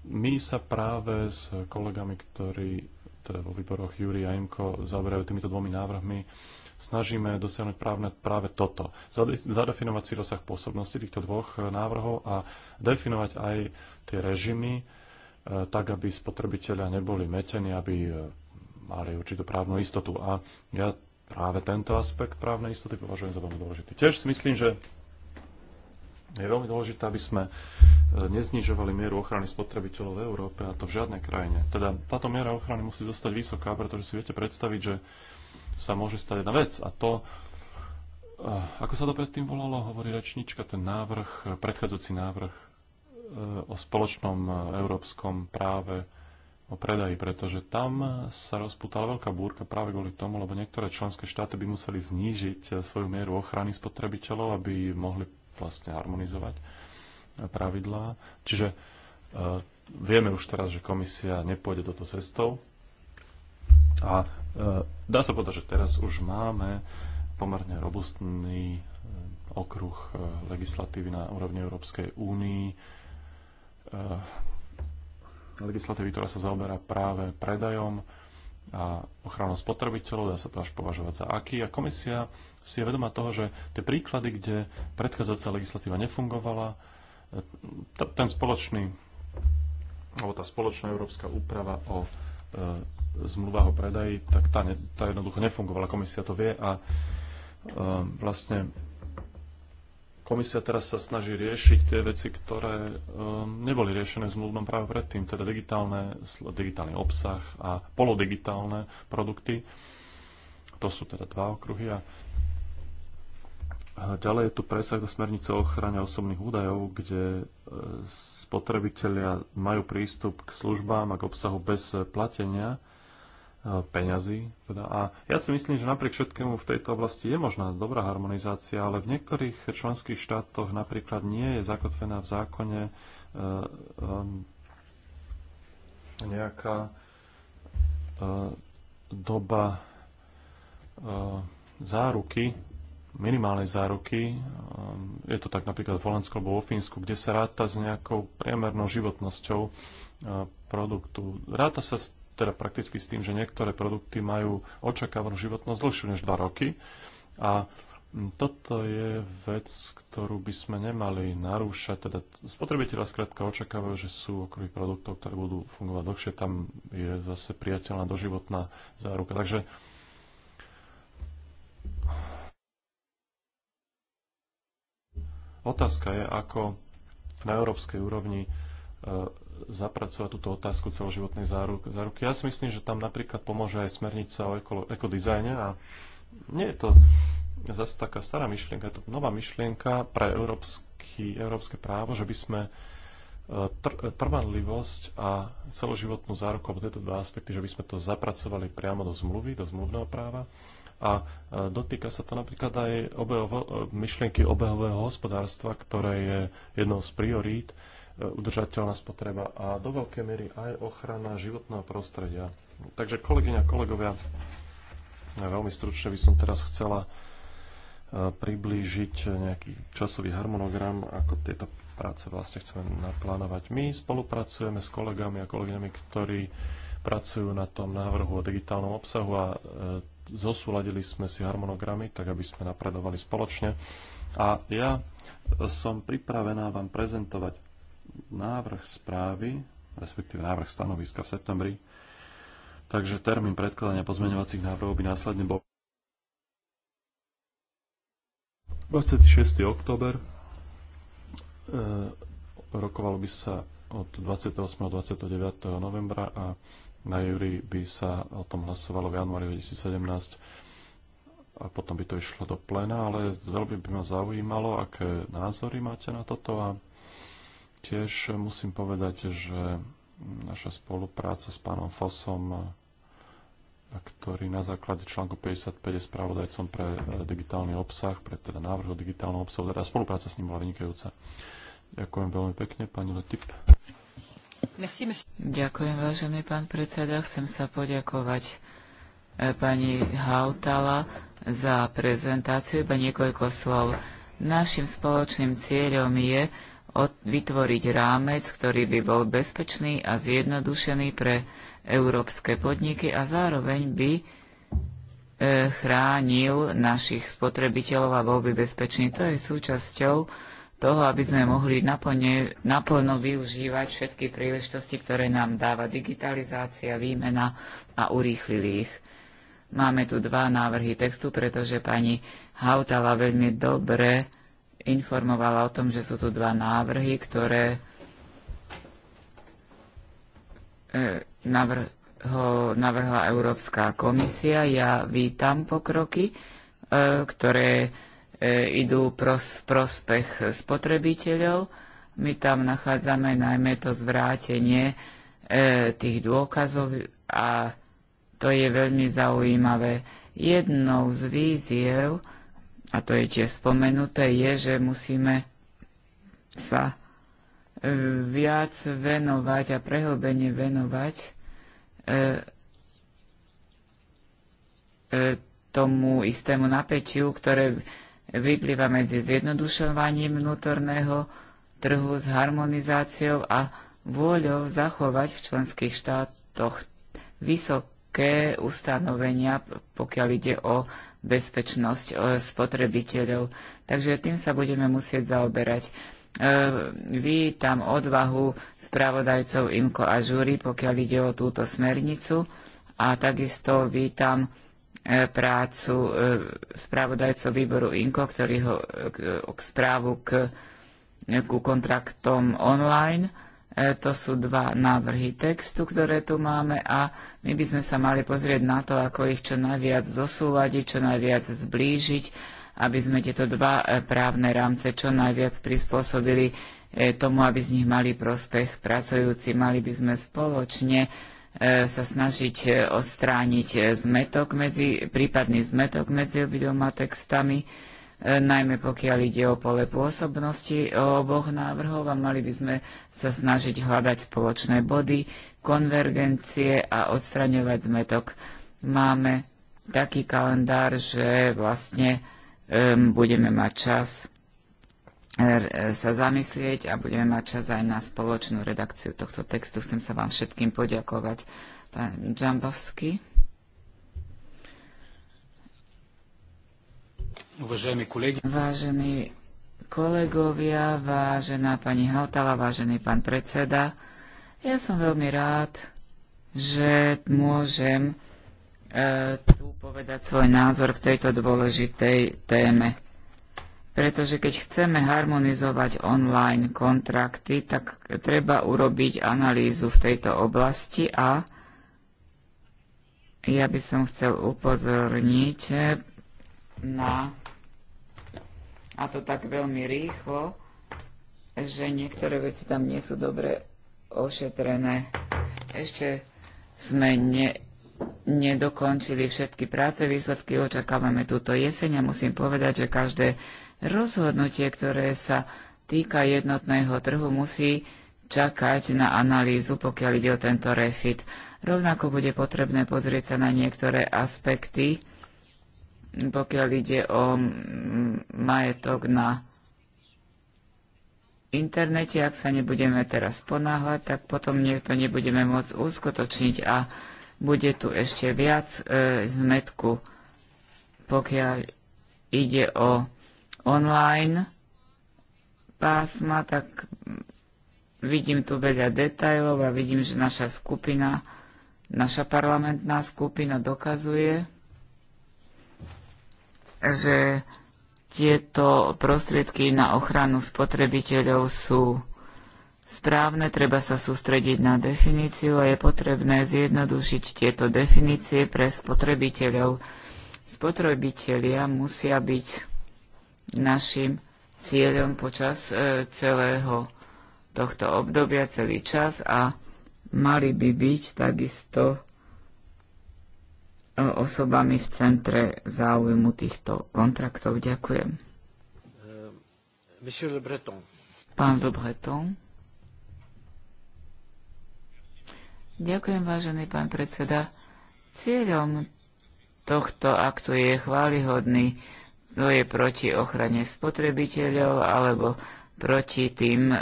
Speaker 2: my sa práve s kolegami, ktorí teda vo výboroch Júri a Imko zaoberajú týmito dvomi návrhmi, snažíme dosiahnuť právne, práve toto. Zadefinovať si rozsah pôsobnosti týchto dvoch e, návrhov a definovať aj tie režimy, e, tak aby spotrebitelia neboli metení, aby mali určitú právnu istotu. A ja práve tento aspekt právnej istoty považujem za veľmi dôležitý. Tiež si myslím, že je veľmi dôležité, aby sme e, neznižovali mieru ochrany spotrebiteľov v Európe a to v žiadnej krajine. Teda táto miera ochrany musí zostať vysoká, pretože si viete predstaviť, že sa môže stať jedna vec a to, e, ako sa to predtým volalo, hovorí rečnička, ten návrh, predchádzajúci návrh e, o spoločnom európskom práve o predaji, pretože tam sa rozputala veľká búrka práve kvôli tomu, lebo niektoré členské štáty by museli znížiť eh, svoju mieru ochrany spotrebiteľov, aby mohli vlastne harmonizovať eh, pravidlá. Čiže e, vieme už teraz, že komisia nepôjde do toho cestou. A e, dá sa povedať, že teraz už máme pomerne robustný okruh legislatívy na úrovni Európskej únii. E, legislatívy, ktorá sa zaoberá práve predajom a ochranou spotrebiteľov, dá sa to až považovať za aký. A komisia si je vedomá toho, že tie príklady, kde predchádzajúca legislatíva nefungovala, ten spoločný, alebo tá spoločná európska úprava o e, zmluvách o predaji, tak tá, ne, tá jednoducho nefungovala, komisia to vie a e, vlastne komisia teraz sa snaží riešiť tie veci, ktoré um, neboli riešené s zmluvnom práve predtým, teda digitálne, digitálny obsah a polodigitálne produkty. To sú teda dva okruhy a Ďalej je tu presah do smernice o ochrane osobných údajov, kde e, spotrebitelia majú prístup k službám a k obsahu bez platenia E, peňazí. Teda. A ja si myslím, že napriek všetkému v tejto oblasti je možná dobrá harmonizácia, ale v niektorých členských štátoch napríklad nie je zakotvená v zákone e, e, nejaká doba záruky, minimálnej záruky. Je to tak napríklad v Holandsku alebo vo Fínsku, kde sa ráta s nejakou priemernou životnosťou produktu. Ráta sa s teda prakticky s tým, že niektoré produkty majú očakávanú životnosť dlhšiu než 2 roky. A toto je vec, ktorú by sme nemali narúšať. Teda spotrebiteľa skrátka očakávajú, že sú okruhy produktov, ktoré budú fungovať dlhšie. Tam je zase priateľná doživotná záruka. Takže otázka je, ako na európskej úrovni e, zapracovať túto otázku celoživotnej záruky. Ja si myslím, že tam napríklad pomôže aj smernica o ekodizajne a nie je to zase taká stará myšlienka, je to nová myšlienka pre európsky, európske právo, že by sme e, tr- e, trvanlivosť a celoživotnú záruku, alebo tieto dva aspekty, že by sme to zapracovali priamo do zmluvy, do zmluvného práva. A e, dotýka sa to napríklad aj obehovo, myšlienky obehového hospodárstva, ktoré je jednou z priorít udržateľná spotreba a do veľkej miery aj ochrana životného prostredia. Takže kolegyňa, kolegovia, veľmi stručne by som teraz chcela e, priblížiť nejaký časový harmonogram, ako tieto práce vlastne chceme naplánovať. My spolupracujeme s kolegami a kolegyňami, ktorí pracujú na tom návrhu o digitálnom obsahu a e, zosúladili sme si harmonogramy, tak aby sme napredovali spoločne. A ja som pripravená vám prezentovať návrh správy, respektíve návrh stanoviska v septembri, takže termín predkladania pozmeňovacích návrhov by následne bol 26. október. E, rokovalo by sa od 28. a 29. novembra a na júri by sa o tom hlasovalo v januári 2017 a potom by to išlo do plena, ale veľmi by ma zaujímalo, aké názory máte na toto a Tiež musím povedať, že naša spolupráca s pánom Fosom, ktorý na základe článku 55 je spravodajcom pre e, digitálny obsah, pre teda návrh o digitálnom obsahu, teda spolupráca s ním bola vynikajúca. Ďakujem veľmi pekne, pani Letip.
Speaker 6: Ďakujem, vážený pán predseda. Chcem sa poďakovať e, pani Hautala za prezentáciu. Iba niekoľko slov. Našim spoločným cieľom je, vytvoriť rámec, ktorý by bol bezpečný a zjednodušený pre európske podniky a zároveň by e, chránil našich spotrebiteľov a bol by bezpečný. To je súčasťou toho, aby sme mohli naplne, naplno využívať všetky príležitosti, ktoré nám dáva digitalizácia, výmena a urýchlili ich. Máme tu dva návrhy textu, pretože pani Hautala veľmi dobre informovala o tom, že sú tu dva návrhy, ktoré e, navrhla Európska komisia. Ja vítam pokroky, e, ktoré e, idú v prospech spotrebiteľov. My tam nachádzame najmä to zvrátenie tých dôkazov a to je veľmi zaujímavé. Jednou z víziev, a to je tiež spomenuté, je, že musíme sa e, viac venovať a prehlbene venovať e, e, tomu istému napätiu, ktoré vyplýva medzi zjednodušovaním vnútorného trhu s harmonizáciou a vôľou zachovať v členských štátoch vysok, aké ustanovenia, pokiaľ ide o bezpečnosť spotrebiteľov. Takže tým sa budeme musieť zaoberať. E, vítam odvahu spravodajcov IMKO a žúry, pokiaľ ide o túto smernicu a takisto vítam e, prácu e, spravodajcov výboru INKO, ktorý ho k, k správu k, ku kontraktom online E, to sú dva návrhy textu, ktoré tu máme a my by sme sa mali pozrieť na to, ako ich čo najviac zosúľadiť, čo najviac zblížiť, aby sme tieto dva e, právne rámce čo najviac prispôsobili e, tomu, aby z nich mali prospech pracujúci. Mali by sme spoločne sa snažiť odstrániť zmetok medzi, prípadný zmetok medzi obidoma textami E, najmä pokiaľ ide o pole pôsobnosti e, oboch návrhov a mali by sme sa snažiť hľadať spoločné body, konvergencie a odstraňovať zmetok. Máme taký kalendár, že vlastne um, budeme mať čas e, sa zamyslieť a budeme mať čas aj na spoločnú redakciu tohto textu. Chcem sa vám všetkým poďakovať. Pán Džambovský.
Speaker 4: Vážení
Speaker 6: kolegovia, vážená pani Hautala, vážený pán predseda, ja som veľmi rád, že môžem e, tu povedať svoj názor k tejto dôležitej téme. Pretože keď chceme harmonizovať online kontrakty, tak treba urobiť analýzu v tejto oblasti a ja by som chcel upozorniť na a to tak veľmi rýchlo, že niektoré veci tam nie sú dobre ošetrené. Ešte sme ne, nedokončili všetky práce, výsledky očakávame túto jeseň a musím povedať, že každé rozhodnutie, ktoré sa týka jednotného trhu, musí čakať na analýzu, pokiaľ ide o tento refit. Rovnako bude potrebné pozrieť sa na niektoré aspekty, pokiaľ ide o majetok na internete, ak sa nebudeme teraz ponáhľať, tak potom niekto nebudeme môcť uskutočniť a bude tu ešte viac e, zmetku, pokiaľ ide o online pásma, tak vidím tu veľa detajlov a vidím, že naša skupina, naša parlamentná skupina dokazuje, že tieto prostriedky na ochranu spotrebiteľov sú správne, treba sa sústrediť na definíciu a je potrebné zjednodušiť tieto definície pre spotrebiteľov. Spotrebitelia musia byť našim cieľom počas e, celého tohto obdobia, celý čas a mali by byť takisto osobami v centre záujmu týchto kontraktov. Ďakujem.
Speaker 4: Le Breton.
Speaker 6: Pán Le Breton. Ďakujem, vážený pán predseda. Cieľom tohto aktu je chválihodný, to je proti ochrane spotrebiteľov alebo proti tým e,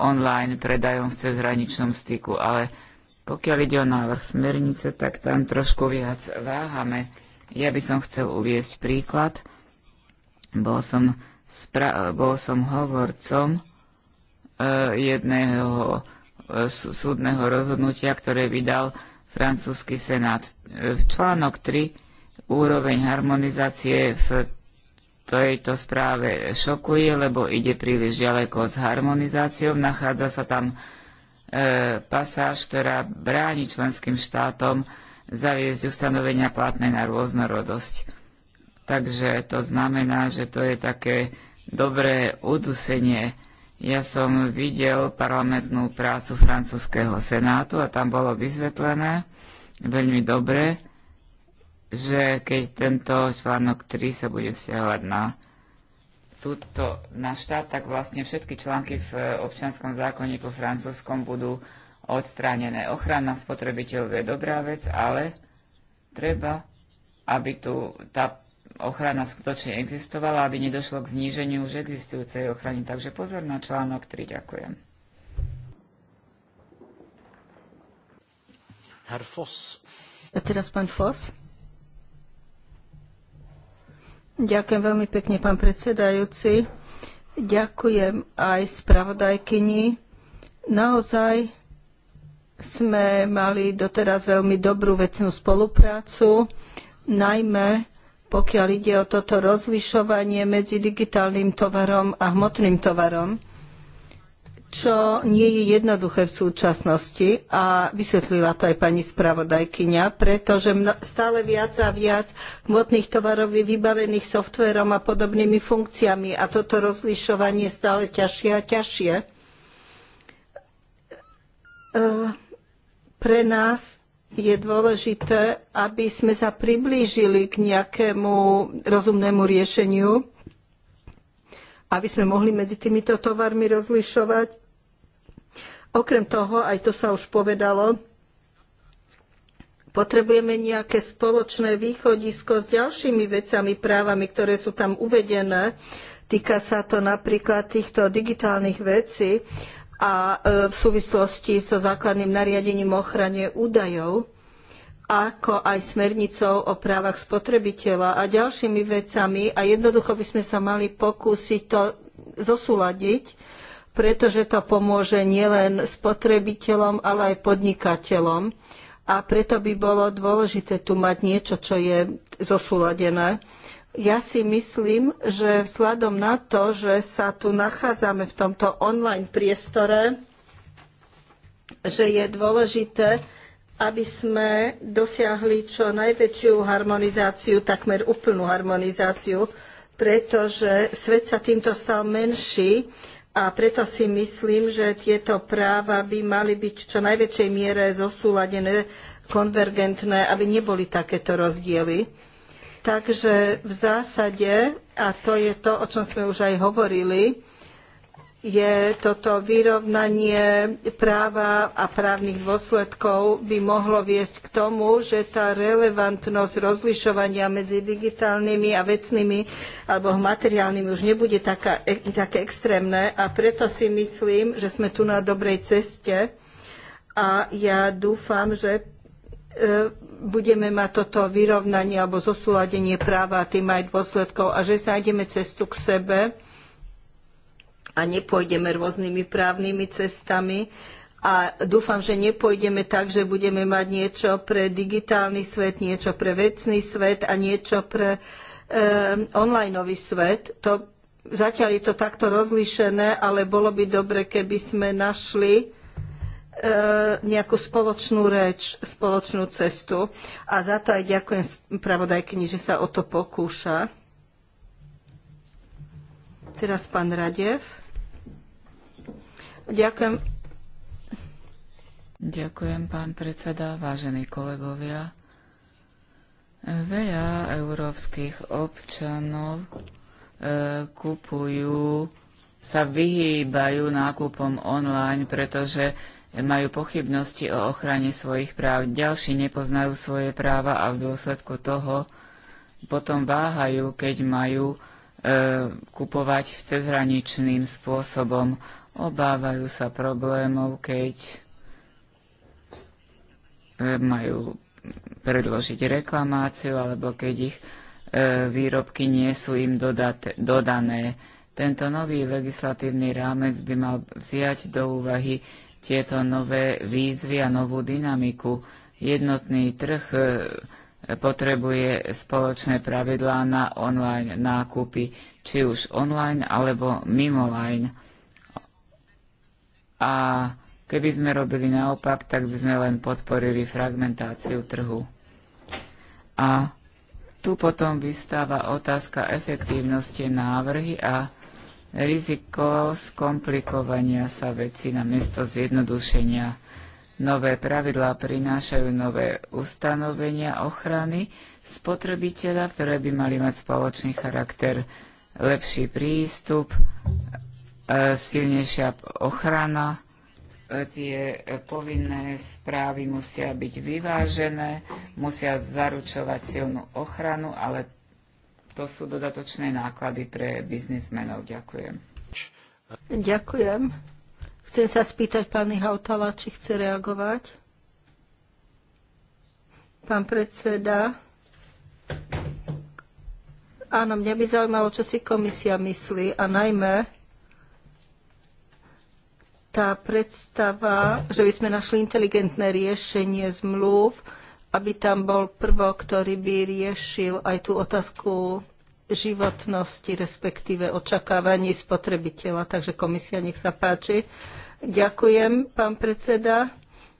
Speaker 6: online predajom v cezhraničnom styku. Ale pokiaľ ide o návrh smernice, tak tam trošku viac váhame. Ja by som chcel uviesť príklad. Bol som, bol som hovorcom e, jedného e, súdneho rozhodnutia, ktoré vydal francúzsky senát. E, článok 3 úroveň harmonizácie v tejto správe šokuje, lebo ide príliš ďaleko s harmonizáciou. Nachádza sa tam E, pasáž, ktorá bráni členským štátom zaviesť ustanovenia platné na rôznorodosť. Takže to znamená, že to je také dobré udusenie. Ja som videl parlamentnú prácu francúzského senátu a tam bolo vyzvetlené veľmi dobre, že keď tento článok 3 sa bude vzťahovať na túto na štát, tak vlastne všetky články v e, občianskom zákonníku francúzskom budú odstránené. Ochrana spotrebiteľov je dobrá vec, ale treba, aby tu tá ochrana skutočne existovala, aby nedošlo k zníženiu už existujúcej ochrany. Takže pozor na článok 3. Ďakujem.
Speaker 4: Herr Foss.
Speaker 5: A teraz pán Foss. Ďakujem veľmi pekne, pán predsedajúci. Ďakujem aj spravodajkyni. Naozaj sme mali doteraz veľmi dobrú vecnú spoluprácu, najmä pokiaľ ide o toto rozlišovanie medzi digitálnym tovarom a hmotným tovarom čo nie je jednoduché v súčasnosti a vysvetlila to aj pani spravodajkyňa, pretože stále viac a viac hmotných tovarov je vybavených softverom a podobnými funkciami a toto rozlišovanie stále ťažšie a ťažšie. E, pre nás je dôležité, aby sme sa priblížili k nejakému rozumnému riešeniu, aby sme mohli medzi týmito tovarmi rozlišovať Okrem toho, aj to sa už povedalo, potrebujeme nejaké spoločné východisko s ďalšími vecami, právami, ktoré sú tam uvedené. Týka sa to napríklad týchto digitálnych vecí a e, v súvislosti so základným nariadením o ochrane údajov, ako aj smernicou o právach spotrebiteľa a ďalšími vecami. A jednoducho by sme sa mali pokúsiť to zosúladiť pretože to pomôže nielen spotrebiteľom, ale aj podnikateľom. A preto by bolo dôležité tu mať niečo, čo je zosúladené. Ja si myslím, že vzhľadom na to, že sa tu nachádzame v tomto online priestore, že je dôležité, aby sme dosiahli čo najväčšiu harmonizáciu, takmer úplnú harmonizáciu, pretože svet sa týmto stal menší a preto si myslím, že tieto práva by mali byť v čo najväčšej miere zosúladené, konvergentné, aby neboli takéto rozdiely. Takže v zásade, a to je to, o čom sme už aj hovorili, je toto vyrovnanie práva a právnych dôsledkov by mohlo viesť k tomu, že tá relevantnosť rozlišovania medzi digitálnymi a vecnými alebo materiálnymi už nebude taká, e, také extrémne a preto si myslím, že sme tu na dobrej ceste a ja dúfam, že e, budeme mať toto vyrovnanie alebo zosúladenie práva a tým aj dôsledkov a že nájdeme cestu k sebe a nepôjdeme rôznymi právnymi cestami. A dúfam, že nepôjdeme tak, že budeme mať niečo pre digitálny svet, niečo pre vecný svet a niečo pre e, onlineový svet. To, zatiaľ je to takto rozlíšené, ale bolo by dobre, keby sme našli eh, nejakú spoločnú reč, spoločnú cestu. A za to aj ďakujem spravodajkyni, že sa o to pokúša. Teraz pán Radev. Ďakujem.
Speaker 6: Ďakujem, pán predseda, vážení kolegovia. Veľa európskych občanov e, kupujú, sa vyhýbajú nákupom online, pretože majú pochybnosti o ochrane svojich práv, ďalší nepoznajú svoje práva a v dôsledku toho potom váhajú, keď majú e, kupovať cezhraničným spôsobom. Obávajú sa problémov, keď e, majú predložiť reklamáciu alebo keď ich e, výrobky nie sú im dodané. Tento nový legislatívny rámec by mal vziať do úvahy tieto nové výzvy a novú dynamiku. Jednotný trh e, potrebuje spoločné pravidlá na online nákupy, či už online alebo mimoline. A keby sme robili naopak, tak by sme len podporili fragmentáciu trhu. A tu potom vystáva otázka efektívnosti návrhy a riziko skomplikovania sa veci na miesto zjednodušenia. Nové pravidlá prinášajú nové ustanovenia ochrany spotrebiteľa, ktoré by mali mať spoločný charakter, lepší prístup, E, silnejšia ochrana, e, tie povinné správy musia byť vyvážené, musia zaručovať silnú ochranu, ale to sú dodatočné náklady pre biznismenov. Ďakujem.
Speaker 5: Ďakujem. Chcem sa spýtať pani Hautala, či chce reagovať. Pán predseda. Áno, mňa by zaujímalo, čo si komisia myslí a najmä, tá predstava, že by sme našli inteligentné riešenie zmluv, aby tam bol prvok, ktorý by riešil aj tú otázku životnosti, respektíve očakávaní spotrebiteľa. Takže komisia, nech sa páči. Ďakujem, pán predseda.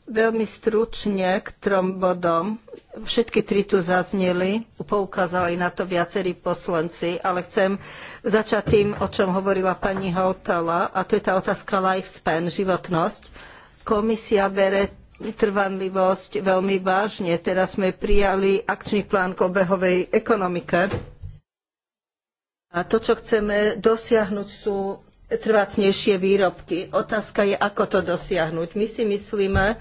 Speaker 5: Veľmi stručne k trom bodom. Všetky tri tu zazneli, poukázali na to viacerí poslanci, ale chcem začať tým, o čom hovorila pani Hautala, a to je tá otázka lifespan, životnosť. Komisia bere trvanlivosť veľmi vážne. Teraz sme prijali akčný plán k obehovej ekonomike. A to, čo chceme dosiahnuť, sú trvácnejšie výrobky. Otázka je, ako to dosiahnuť. My si myslíme,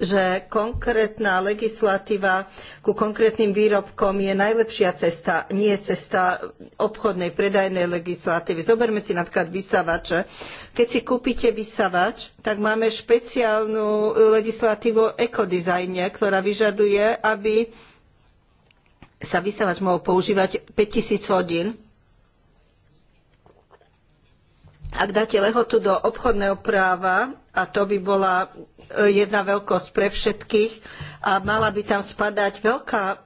Speaker 5: že konkrétna legislatíva ku konkrétnym výrobkom je najlepšia cesta, nie cesta obchodnej, predajnej legislatívy. Zoberme si napríklad vysavače. Keď si kúpite vysavač, tak máme špeciálnu legislatívu o ekodizajne, ktorá vyžaduje, aby sa vysavač mohol používať 5000 hodín. Ak dáte lehotu do obchodného práva, a to by bola e, jedna veľkosť pre všetkých a mala by tam spadať veľká e,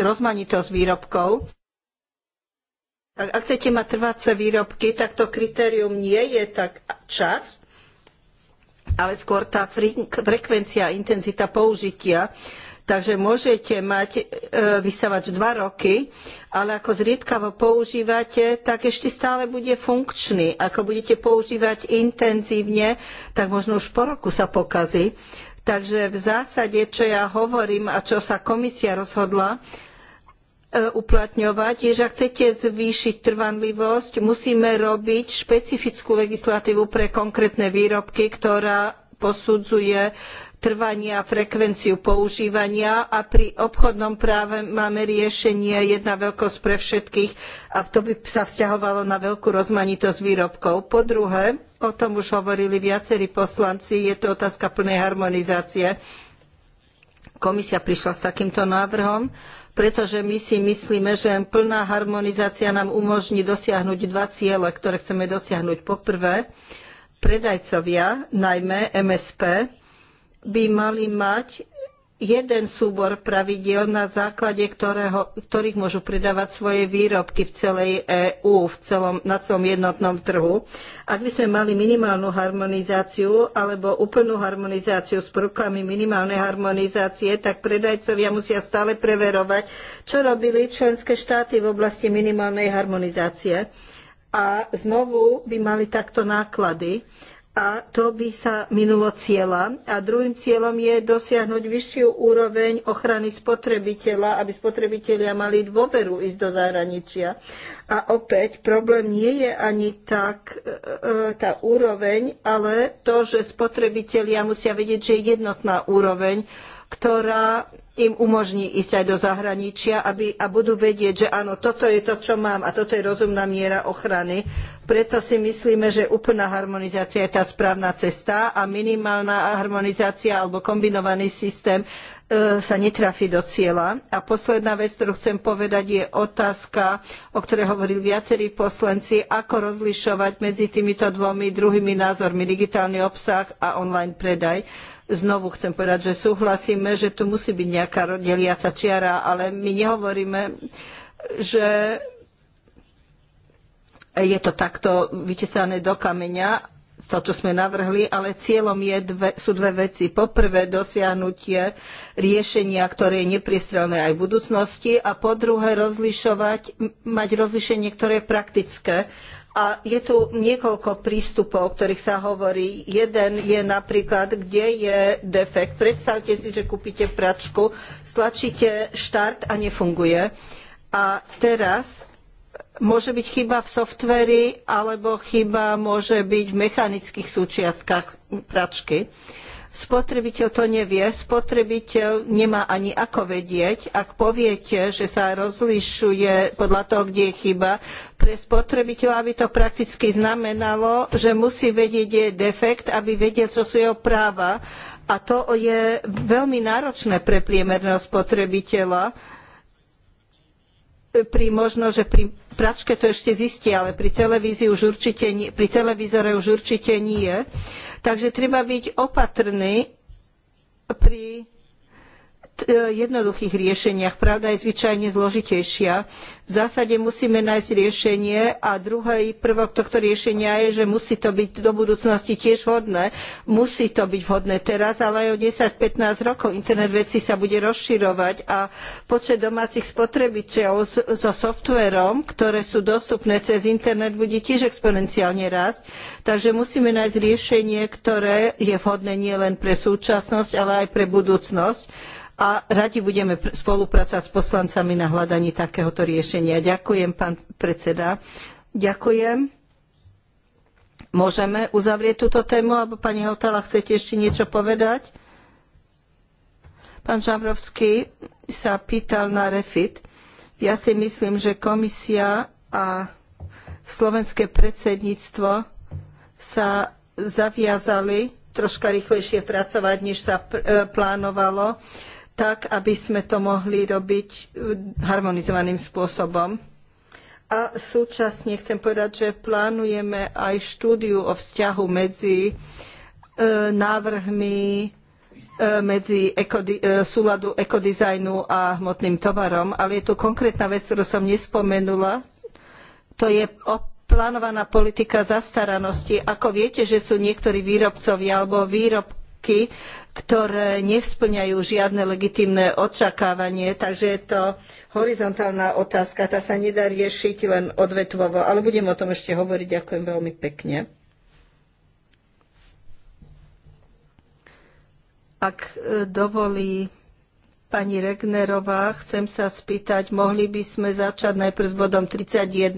Speaker 5: rozmanitosť výrobkov. Ak chcete mať trváce výrobky, tak to kritérium nie je tak čas, ale skôr tá frekvencia, intenzita použitia. Takže môžete mať e, vysavač dva roky, ale ako zriedkavo používate, tak ešte stále bude funkčný. Ako budete používať intenzívne, tak možno už po roku sa pokazí. Takže v zásade, čo ja hovorím a čo sa komisia rozhodla, e, uplatňovať, je, že ak chcete zvýšiť trvanlivosť, musíme robiť špecifickú legislatívu pre konkrétne výrobky, ktorá posudzuje trvania, frekvenciu používania a pri obchodnom práve máme riešenie jedna veľkosť pre všetkých a to by sa vzťahovalo na veľkú rozmanitosť výrobkov. Po druhé, o tom už hovorili viacerí poslanci, je to otázka plnej harmonizácie. Komisia prišla s takýmto návrhom, pretože my si myslíme, že plná harmonizácia nám umožní dosiahnuť dva ciele, ktoré chceme dosiahnuť. Po prvé, predajcovia, najmä MSP, by mali mať jeden súbor pravidiel, na základe ktorého, ktorých môžu pridávať svoje výrobky v celej EÚ, v celom, na celom jednotnom trhu. Ak by sme mali minimálnu harmonizáciu alebo úplnú harmonizáciu s prvkami minimálnej harmonizácie, tak predajcovia musia stále preverovať, čo robili členské štáty v oblasti minimálnej harmonizácie. A znovu by mali takto náklady a to by sa minulo cieľa. A druhým cieľom je dosiahnuť vyššiu úroveň ochrany spotrebiteľa, aby spotrebitelia mali dôveru ísť do zahraničia. A opäť problém nie je ani tak e, e, tá úroveň, ale to, že spotrebitelia musia vedieť, že je jednotná úroveň, ktorá im umožní ísť aj do zahraničia aby, a budú vedieť, že áno, toto je to, čo mám a toto je rozumná miera ochrany. Preto si myslíme, že úplná harmonizácia je tá správna cesta a minimálna harmonizácia alebo kombinovaný systém e, sa netrafi do cieľa. A posledná vec, ktorú chcem povedať, je otázka, o ktorej hovorili viacerí poslanci, ako rozlišovať medzi týmito dvomi druhými názormi, digitálny obsah a online predaj Znovu chcem povedať, že súhlasíme, že tu musí byť nejaká deliaca čiara, ale my nehovoríme, že je to takto vytesané do kameňa, to, čo sme navrhli, ale cieľom je dve, sú dve veci. Poprvé dosiahnutie riešenia, ktoré je nepriestrelné aj v budúcnosti a po druhé rozlišovať, mať rozlišenie, ktoré je praktické a je tu niekoľko prístupov, o ktorých sa hovorí. Jeden je napríklad, kde je defekt. Predstavte si, že kúpite pračku, stlačíte štart a nefunguje. A teraz môže byť chyba v softveri, alebo chyba môže byť v mechanických súčiastkách pračky. Uh, Spotrebiteľ to nevie, spotrebiteľ nemá ani ako vedieť. Ak poviete, že sa rozlišuje podľa toho, kde je chyba, pre spotrebiteľa by to prakticky znamenalo, že musí vedieť, kde je defekt, aby vedel, čo sú jeho práva. A to je veľmi náročné pre priemerného spotrebiteľa. Pri možno, že pri pračke to ešte zistí, ale pri, televízii už určite, pri televízore už určite nie. Takže treba byť opatrný pri E, jednoduchých riešeniach. Pravda je zvyčajne zložitejšia. V zásade musíme nájsť riešenie a druhý prvok tohto riešenia je, že musí to byť do budúcnosti tiež vhodné. Musí to byť vhodné teraz, ale aj o 10-15 rokov internet veci sa bude rozširovať a počet domácich spotrebiteľov so softverom, ktoré sú dostupné cez internet, bude tiež exponenciálne rásť. Takže musíme nájsť riešenie, ktoré je vhodné nielen pre súčasnosť, ale aj pre budúcnosť a radi budeme spolupracovať s poslancami na hľadaní takéhoto riešenia. Ďakujem, pán predseda. Ďakujem. Môžeme uzavrieť túto tému, alebo pani Hotela, chcete ešte niečo povedať? Pán Žabrovský sa pýtal na refit. Ja si myslím, že komisia a slovenské predsedníctvo sa zaviazali troška rýchlejšie pracovať, než sa e, plánovalo tak, aby sme to mohli robiť eh, harmonizovaným spôsobom. A súčasne chcem povedať, že plánujeme aj štúdiu o vzťahu medzi eh, návrhmi eh, medzi e, súladu ekodizajnu a hmotným tovarom, ale je tu konkrétna vec, ktorú som nespomenula. To je plánovaná politika zastaranosti. Ako viete, že sú niektorí výrobcovia alebo výrobky, ktoré nevsplňajú žiadne legitímne očakávanie, takže je to horizontálna otázka, tá sa nedá riešiť len odvetvovo, ale budem o tom ešte hovoriť, ďakujem veľmi pekne. Ak e, dovolí pani Regnerová, chcem sa spýtať, mohli by sme začať najprv s bodom 31,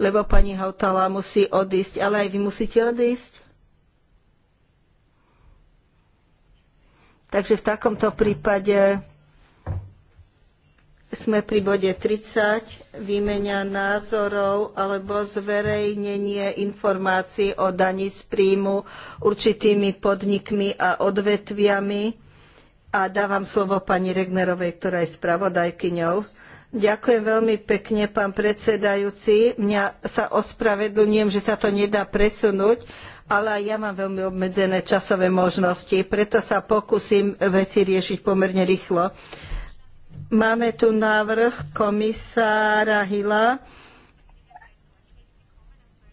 Speaker 5: lebo pani Hautala musí odísť, ale aj vy musíte odísť? Takže v takomto prípade sme pri bode 30, výmenia názorov alebo zverejnenie informácií o daní z príjmu určitými podnikmi a odvetviami. A dávam slovo pani Regnerovej, ktorá je spravodajkyňou. Ďakujem veľmi pekne, pán predsedajúci. Mňa sa ospravedlňujem, že sa to nedá presunúť, ale aj ja mám veľmi obmedzené časové možnosti, preto sa pokúsim veci riešiť pomerne rýchlo. Máme tu návrh komisára Hila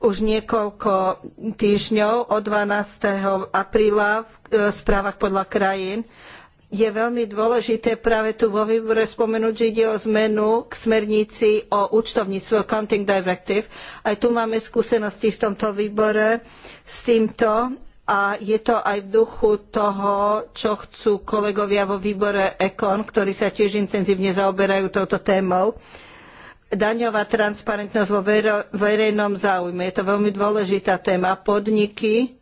Speaker 5: už niekoľko týždňov od 12. apríla v e, správach podľa krajín je veľmi dôležité práve tu vo výbore spomenúť, že ide o zmenu k smernici o účtovníctve, Accounting Directive. Aj tu máme skúsenosti v tomto výbore s týmto a je to aj v duchu toho, čo chcú kolegovia vo výbore ECON, ktorí sa tiež intenzívne zaoberajú touto témou. Daňová transparentnosť vo verejnom záujme. Je to veľmi dôležitá téma. Podniky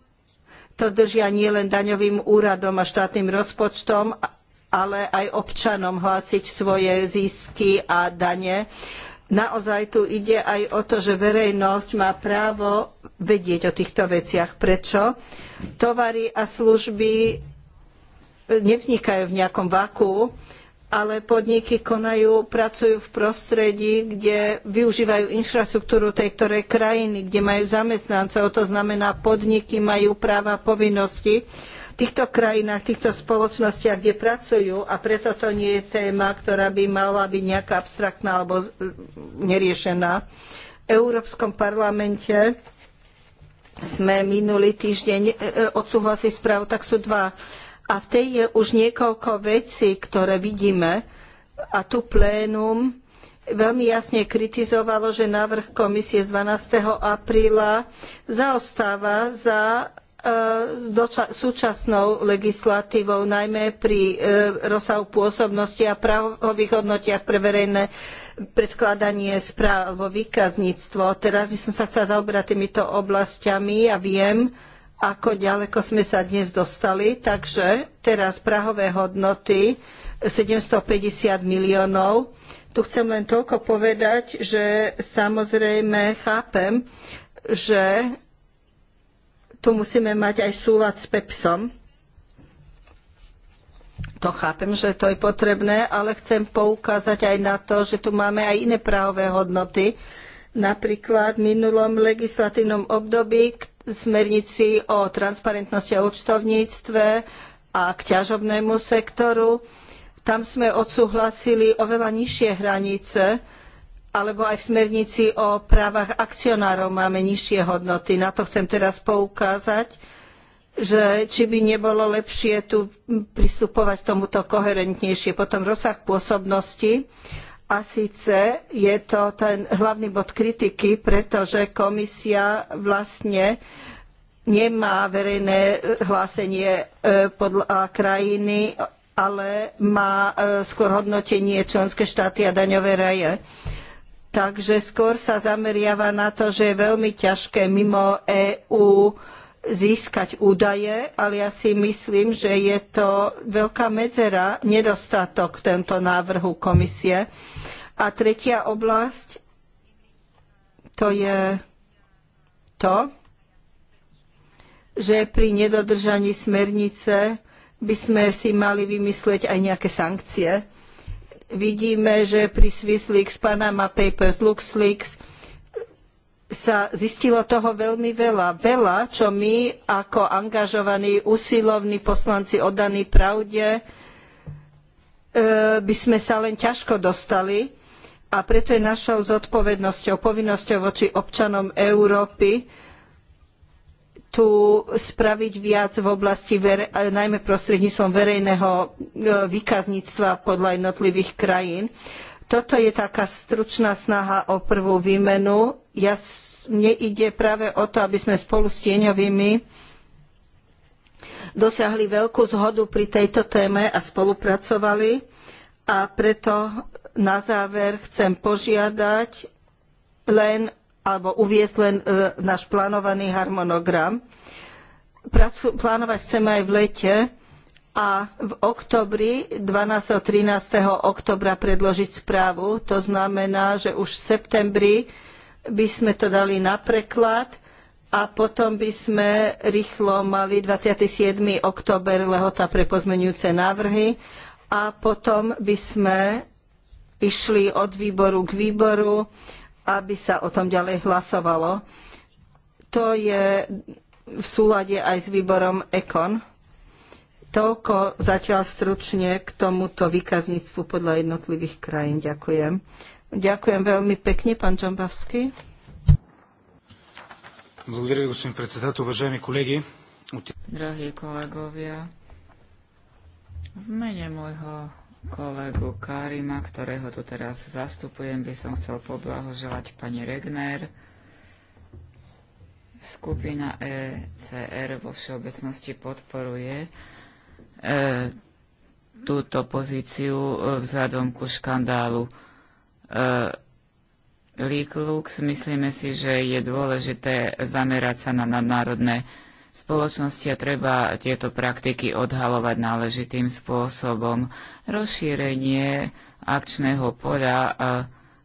Speaker 5: to držia nielen daňovým úradom a štátnym rozpočtom, ale aj občanom hlásiť svoje zisky a dane. Naozaj tu ide aj o to, že verejnosť má právo vedieť o týchto veciach. Prečo? Tovary a služby nevznikajú v nejakom vakuu, ale podniky konajú, pracujú v prostredí, kde využívajú infraštruktúru tej ktorej krajiny, kde majú zamestnancov, to znamená podniky majú práva a povinnosti v týchto krajinách, v týchto spoločnostiach, kde pracujú a preto to nie je téma, ktorá by mala byť nejaká abstraktná alebo e, neriešená. V Európskom parlamente sme minulý týždeň e, e, odsúhlasili správu, tak sú dva a v tej je už niekoľko vecí, ktoré vidíme. A tu plénum veľmi jasne kritizovalo, že návrh komisie z 12. apríla zaostáva za e, súčasnou legislatívou, najmä pri e, rozsahu pôsobnosti a právových hodnotiach pre verejné predkladanie správ alebo výkazníctvo. Teraz by som sa chcela zaoberať týmito oblastiami a viem, ako ďaleko sme sa dnes dostali. Takže teraz prahové hodnoty 750 miliónov. Tu chcem len toľko povedať, že samozrejme chápem, že tu musíme mať aj súlad s PEPSom. To chápem, že to je potrebné, ale chcem poukázať aj na to, že tu máme aj iné právové hodnoty. Napríklad v minulom legislatívnom období, smernici o transparentnosti a účtovníctve a k ťažobnému sektoru. Tam sme odsúhlasili oveľa nižšie hranice, alebo aj v smernici o právach akcionárov máme nižšie hodnoty. Na to chcem teraz poukázať, že či by nebolo lepšie tu pristupovať k tomuto koherentnejšie. Potom rozsah pôsobnosti. A síce je to ten hlavný bod kritiky, pretože komisia vlastne nemá verejné hlásenie e, podľa krajiny, ale má e, skôr hodnotenie členské štáty a daňové raje. Takže skôr sa zameriava na to, že je veľmi ťažké mimo EÚ získať údaje, ale ja si myslím, že je to veľká medzera, nedostatok v tomto návrhu komisie. A tretia oblasť to je to, že pri nedodržaní smernice by sme si mali vymyslieť aj nejaké sankcie. Vidíme, že pri Swiss Leaks, Panama Papers, LuxLeaks, sa zistilo toho veľmi veľa. Veľa, čo my ako angažovaní, usilovní poslanci oddaní pravde e, by sme sa len ťažko dostali a preto je našou zodpovednosťou, povinnosťou voči občanom Európy tu spraviť viac v oblasti, najmä prostredníctvom verejného e, výkazníctva podľa jednotlivých krajín. Toto je taká stručná snaha o prvú výmenu. Ja, mne ide práve o to, aby sme spolu s tieňovými dosiahli veľkú zhodu pri tejto téme a spolupracovali. A preto na záver chcem požiadať len alebo uviezť len e, náš plánovaný harmonogram. Pracu, plánovať chceme aj v lete a v oktobri, 12. a 13. oktobra predložiť správu. To znamená, že už v septembri by sme to dali na preklad a potom by sme rýchlo mali 27. október lehota pre pozmenujúce návrhy a potom by sme išli od výboru k výboru, aby sa o tom ďalej hlasovalo. To je v súlade aj s výborom EKON. Toľko zatiaľ stručne k tomuto výkazníctvu podľa jednotlivých krajín. Ďakujem. Ďakujem veľmi pekne, pán Džambavský.
Speaker 4: председател. Уважаеми колеги,
Speaker 6: Drahí kolegovia, v mene môjho kolegu Karima, ktorého tu teraz zastupujem, by som chcel poblahoželať pani Regner. Skupina ECR vo všeobecnosti podporuje E, túto pozíciu e, vzhľadom ku škandálu e, LeakLux. Myslíme si, že je dôležité zamerať sa na nadnárodné spoločnosti a treba tieto praktiky odhalovať náležitým spôsobom. Rozšírenie akčného poľa,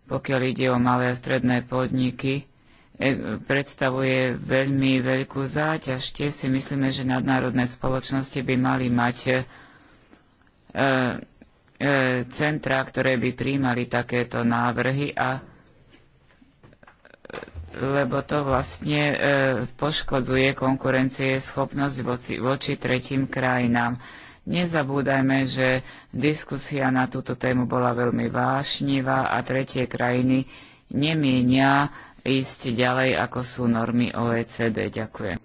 Speaker 6: pokiaľ ide o malé a stredné podniky, E, predstavuje veľmi veľkú záťaž. Tie si myslíme, že nadnárodné spoločnosti by mali mať e, e, centra, ktoré by príjmali takéto návrhy a lebo to vlastne e, poškodzuje konkurencie schopnosť voci, voči tretím krajinám. Nezabúdajme, že diskusia na túto tému bola veľmi vášnivá a tretie krajiny nemienia ísť ďalej, ako sú normy OECD. Ďakujem.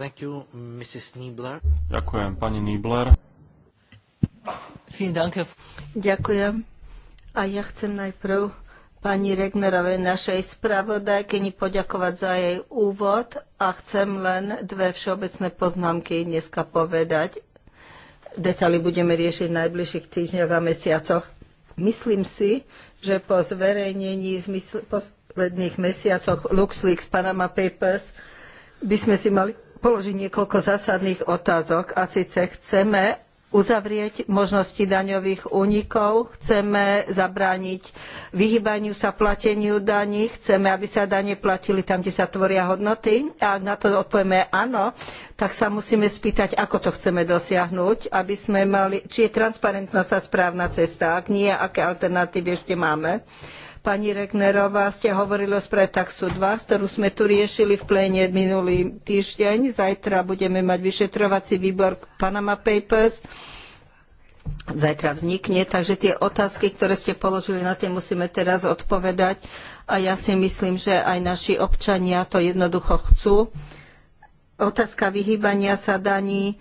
Speaker 4: Thank you, Mrs. Niebler.
Speaker 2: Ďakujem, pani Niebler.
Speaker 5: Ďakujem. A ja chcem najprv pani Regnerovej, našej spravodajkyni, poďakovať za jej úvod a chcem len dve všeobecné poznámky dneska povedať. Detaily budeme riešiť v najbližších týždňoch a mesiacoch. Myslím si, že po zverejnení posledných mesiacoch LuxLeaks, Panama Papers, by sme si mali položiť niekoľko zásadných otázok. A síce chceme uzavrieť možnosti daňových únikov, chceme zabrániť vyhýbaniu sa plateniu daní, chceme, aby sa dane platili tam, kde sa tvoria hodnoty. A ak na to odpovieme áno, tak sa musíme spýtať, ako to chceme dosiahnuť, aby sme mali, či je transparentnosť tá správna cesta, ak nie, aké alternatívy ešte máme. Pani Regnerová, ste hovorili o správe Taxu 2, ktorú sme tu riešili v pléne minulý týždeň. Zajtra budeme mať vyšetrovací výbor Panama Papers. Zajtra vznikne, takže tie otázky, ktoré ste položili, na tie musíme teraz odpovedať. A ja si myslím, že aj naši občania to jednoducho chcú. Otázka vyhýbania sa daní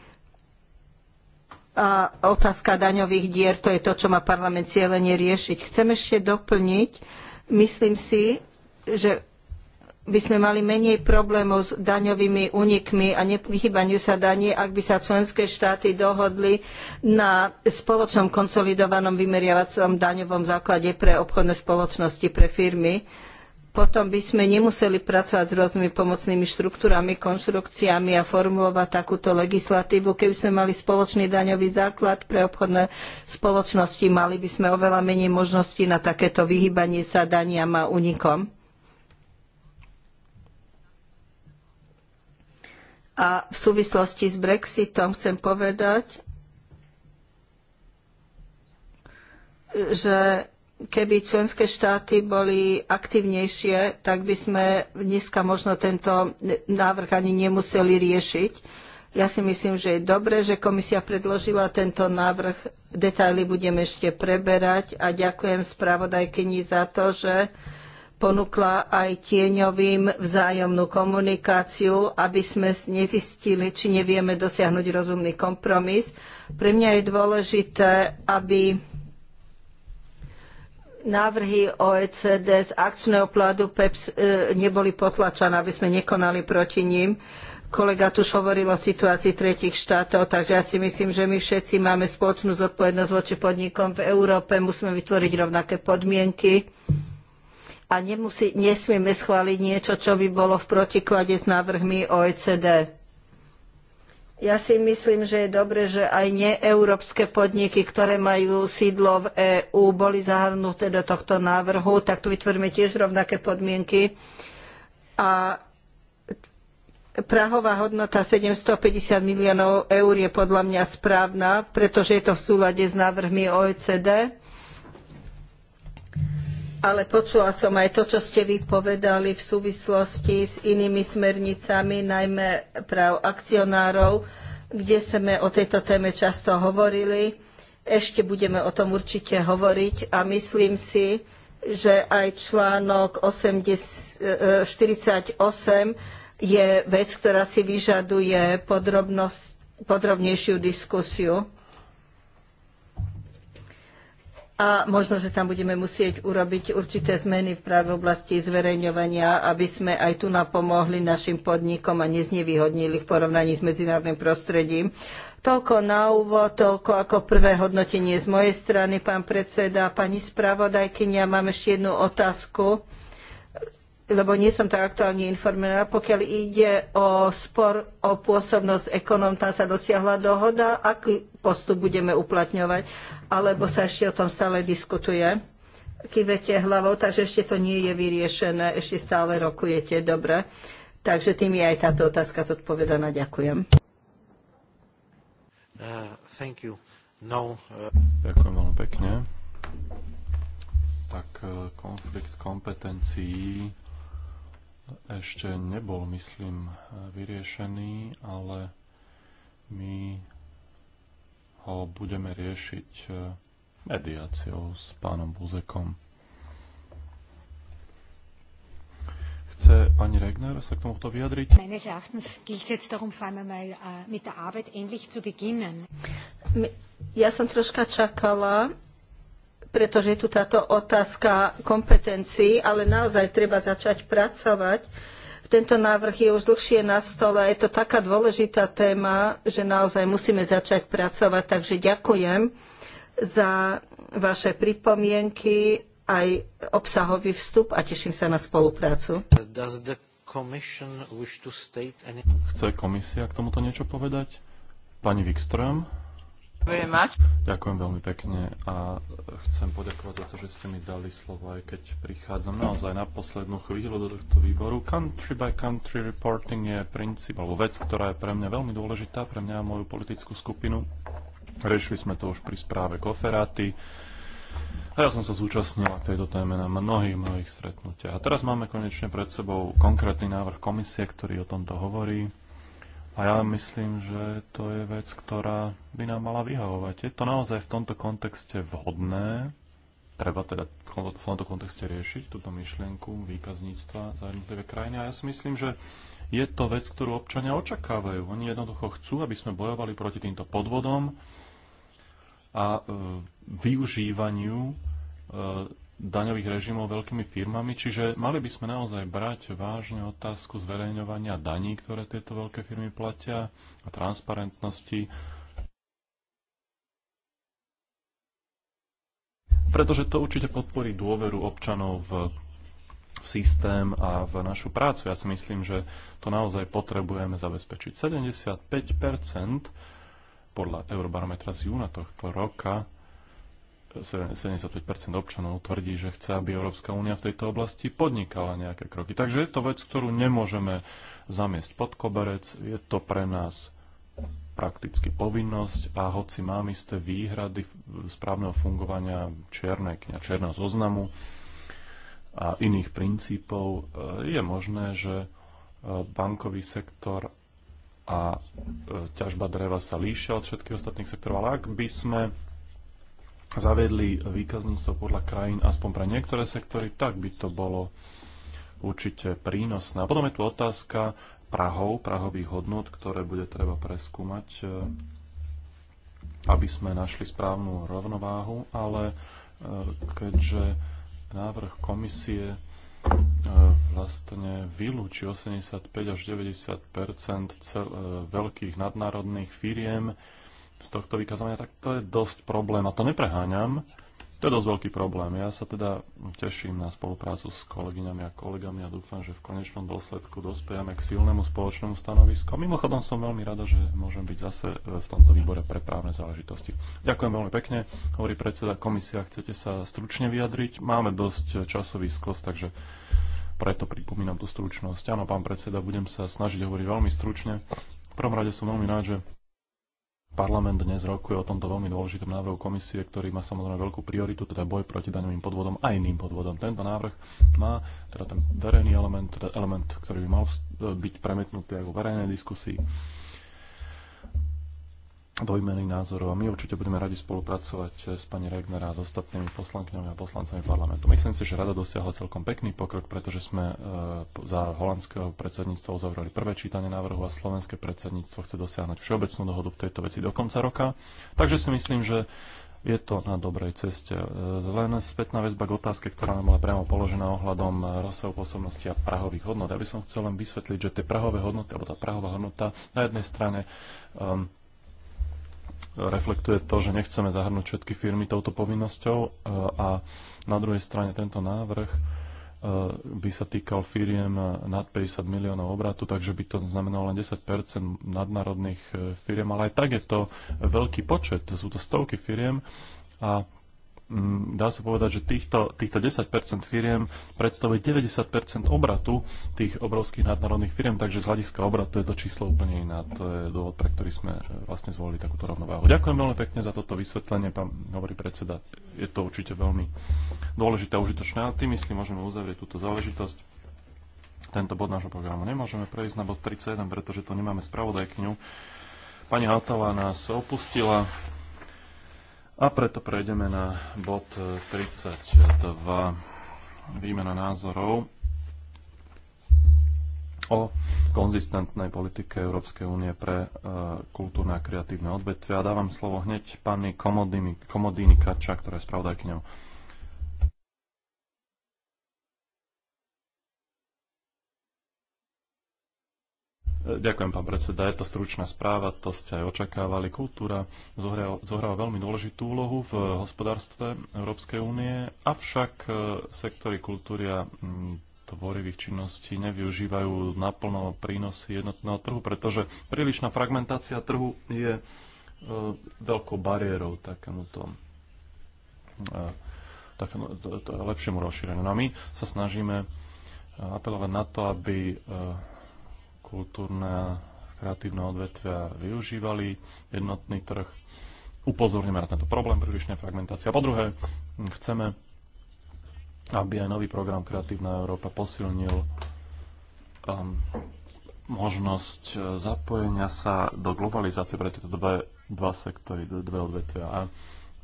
Speaker 5: a otázka daňových dier, to je to, čo má parlament cieľenie riešiť. Chcem ešte doplniť, myslím si, že by sme mali menej problémov s daňovými únikmi a vyhýbaniu sa daní, ak by sa členské štáty dohodli na spoločnom konsolidovanom vymeriavacom daňovom základe pre obchodné spoločnosti, pre firmy. Uh, potom by sme nemuseli pracovať s rôznymi pomocnými štruktúrami, konštrukciami a formulovať takúto legislatívu. Keby sme mali spoločný daňový základ pre obchodné spoločnosti, mali by sme oveľa menej možností na takéto vyhýbanie sa daniam a unikom. A v súvislosti s Brexitom chcem povedať, že keby členské štáty boli aktívnejšie, tak by sme dneska možno tento návrh ani nemuseli riešiť. Ja si myslím, že je dobré, že komisia predložila tento návrh. Detaily budeme ešte preberať a ďakujem spravodajkyni za to, že ponúkla aj tieňovým vzájomnú komunikáciu, aby sme nezistili, či nevieme dosiahnuť rozumný kompromis. Pre mňa je dôležité, aby návrhy OECD z akčného pládu PEPS e, neboli potlačané, aby sme nekonali proti ním. Kolega tu už hovoril o situácii tretich štátov, takže ja si myslím, že my všetci máme spoločnú zodpovednosť voči podnikom v Európe, musíme vytvoriť rovnaké podmienky a nemusí, nesmieme schváliť niečo, čo by bolo v protiklade s návrhmi OECD. Ja si myslím, že je dobre, že aj neeurópske podniky, ktoré majú sídlo v EÚ, boli zahrnuté do tohto návrhu, tak tu vytvoríme tiež rovnaké podmienky. A prahová hodnota 750 miliónov eur je podľa mňa správna, pretože je to v súlade s návrhmi OECD ale počula som aj to, čo ste vy povedali v súvislosti s inými smernicami, najmä práv akcionárov, kde sme o tejto téme často hovorili. Ešte budeme o tom určite hovoriť a myslím si, že aj článok 80, 48 e, je vec, ktorá si vyžaduje podrobnosť, podrobnejšiu diskusiu a možno, že tam budeme musieť urobiť určité zmeny v práve oblasti zverejňovania, aby sme aj tu napomohli našim podnikom a neznevýhodnili v porovnaní s medzinárodným prostredím. Toľko na úvod, toľko ako prvé hodnotenie z mojej strany, pán predseda, pani spravodajkynia. Mám ešte jednu otázku lebo nie som tak aktuálne informovaná, pokiaľ ide o spor o pôsobnosť ekonóm, tam sa dosiahla dohoda, aký postup budeme uplatňovať, alebo sa ešte o tom stále diskutuje. Kývete hlavou, takže ešte to nie je vyriešené, ešte stále rokujete, dobre. Takže tým je aj táto otázka zodpovedaná. Ďakujem.
Speaker 1: Uh, thank you. No, uh...
Speaker 2: Ďakujem veľmi pekne. Tak uh, konflikt kompetencií ešte nebol, myslím, vyriešený, ale my ho budeme riešiť e, mediáciou s pánom Buzekom. Chce pani Regner sa k tomuto vyjadriť?
Speaker 5: Meines Erachtens gilt es jetzt darum, vor allem mal äh, mit der Arbeit endlich zu beginnen. Ja som troška čakala, pretože je tu táto otázka kompetencií, ale naozaj treba začať pracovať. Tento návrh je už dlhšie na stole a je to taká dôležitá téma, že naozaj musíme začať pracovať. Takže ďakujem za vaše pripomienky, aj obsahový vstup a teším sa na spoluprácu.
Speaker 4: Chce
Speaker 2: komisia k tomuto niečo povedať? Pani Wikström? Ďakujem veľmi pekne a chcem poďakovať za to, že ste mi dali slovo, aj keď prichádzam naozaj na poslednú chvíľu do tohto výboru. Country by country reporting je princíp alebo vec, ktorá je pre mňa veľmi dôležitá, pre mňa a moju politickú skupinu. Rešili sme to už pri správe Koferáty. A ja som sa zúčastnil k tejto téme na mnohých, mnohých stretnutiach. A teraz máme konečne pred sebou konkrétny návrh komisie, ktorý o tomto hovorí. A ja myslím, že to je vec, ktorá by nám mala vyhovovať. Je to naozaj v tomto kontexte vhodné, treba teda v tomto kontexte riešiť túto myšlienku výkazníctva za jednotlivé krajiny. A ja si myslím, že je to vec, ktorú občania očakávajú. Oni jednoducho chcú, aby sme bojovali proti týmto podvodom a e, využívaniu e, daňových režimov veľkými firmami, čiže mali by sme naozaj brať vážne otázku zverejňovania daní, ktoré tieto veľké firmy platia a transparentnosti. Pretože to určite podporí dôveru občanov v v systém a v našu prácu. Ja si myslím, že to naozaj potrebujeme zabezpečiť. 75 podľa Eurobarometra z júna tohto roka 75 občanov tvrdí, že chce, aby Európska únia v tejto oblasti podnikala nejaké kroky. Takže je to vec, ktorú nemôžeme zamiesť pod koberec. Je to pre nás prakticky povinnosť a hoci mám isté výhrady správneho fungovania čiernej kňa, čierneho zoznamu a iných princípov, eh, je možné, že eh, bankový sektor a eh, ťažba dreva sa líšia od všetkých ostatných sektorov, ale ak by sme zaviedli výkaznictvo podľa krajín, aspoň pre niektoré sektory, tak by to bolo určite prínosné. A potom je tu otázka Prahov, Prahových hodnot, ktoré bude treba preskúmať, e, aby sme našli správnu rovnováhu, ale e, keďže návrh komisie e, vlastne vylúči 85 až 90 cel, veľkých nadnárodných firiem, z tohto vykazovania, tak to je dosť problém a to nepreháňam. To je dosť veľký problém. Ja sa teda teším na spoluprácu s kolegyňami a kolegami a dúfam, že v konečnom dôsledku dospejame k silnému spoločnému stanovisku. mimochodom som veľmi rada, že môžem byť zase v tomto výbore pre právne záležitosti. Ďakujem veľmi pekne. Hovorí predseda komisia, chcete sa stručne vyjadriť? Máme dosť časový skos, takže preto pripomínam tú stručnosť. Áno, pán predseda, budem sa snažiť hovoriť veľmi stručne. V prvom rade som veľmi rád, že Parlament dnes rokuje o tomto veľmi dôležitom návrhu komisie, ktorý má samozrejme veľkú prioritu, teda boj proti daňovým podvodom a iným podvodom. Tento návrh má teda ten verejný element, teda element, ktorý by mal byť premietnutý aj vo verejnej diskusii dojmených názorov a my určite budeme radi spolupracovať eh, s pani Regner a s ostatnými poslankyňami a poslancami parlamentu. Myslím si, že rada dosiahla celkom pekný pokrok, pretože sme eh, za holandského predsedníctva uzavreli prvé čítanie návrhu a slovenské predsedníctvo chce dosiahnuť všeobecnú dohodu v tejto veci do konca roka. Takže si myslím, že je to na dobrej ceste. Eh, len spätná väzba k otázke, ktorá nám bola priamo položená ohľadom rozsahu pôsobnosti a prahových hodnot. Ja by som chcel len vysvetliť, že tie prahové hodnoty, alebo tá prahová hodnota na jednej strane um, reflektuje to, že nechceme zahrnúť všetky firmy touto povinnosťou e, a na druhej strane tento návrh e, by sa týkal firiem nad 50 miliónov obratu, takže by to znamenalo len 10 nadnárodných e, firiem, ale aj tak je to veľký počet, sú to stovky firiem a Mm, dá sa povedať, že týchto, týchto 10% firiem predstavuje 90% obratu tých obrovských nadnárodných firiem, takže z hľadiska obratu je to číslo úplne iná. To je dôvod, pre ktorý sme e, vlastne zvolili takúto rovnováhu. Ďakujem veľmi pekne za toto vysvetlenie, pán hovorí predseda. Je to určite veľmi dôležité a užitočné. ale tým myslím, môžeme uzavrieť túto záležitosť. Tento bod nášho programu nemôžeme prejsť na bod 31, pretože tu nemáme spravodajkyňu. Pani Hatová nás opustila. A preto prejdeme na bod 32, výmena názorov o konzistentnej politike Európskej únie pre e, kultúrne a kreatívne odvetvia. Dávam slovo hneď pani Komodini, Komodini Kača, ktorá je spravodajkyňou. Ďakujem, pán predseda. Je to stručná správa, to ste aj očakávali. Kultúra zohráva veľmi dôležitú úlohu v hospodárstve Európskej únie, avšak e, sektory kultúry a tvorivých činností nevyužívajú naplno prínosy jednotného trhu, pretože prílišná fragmentácia trhu je e, veľkou bariérou takémuto e, tak, lepšiemu rozšíreniu. No a my sa snažíme apelovať na to, aby kultúrne a kreatívne odvetvia využívali jednotný trh. Upozorníme na tento problém prílišnej fragmentácie. A po druhé, chceme, aby aj nový program Kreatívna Európa posilnil um, možnosť e, zapojenia sa do globalizácie pre tieto dve, dva sektory, dve odvetvia. A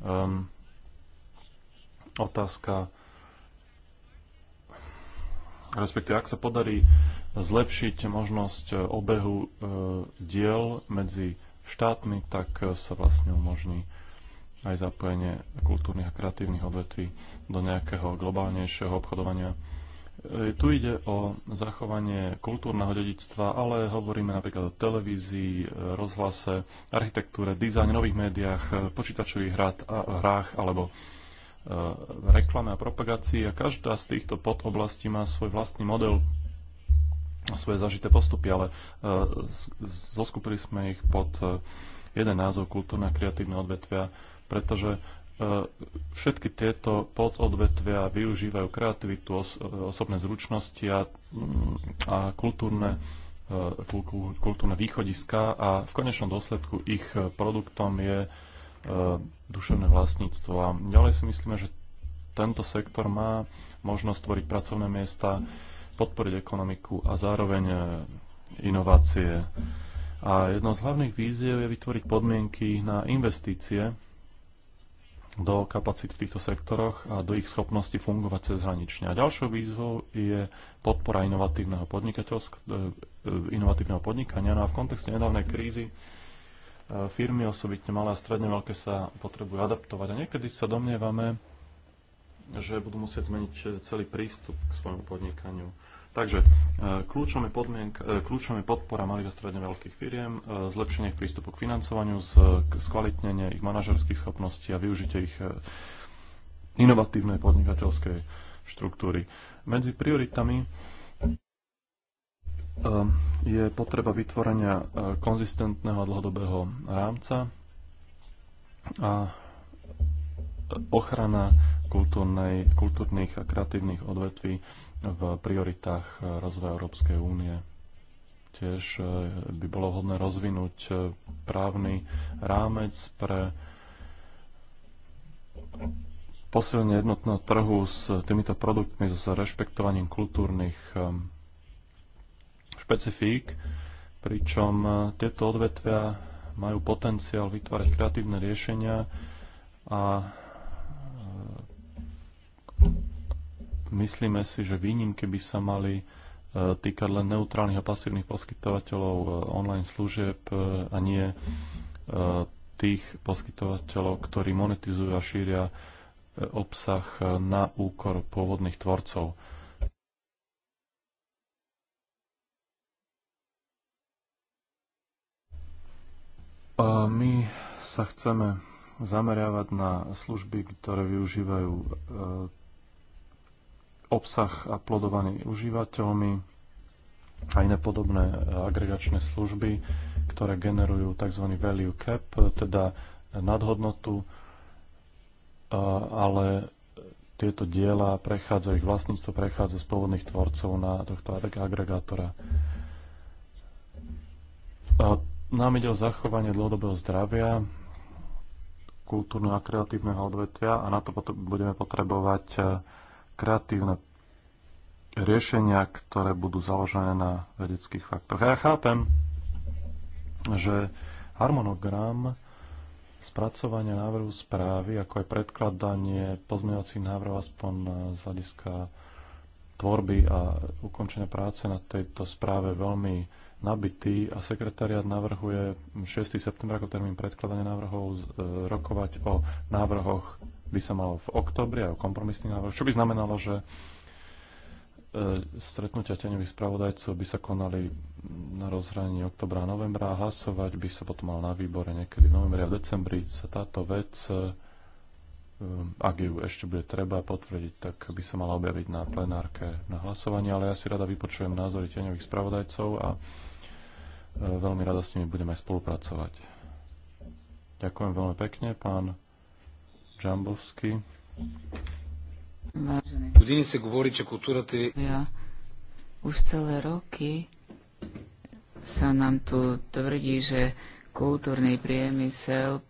Speaker 2: um, otázka respektíve ak sa podarí zlepšiť možnosť e, obehu e, diel medzi štátmi, tak e, sa vlastne umožní aj zapojenie kultúrnych a kreatívnych odvetví do nejakého globálnejšieho obchodovania. Tu ide o zachovanie kultúrneho dedičstva, ale hovoríme napríklad o televízii, rozhlase, architektúre, dizajn, nových médiách, počítačových hrách alebo Eh, reklame a propagácii a každá z týchto podoblastí má svoj vlastný model a svoje zažité postupy, ale eh, zoskupili sme ich pod eh, jeden názov kultúrne a kreatívne odvetvia, pretože všetky tieto pododvetvia využívajú kreativitu, osobné zručnosti a, mm, a kultúrne, kultúrne východiska a v konečnom dôsledku ich produktom je E, duševné vlastníctvo. A ďalej si myslíme, že tento sektor má možnosť tvoriť pracovné miesta, podporiť ekonomiku a zároveň e, inovácie. A jednou z hlavných víziev je vytvoriť podmienky na investície do kapacít v týchto sektoroch a do ich schopnosti fungovať cezhranične. A ďalšou výzvou je podpora inovatívneho, e, inovatívneho podnikania. No a v kontexte nedávnej krízy E, firmy, osobitne malé a stredne veľké, sa potrebujú adaptovať. A niekedy sa domnievame, že budú musieť zmeniť celý prístup k svojmu podnikaniu. Takže e, kľúčom je, podmienka, e, kľúčom je podpora malých a stredne veľkých firiem, zlepšenie ich prístupu k financovaniu, skvalitnenie ich manažerských schopností a využitie ich inovatívnej podnikateľskej štruktúry. Medzi prioritami Ehm, je potreba vytvorenia eh, konzistentného a dlhodobého rámca a eh, ochrana kultúrnej, kultúrnych a kreatívnych odvetví v prioritách eh, rozvoja Európskej únie. Tiež by bolo vhodné rozvinúť právny rámec pre posilnenie jednotného trhu s týmito produktmi, s rešpektovaním kultúrnych ehm, špecifík, pričom e, tieto odvetvia majú potenciál vytvárať kreatívne riešenia a e, myslíme si, že výnimky by sa mali e, týkať len neutrálnych a pasívnych poskytovateľov online služieb a nie tých poskytovateľov, ktorí monetizujú a šíria obsah na úkor pôvodných tvorcov. My sa chceme zameriavať na služby, ktoré využívajú e, obsah uploadovaný užívateľmi a iné podobné e, agregačné služby, ktoré generujú tzv. value cap, teda nadhodnotu, e, ale tieto diela prechádza, ich vlastníctvo prechádza z pôvodných tvorcov na tohto agregátora. Nám ide o zachovanie dlhodobého zdravia, kultúrneho a kreatívneho odvetvia a na to budeme potrebovať eh, kreatívne riešenia, ktoré budú založené na vedeckých faktoch. A ja chápem, že harmonogram spracovania návrhu správy, ako aj predkladanie pozmeňovacích návrhov aspoň eh, z hľadiska tvorby a ukončenia práce na tejto správe veľmi nabitý a sekretariat navrhuje 6. septembra ako termín predkladania návrhov e, rokovať o návrhoch by sa malo v oktobri aj o kompromisných návrhoch, čo by znamenalo, že e, stretnutia teňových spravodajcov by sa konali na rozhraní oktobra a novembra a hlasovať by sa potom mal na výbore niekedy v novembri a v decembri sa táto vec, e, ak ju ešte bude treba potvrdiť, tak by sa mala objaviť na plenárke na hlasovanie, ale ja si rada vypočujem názory teňových spravodajcov a E, veľmi rada s nimi budeme aj spolupracovať. Ďakujem veľmi pekne, pán Džambovský.
Speaker 6: Vážený.
Speaker 4: sa hovorí, že kultúra TV... Ja
Speaker 6: už celé roky sa nám tu tvrdí, že kultúrny priemysel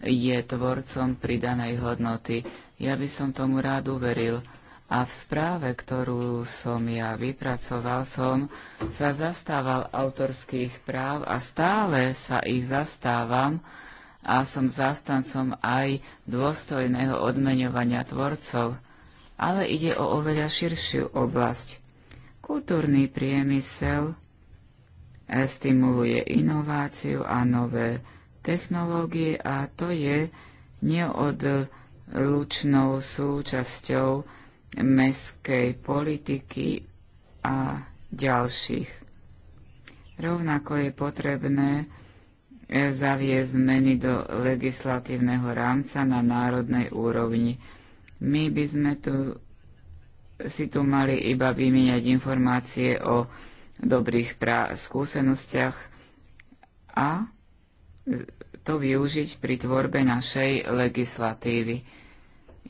Speaker 6: je tvorcom pridanej hodnoty. Ja by som tomu rád uveril. A v správe, ktorú som ja vypracoval, som sa zastával autorských práv a stále sa ich zastávam a som zastancom aj dôstojného odmeňovania tvorcov. Ale ide o oveľa širšiu oblasť. Kultúrny priemysel stimuluje inováciu a nové technológie a to je neodlučnou súčasťou meskej politiky a ďalších. Rovnako je potrebné e, zaviesť zmeny do legislatívneho rámca na národnej úrovni. My by sme tu, si tu mali iba vymieňať informácie o dobrých skúsenostiach a to využiť pri tvorbe našej legislatívy.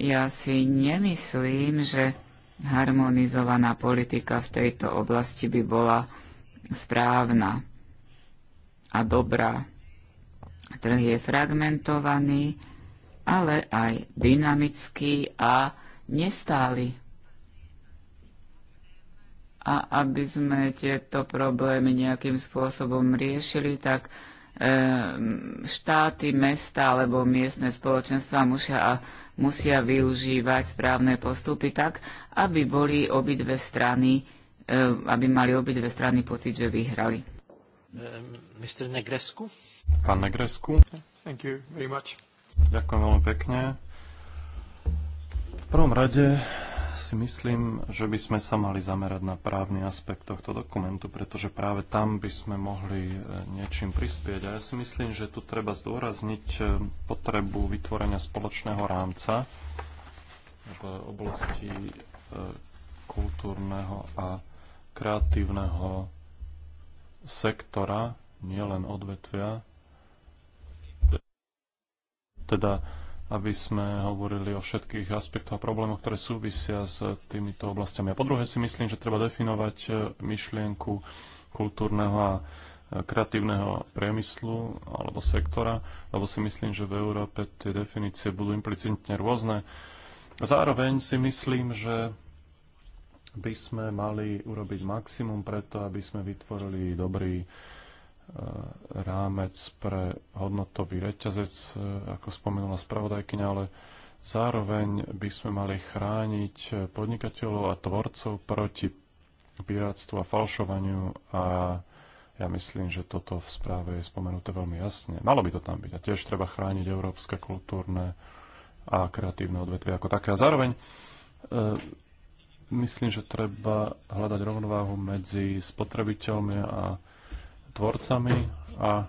Speaker 6: Ja si nemyslím, že harmonizovaná politika v tejto oblasti by bola správna a dobrá. Trh je fragmentovaný, ale aj dynamický a nestály. A aby sme tieto problémy nejakým spôsobom riešili, tak Ehm, štáty, mesta alebo miestne spoločenstva musia, musia využívať správne postupy tak, aby boli obidve strany, ehm, aby mali obidve strany pocit,
Speaker 2: že vyhrali.
Speaker 1: Mr. Ehm, Negresku?
Speaker 2: Pán Negresku?
Speaker 1: Thank you very much.
Speaker 2: Ďakujem veľmi pekne. V prvom rade si myslím, že by sme sa mali zamerať na právny aspekt tohto dokumentu, pretože práve tam by sme mohli e, niečím prispieť. A ja si myslím, že tu treba zdôrazniť e, potrebu vytvorenia spoločného rámca v oblasti e, kultúrneho a kreatívneho sektora, nielen odvetvia. Teda aby sme hovorili o všetkých aspektoch a problémoch, ktoré súvisia s týmito oblastiami. A po druhé si myslím, že treba definovať e, myšlienku kultúrneho a e, kreatívneho priemyslu alebo sektora, lebo si myslím, že v Európe tie definície budú implicitne rôzne. Zároveň si myslím, že by sme mali urobiť maximum preto, aby sme vytvorili dobrý E, rámec pre hodnotový reťazec, e, ako spomenula spravodajkyňa, ale zároveň by sme mali chrániť e, podnikateľov a tvorcov proti pirátstvu a falšovaniu a ja myslím, že toto v správe je spomenuté veľmi jasne. Malo by to tam byť. A tiež treba chrániť európske kultúrne a kreatívne odvetvie ako také. A zároveň e, myslím, že treba hľadať rovnováhu medzi spotrebiteľmi a tvorcami a e,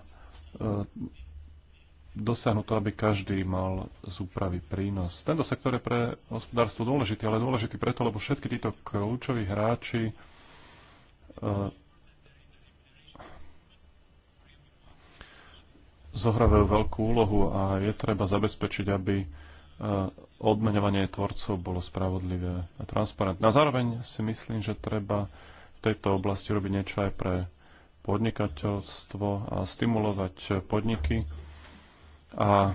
Speaker 2: dosiahnuť to, aby každý mal z úpravy prínos. Tento sektor je pre hospodárstvo dôležitý, ale dôležitý preto, lebo všetky títo kľúčoví hráči e, zohrávajú veľkú úlohu a je treba zabezpečiť, aby e, odmeňovanie tvorcov bolo spravodlivé a transparentné. A zároveň si myslím, že treba v tejto oblasti robiť niečo aj pre podnikateľstvo a stimulovať podniky. A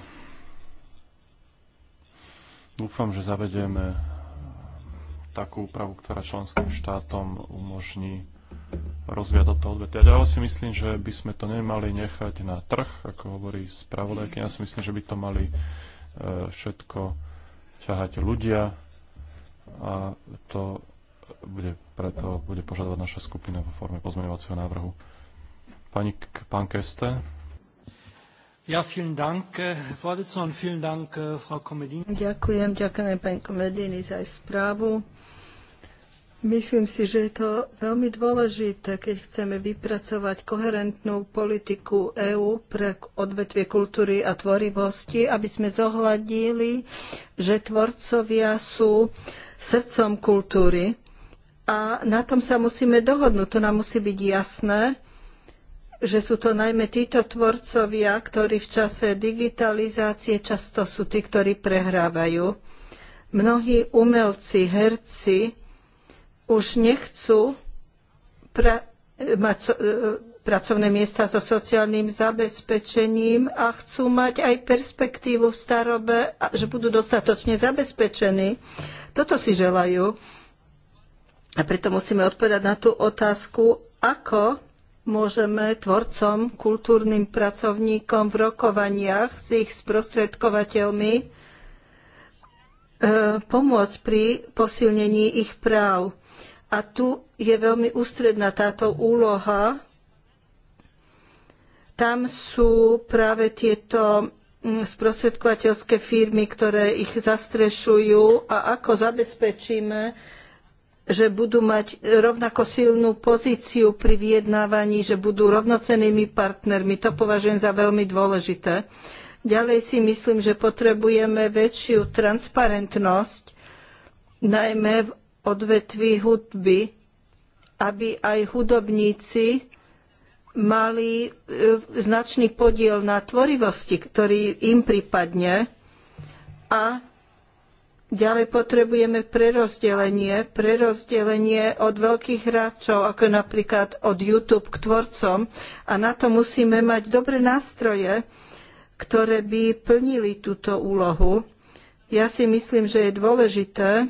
Speaker 2: dúfam, že zavedieme takú úpravu, ktorá členským štátom umožní rozvíjať toto odvetvie. Ja si myslím, že by sme to nemali nechať na trh, ako hovorí spravodajky. Ja si myslím, že by to mali e, všetko ťahať ľudia a to bude, preto bude požadovať naša skupina vo forme pozmeňovacieho návrhu. Pani, pán Keste.
Speaker 4: Ja, vielen Dank, äh, Vorsitzender, vielen Dank, äh, Frau Komedini.
Speaker 5: Ďakujem, ďakujem pani Komedini za správu. Myslím si, že je to veľmi dôležité, keď chceme vypracovať koherentnú politiku EÚ pre odvetvie kultúry a tvorivosti, aby sme zohľadili, že tvorcovia sú srdcom kultúry. A na tom sa musíme dohodnúť. To nám musí byť jasné, že sú to najmä títo tvorcovia, ktorí v čase digitalizácie často sú tí, ktorí prehrávajú. Mnohí umelci, herci už nechcú pra- mať so- e, pracovné miesta so sociálnym zabezpečením a chcú mať aj perspektívu v starobe, že budú dostatočne zabezpečení. Toto si želajú. A preto musíme odpovedať na tú otázku, ako môžeme tvorcom, kultúrnym pracovníkom v rokovaniach s ich sprostredkovateľmi e, pomôcť pri posilnení ich práv. A tu je veľmi ústredná táto úloha. Tam sú práve tieto mm, sprostredkovateľské firmy, ktoré ich zastrešujú a ako zabezpečíme, že budú mať rovnako silnú pozíciu pri vyjednávaní, že budú rovnocennými partnermi. To považujem za veľmi dôležité. Ďalej si myslím, že potrebujeme väčšiu transparentnosť, najmä v odvetví hudby, aby aj hudobníci mali e, značný podiel na tvorivosti, ktorý im prípadne a Ďalej potrebujeme prerozdelenie, prerozdelenie od veľkých hráčov, ako napríklad od YouTube k tvorcom a na to musíme mať dobré nástroje, ktoré by plnili túto úlohu. Ja si myslím, že je dôležité,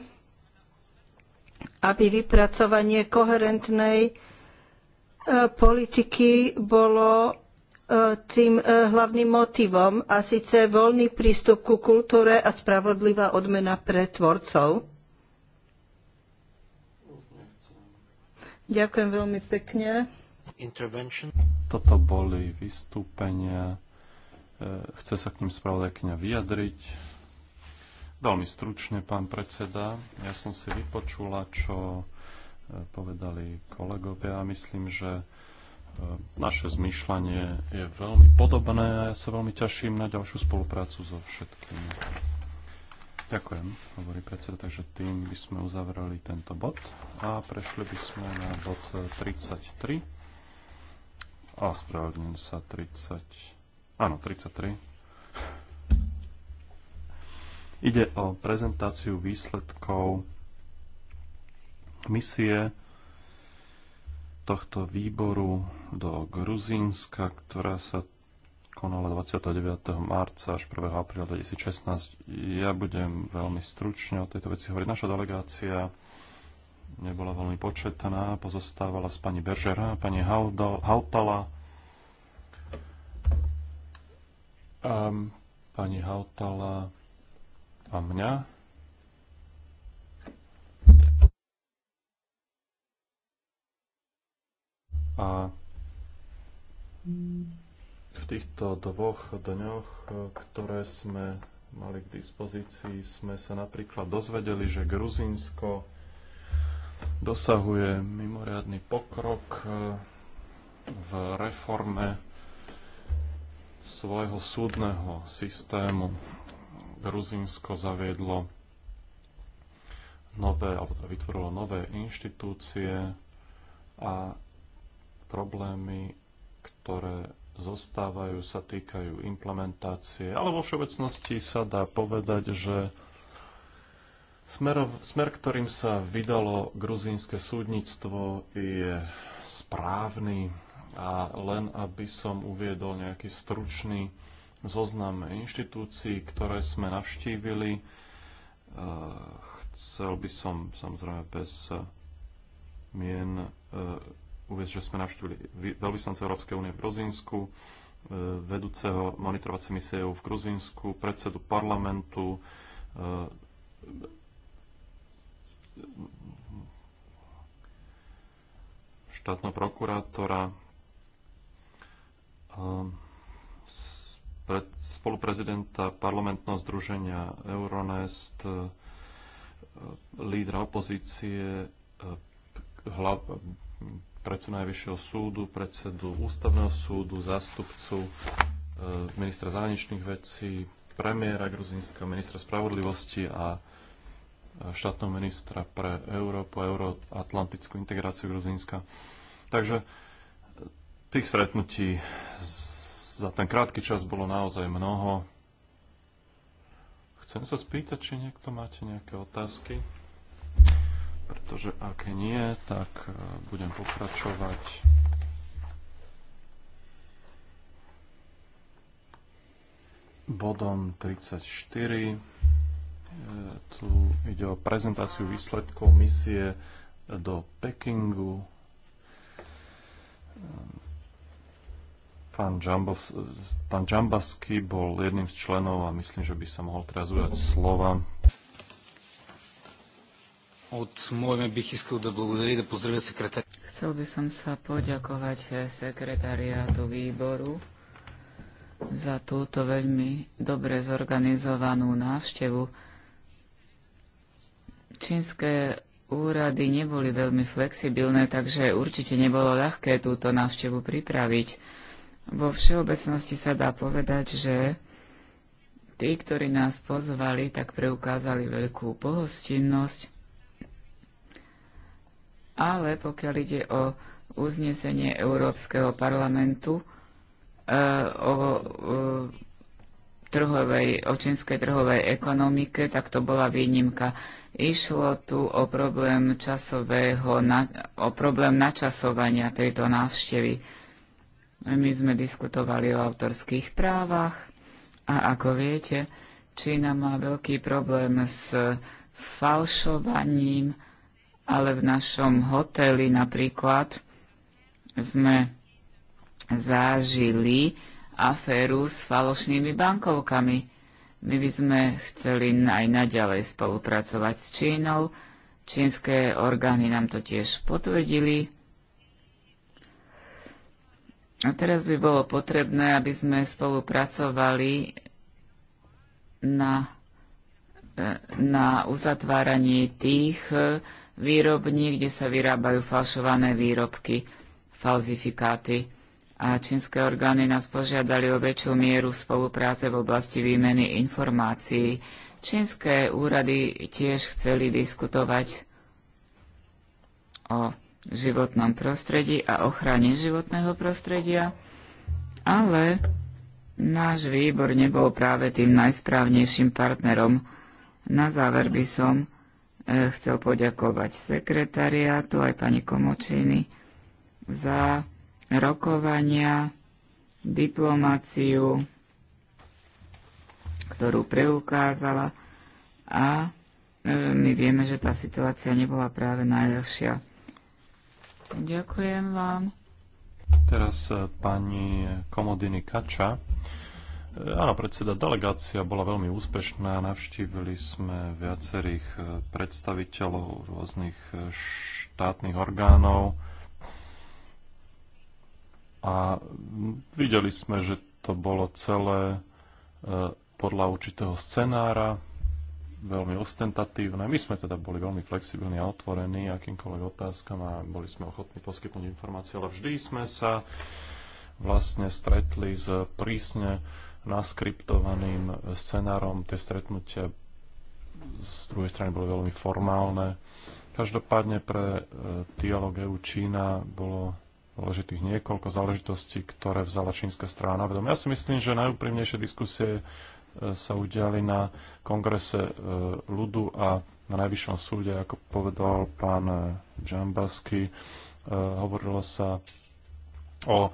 Speaker 5: aby vypracovanie koherentnej e, politiky bolo tým e, hlavným motivom a síce voľný prístup ku kultúre a spravodlivá odmena pre tvorcov. Ďakujem veľmi pekne.
Speaker 2: Toto boli vystúpenia. E, chce sa k ním spravodajkňa vyjadriť. Veľmi stručne, pán predseda. Ja som si vypočula, čo e, povedali kolegovia a myslím, že E, naše zmýšľanie je veľmi podobné a ja sa veľmi ťaším na ďalšiu spoluprácu so všetkými. Ďakujem, hovorí predseda, takže tým by sme uzavreli tento bod a prešli by sme na bod 33. A spravodlím sa 30... Áno, 33. Ide o prezentáciu výsledkov misie tohto výboru do Gruzínska, ktorá sa konala 29. marca až 1. apríla 2016. Ja budem veľmi stručne o tejto veci hovoriť. Naša delegácia nebola veľmi početná, pozostávala z pani Beržera, pani Hautala, um, pani Hautala a mňa A v týchto dvoch dňoch, ktoré sme mali k dispozícii, sme sa napríklad dozvedeli, že Gruzínsko dosahuje mimoriadný pokrok e, v reforme svojho súdneho systému. Gruzínsko zaviedlo nové, alebo teda vytvorilo nové inštitúcie a problémy, ktoré zostávajú, sa týkajú implementácie, ale vo všeobecnosti sa dá povedať, že smer, smer ktorým sa vydalo gruzínske súdnictvo, je správny a len aby som uviedol nejaký stručný zoznam inštitúcií, ktoré sme navštívili, eh, chcel by som samozrejme bez mien eh, uviezť, že sme navštívili veľvyslanca Európskej únie v Gruzínsku, e, vedúceho monitorovacie misie e v Gruzínsku, predsedu parlamentu, e, štátneho prokurátora, spoluprezidenta parlamentného združenia Euronest, lídra opozície, hlav, predsedu Najvyššieho súdu, predsedu Ústavného súdu, zástupcu e, ministra zahraničných vecí, premiéra gruzínskeho, ministra spravodlivosti a e, štátneho ministra pre Európu a euroatlantickú integráciu Gruzínska. Takže e, tých stretnutí za ten krátky čas bolo naozaj mnoho. Chcem sa spýtať, či niekto máte nejaké otázky pretože ak nie, tak e, budem pokračovať. Bodom 34. E, tu ide o prezentáciu výsledkov misie do Pekingu. Pán, Džambov, pán Džambasky bol jedným z členov a myslím, že by sa mohol teraz ujať slova.
Speaker 4: Od môjme bych da благодаря pozdravia sekretár.
Speaker 6: Chcel by som sa poďakovať sekretariátu výboru za túto veľmi dobre zorganizovanú návštevu. Čínske úrady neboli veľmi flexibilné, takže určite nebolo ľahké túto návštevu pripraviť. Vo všeobecnosti sa dá povedať, že tí, ktorí nás pozvali, tak preukázali veľkú pohostinnosť ale pokiaľ ide o uznesenie Európskeho parlamentu e, o e, trhovej, očinskej trhovej ekonomike, tak to bola výnimka. Išlo tu o problém časového, na, o problém načasovania tejto návštevy. My sme diskutovali o autorských právach a ako viete, Čína má veľký problém s falšovaním ale v našom hoteli napríklad sme zážili aféru s falošnými bankovkami. My by sme chceli aj naďalej spolupracovať s Čínou. Čínske orgány nám to tiež potvrdili. A teraz by bolo potrebné, aby sme spolupracovali na, e, na uzatváraní tých výrobní, kde sa vyrábajú falšované výrobky, falzifikáty. A čínske orgány nás požiadali o väčšiu mieru spolupráce v oblasti výmeny informácií. Čínske úrady tiež chceli diskutovať o životnom prostredí a ochrane životného prostredia, ale náš výbor nebol práve tým najsprávnejším partnerom. Na záver by som Eh, chcel poďakovať sekretariátu aj pani Komočiny za rokovania, diplomáciu, ktorú preukázala a eh, my vieme, že tá situácia nebola práve najľahšia. Ďakujem vám.
Speaker 2: Teraz eh, pani Komodiny Kača Eh, áno, predseda, delegácia bola veľmi úspešná. Navštívili sme viacerých eh, predstaviteľov rôznych eh, štátnych orgánov a videli sme, že to bolo celé podľa určitého scenára, veľmi ostentatívne. My sme teda boli veľmi flexibilní a otvorení akýmkoľvek otázkam a boli sme ochotní poskytnúť informácie, ale vždy sme sa vlastne stretli s prísne naskriptovaným scenárom. Tie stretnutia z druhej strany boli veľmi formálne. Každopádne pre e, dialog EU-Čína bolo dôležitých niekoľko záležitostí, ktoré vzala čínska strana Ja si myslím, že najúprimnejšie diskusie e, sa udiali na kongrese e, ľudu a na najvyššom súde, ako povedal pán Džambasky. Hovorilo sa o e,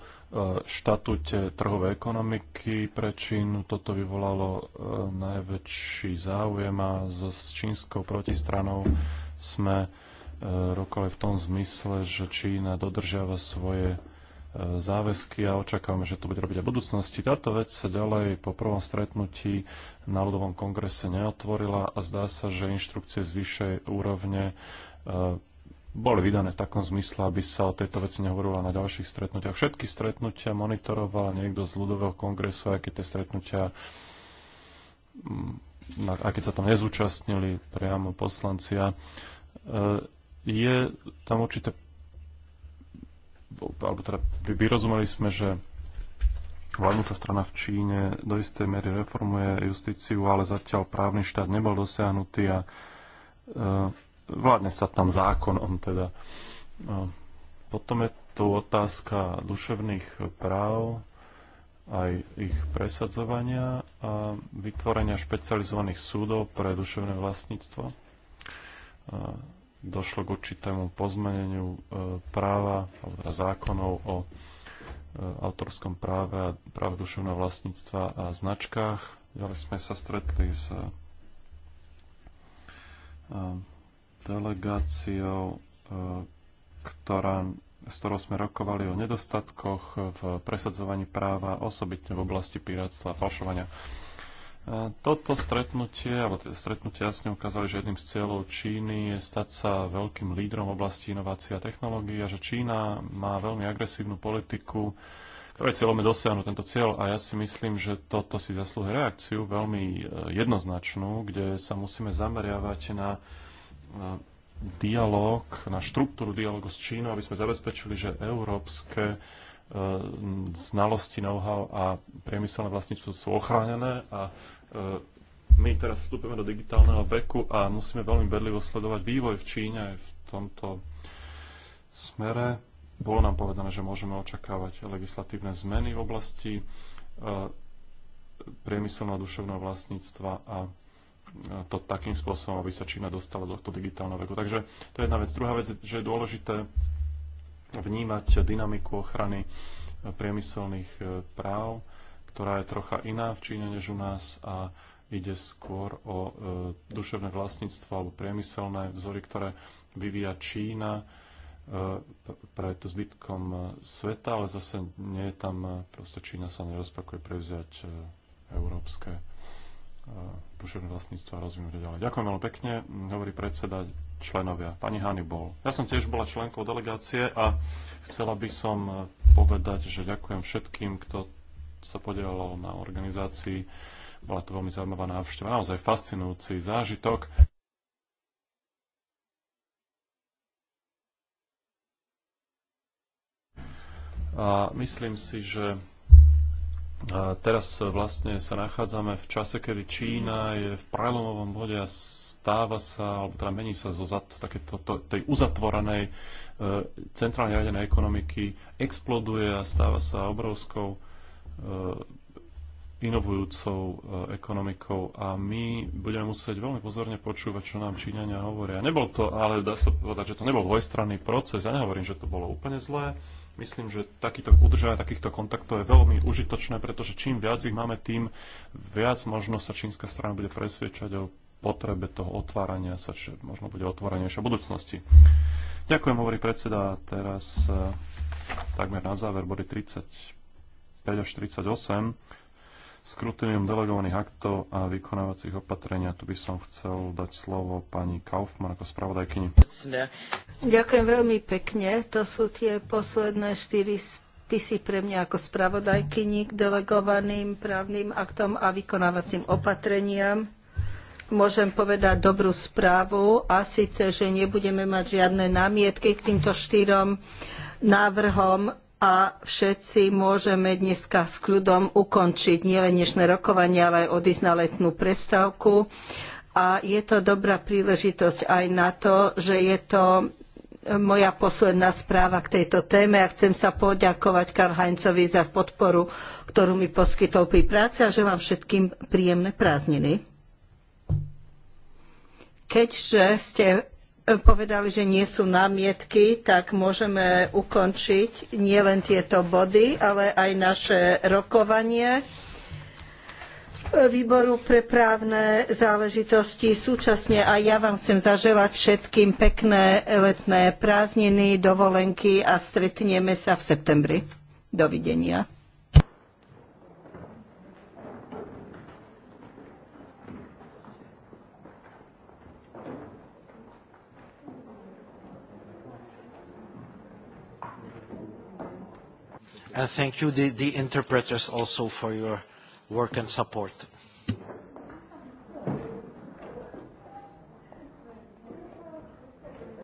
Speaker 2: štatúte trhovej ekonomiky pre Čínu. Toto vyvolalo e, najväčší záujem a s čínskou protistranou sme e, rokovali v tom zmysle, že Čína dodržiava svoje záväzky a očakávame, že to bude robiť aj v budúcnosti. Táto vec sa ďalej po prvom stretnutí na ľudovom kongrese neotvorila a zdá sa, že inštrukcie z vyššej úrovne boli vydané v takom zmysle, aby sa o tejto veci nehovorilo na ďalších stretnutiach. Všetky stretnutia monitoroval niekto z ľudového kongresu, aj keď tie stretnutia, mm, aj keď sa tam nezúčastnili priamo poslanci. A e, je tam určité, alebo teda vyrozumeli sme, že Vládnúca strana v Číne do istej miery reformuje justíciu, ale zatiaľ právny štát nebol dosiahnutý a e, vládne sa tam zákonom teda. potom je tu otázka duševných práv, aj ich presadzovania a vytvorenia špecializovaných súdov pre duševné vlastníctvo. Došlo k určitému pozmeneniu e, práva alebo teda zákonov o e, autorskom práve a práve duševného vlastníctva a značkách. Ďalej sme sa stretli s e, delegáciou, e, ktorá, s ktorou sme rokovali o nedostatkoch v presadzovaní práva, osobitne v oblasti pirátstva a falšovania. E, toto stretnutie, alebo teda stretnutie jasne ukázali, že jedným z cieľov Číny je stať sa veľkým lídrom v oblasti inovácií a technológií a že Čína má veľmi agresívnu politiku, ktoré cieľom je dosiahnuť tento cieľ a ja si myslím, že toto si zaslúhuje reakciu veľmi e, jednoznačnú, kde sa musíme zameriavať na dialog, na štruktúru dialogu s Čínou, aby sme zabezpečili, že európske e, znalosti, know-how a priemyselné vlastníctvo sú ochránené a e, my teraz vstupujeme do digitálneho veku a musíme veľmi bedlivo sledovať vývoj v Číne aj v tomto smere. Bolo nám povedané, že môžeme očakávať legislatívne zmeny v oblasti e, priemyselného duševného vlastníctva a to takým spôsobom, aby sa Čína dostala do tohto digitálneho veku. Takže to je jedna vec. Druhá vec, že je dôležité vnímať dynamiku ochrany e, priemyselných e, práv, ktorá je trocha iná v Číne než u nás a ide skôr o e, duševné vlastníctvo alebo priemyselné vzory, ktoré vyvíja Čína pred zbytkom sveta, ale zase nie je tam, proste Čína sa nerozpakuje prevziať európske duševné vlastníctvo a rozvinúť ďalej. Ďakujem veľmi pekne, hovorí predseda členovia. Pani Hannibal. Ja som tiež bola členkou delegácie a chcela by som povedať, že ďakujem všetkým, kto sa podielal na organizácii. Bola to veľmi zaujímavá návšteva, naozaj fascinujúci zážitok. A myslím si, že a teraz vlastne sa nachádzame v čase, kedy Čína je v prelomovom bode a stáva sa, alebo teda mení sa zo, z takéto to, tej uzatvorenej e, centrálne radenej ekonomiky, exploduje a stáva sa obrovskou e, inovujúcou e, ekonomikou a my budeme musieť veľmi pozorne počúvať, čo nám Číňania hovoria. Nebol to, ale dá sa povedať, že to nebol dvojstranný proces. Ja nehovorím, že to bolo úplne zlé. Myslím, že takýto, udržanie takýchto kontaktov je veľmi užitočné, pretože čím viac ich máme, tým viac možno sa čínska strana bude presviečať o potrebe toho otvárania sa, že možno bude otvorenejšia v budúcnosti. Ďakujem, hovorí predseda. Teraz e, takmer na záver body 35 až 38 skrutinium delegovaných aktov a vykonávacích opatrenia. Tu by som chcel dať slovo pani Kaufmann ako spravodajkyni.
Speaker 5: Ďakujem veľmi pekne. To sú tie posledné štyri spisy pre mňa ako spravodajkyni k delegovaným právnym aktom a vykonávacím opatreniam. Môžem povedať dobrú správu a síce, že nebudeme mať žiadne námietky k týmto štyrom návrhom a všetci môžeme dneska s kľudom ukončiť nielen dnešné rokovanie, ale aj odísť na letnú prestávku. A je to dobrá príležitosť aj na to, že je to moja posledná správa k tejto téme a chcem sa poďakovať Karl Heinzovi za podporu, ktorú mi poskytol pri práci a želám všetkým príjemné prázdniny. Keďže ste e, povedali, že nie sú námietky, tak môžeme ukončiť nielen tieto body, ale aj naše rokovanie výboru pre právne záležitosti. Súčasne aj ja vám chcem zaželať všetkým pekné letné prázdniny, dovolenky a stretneme sa v septembri. Dovidenia.
Speaker 1: And uh, thank you, the, the interpreters, also for your work and support.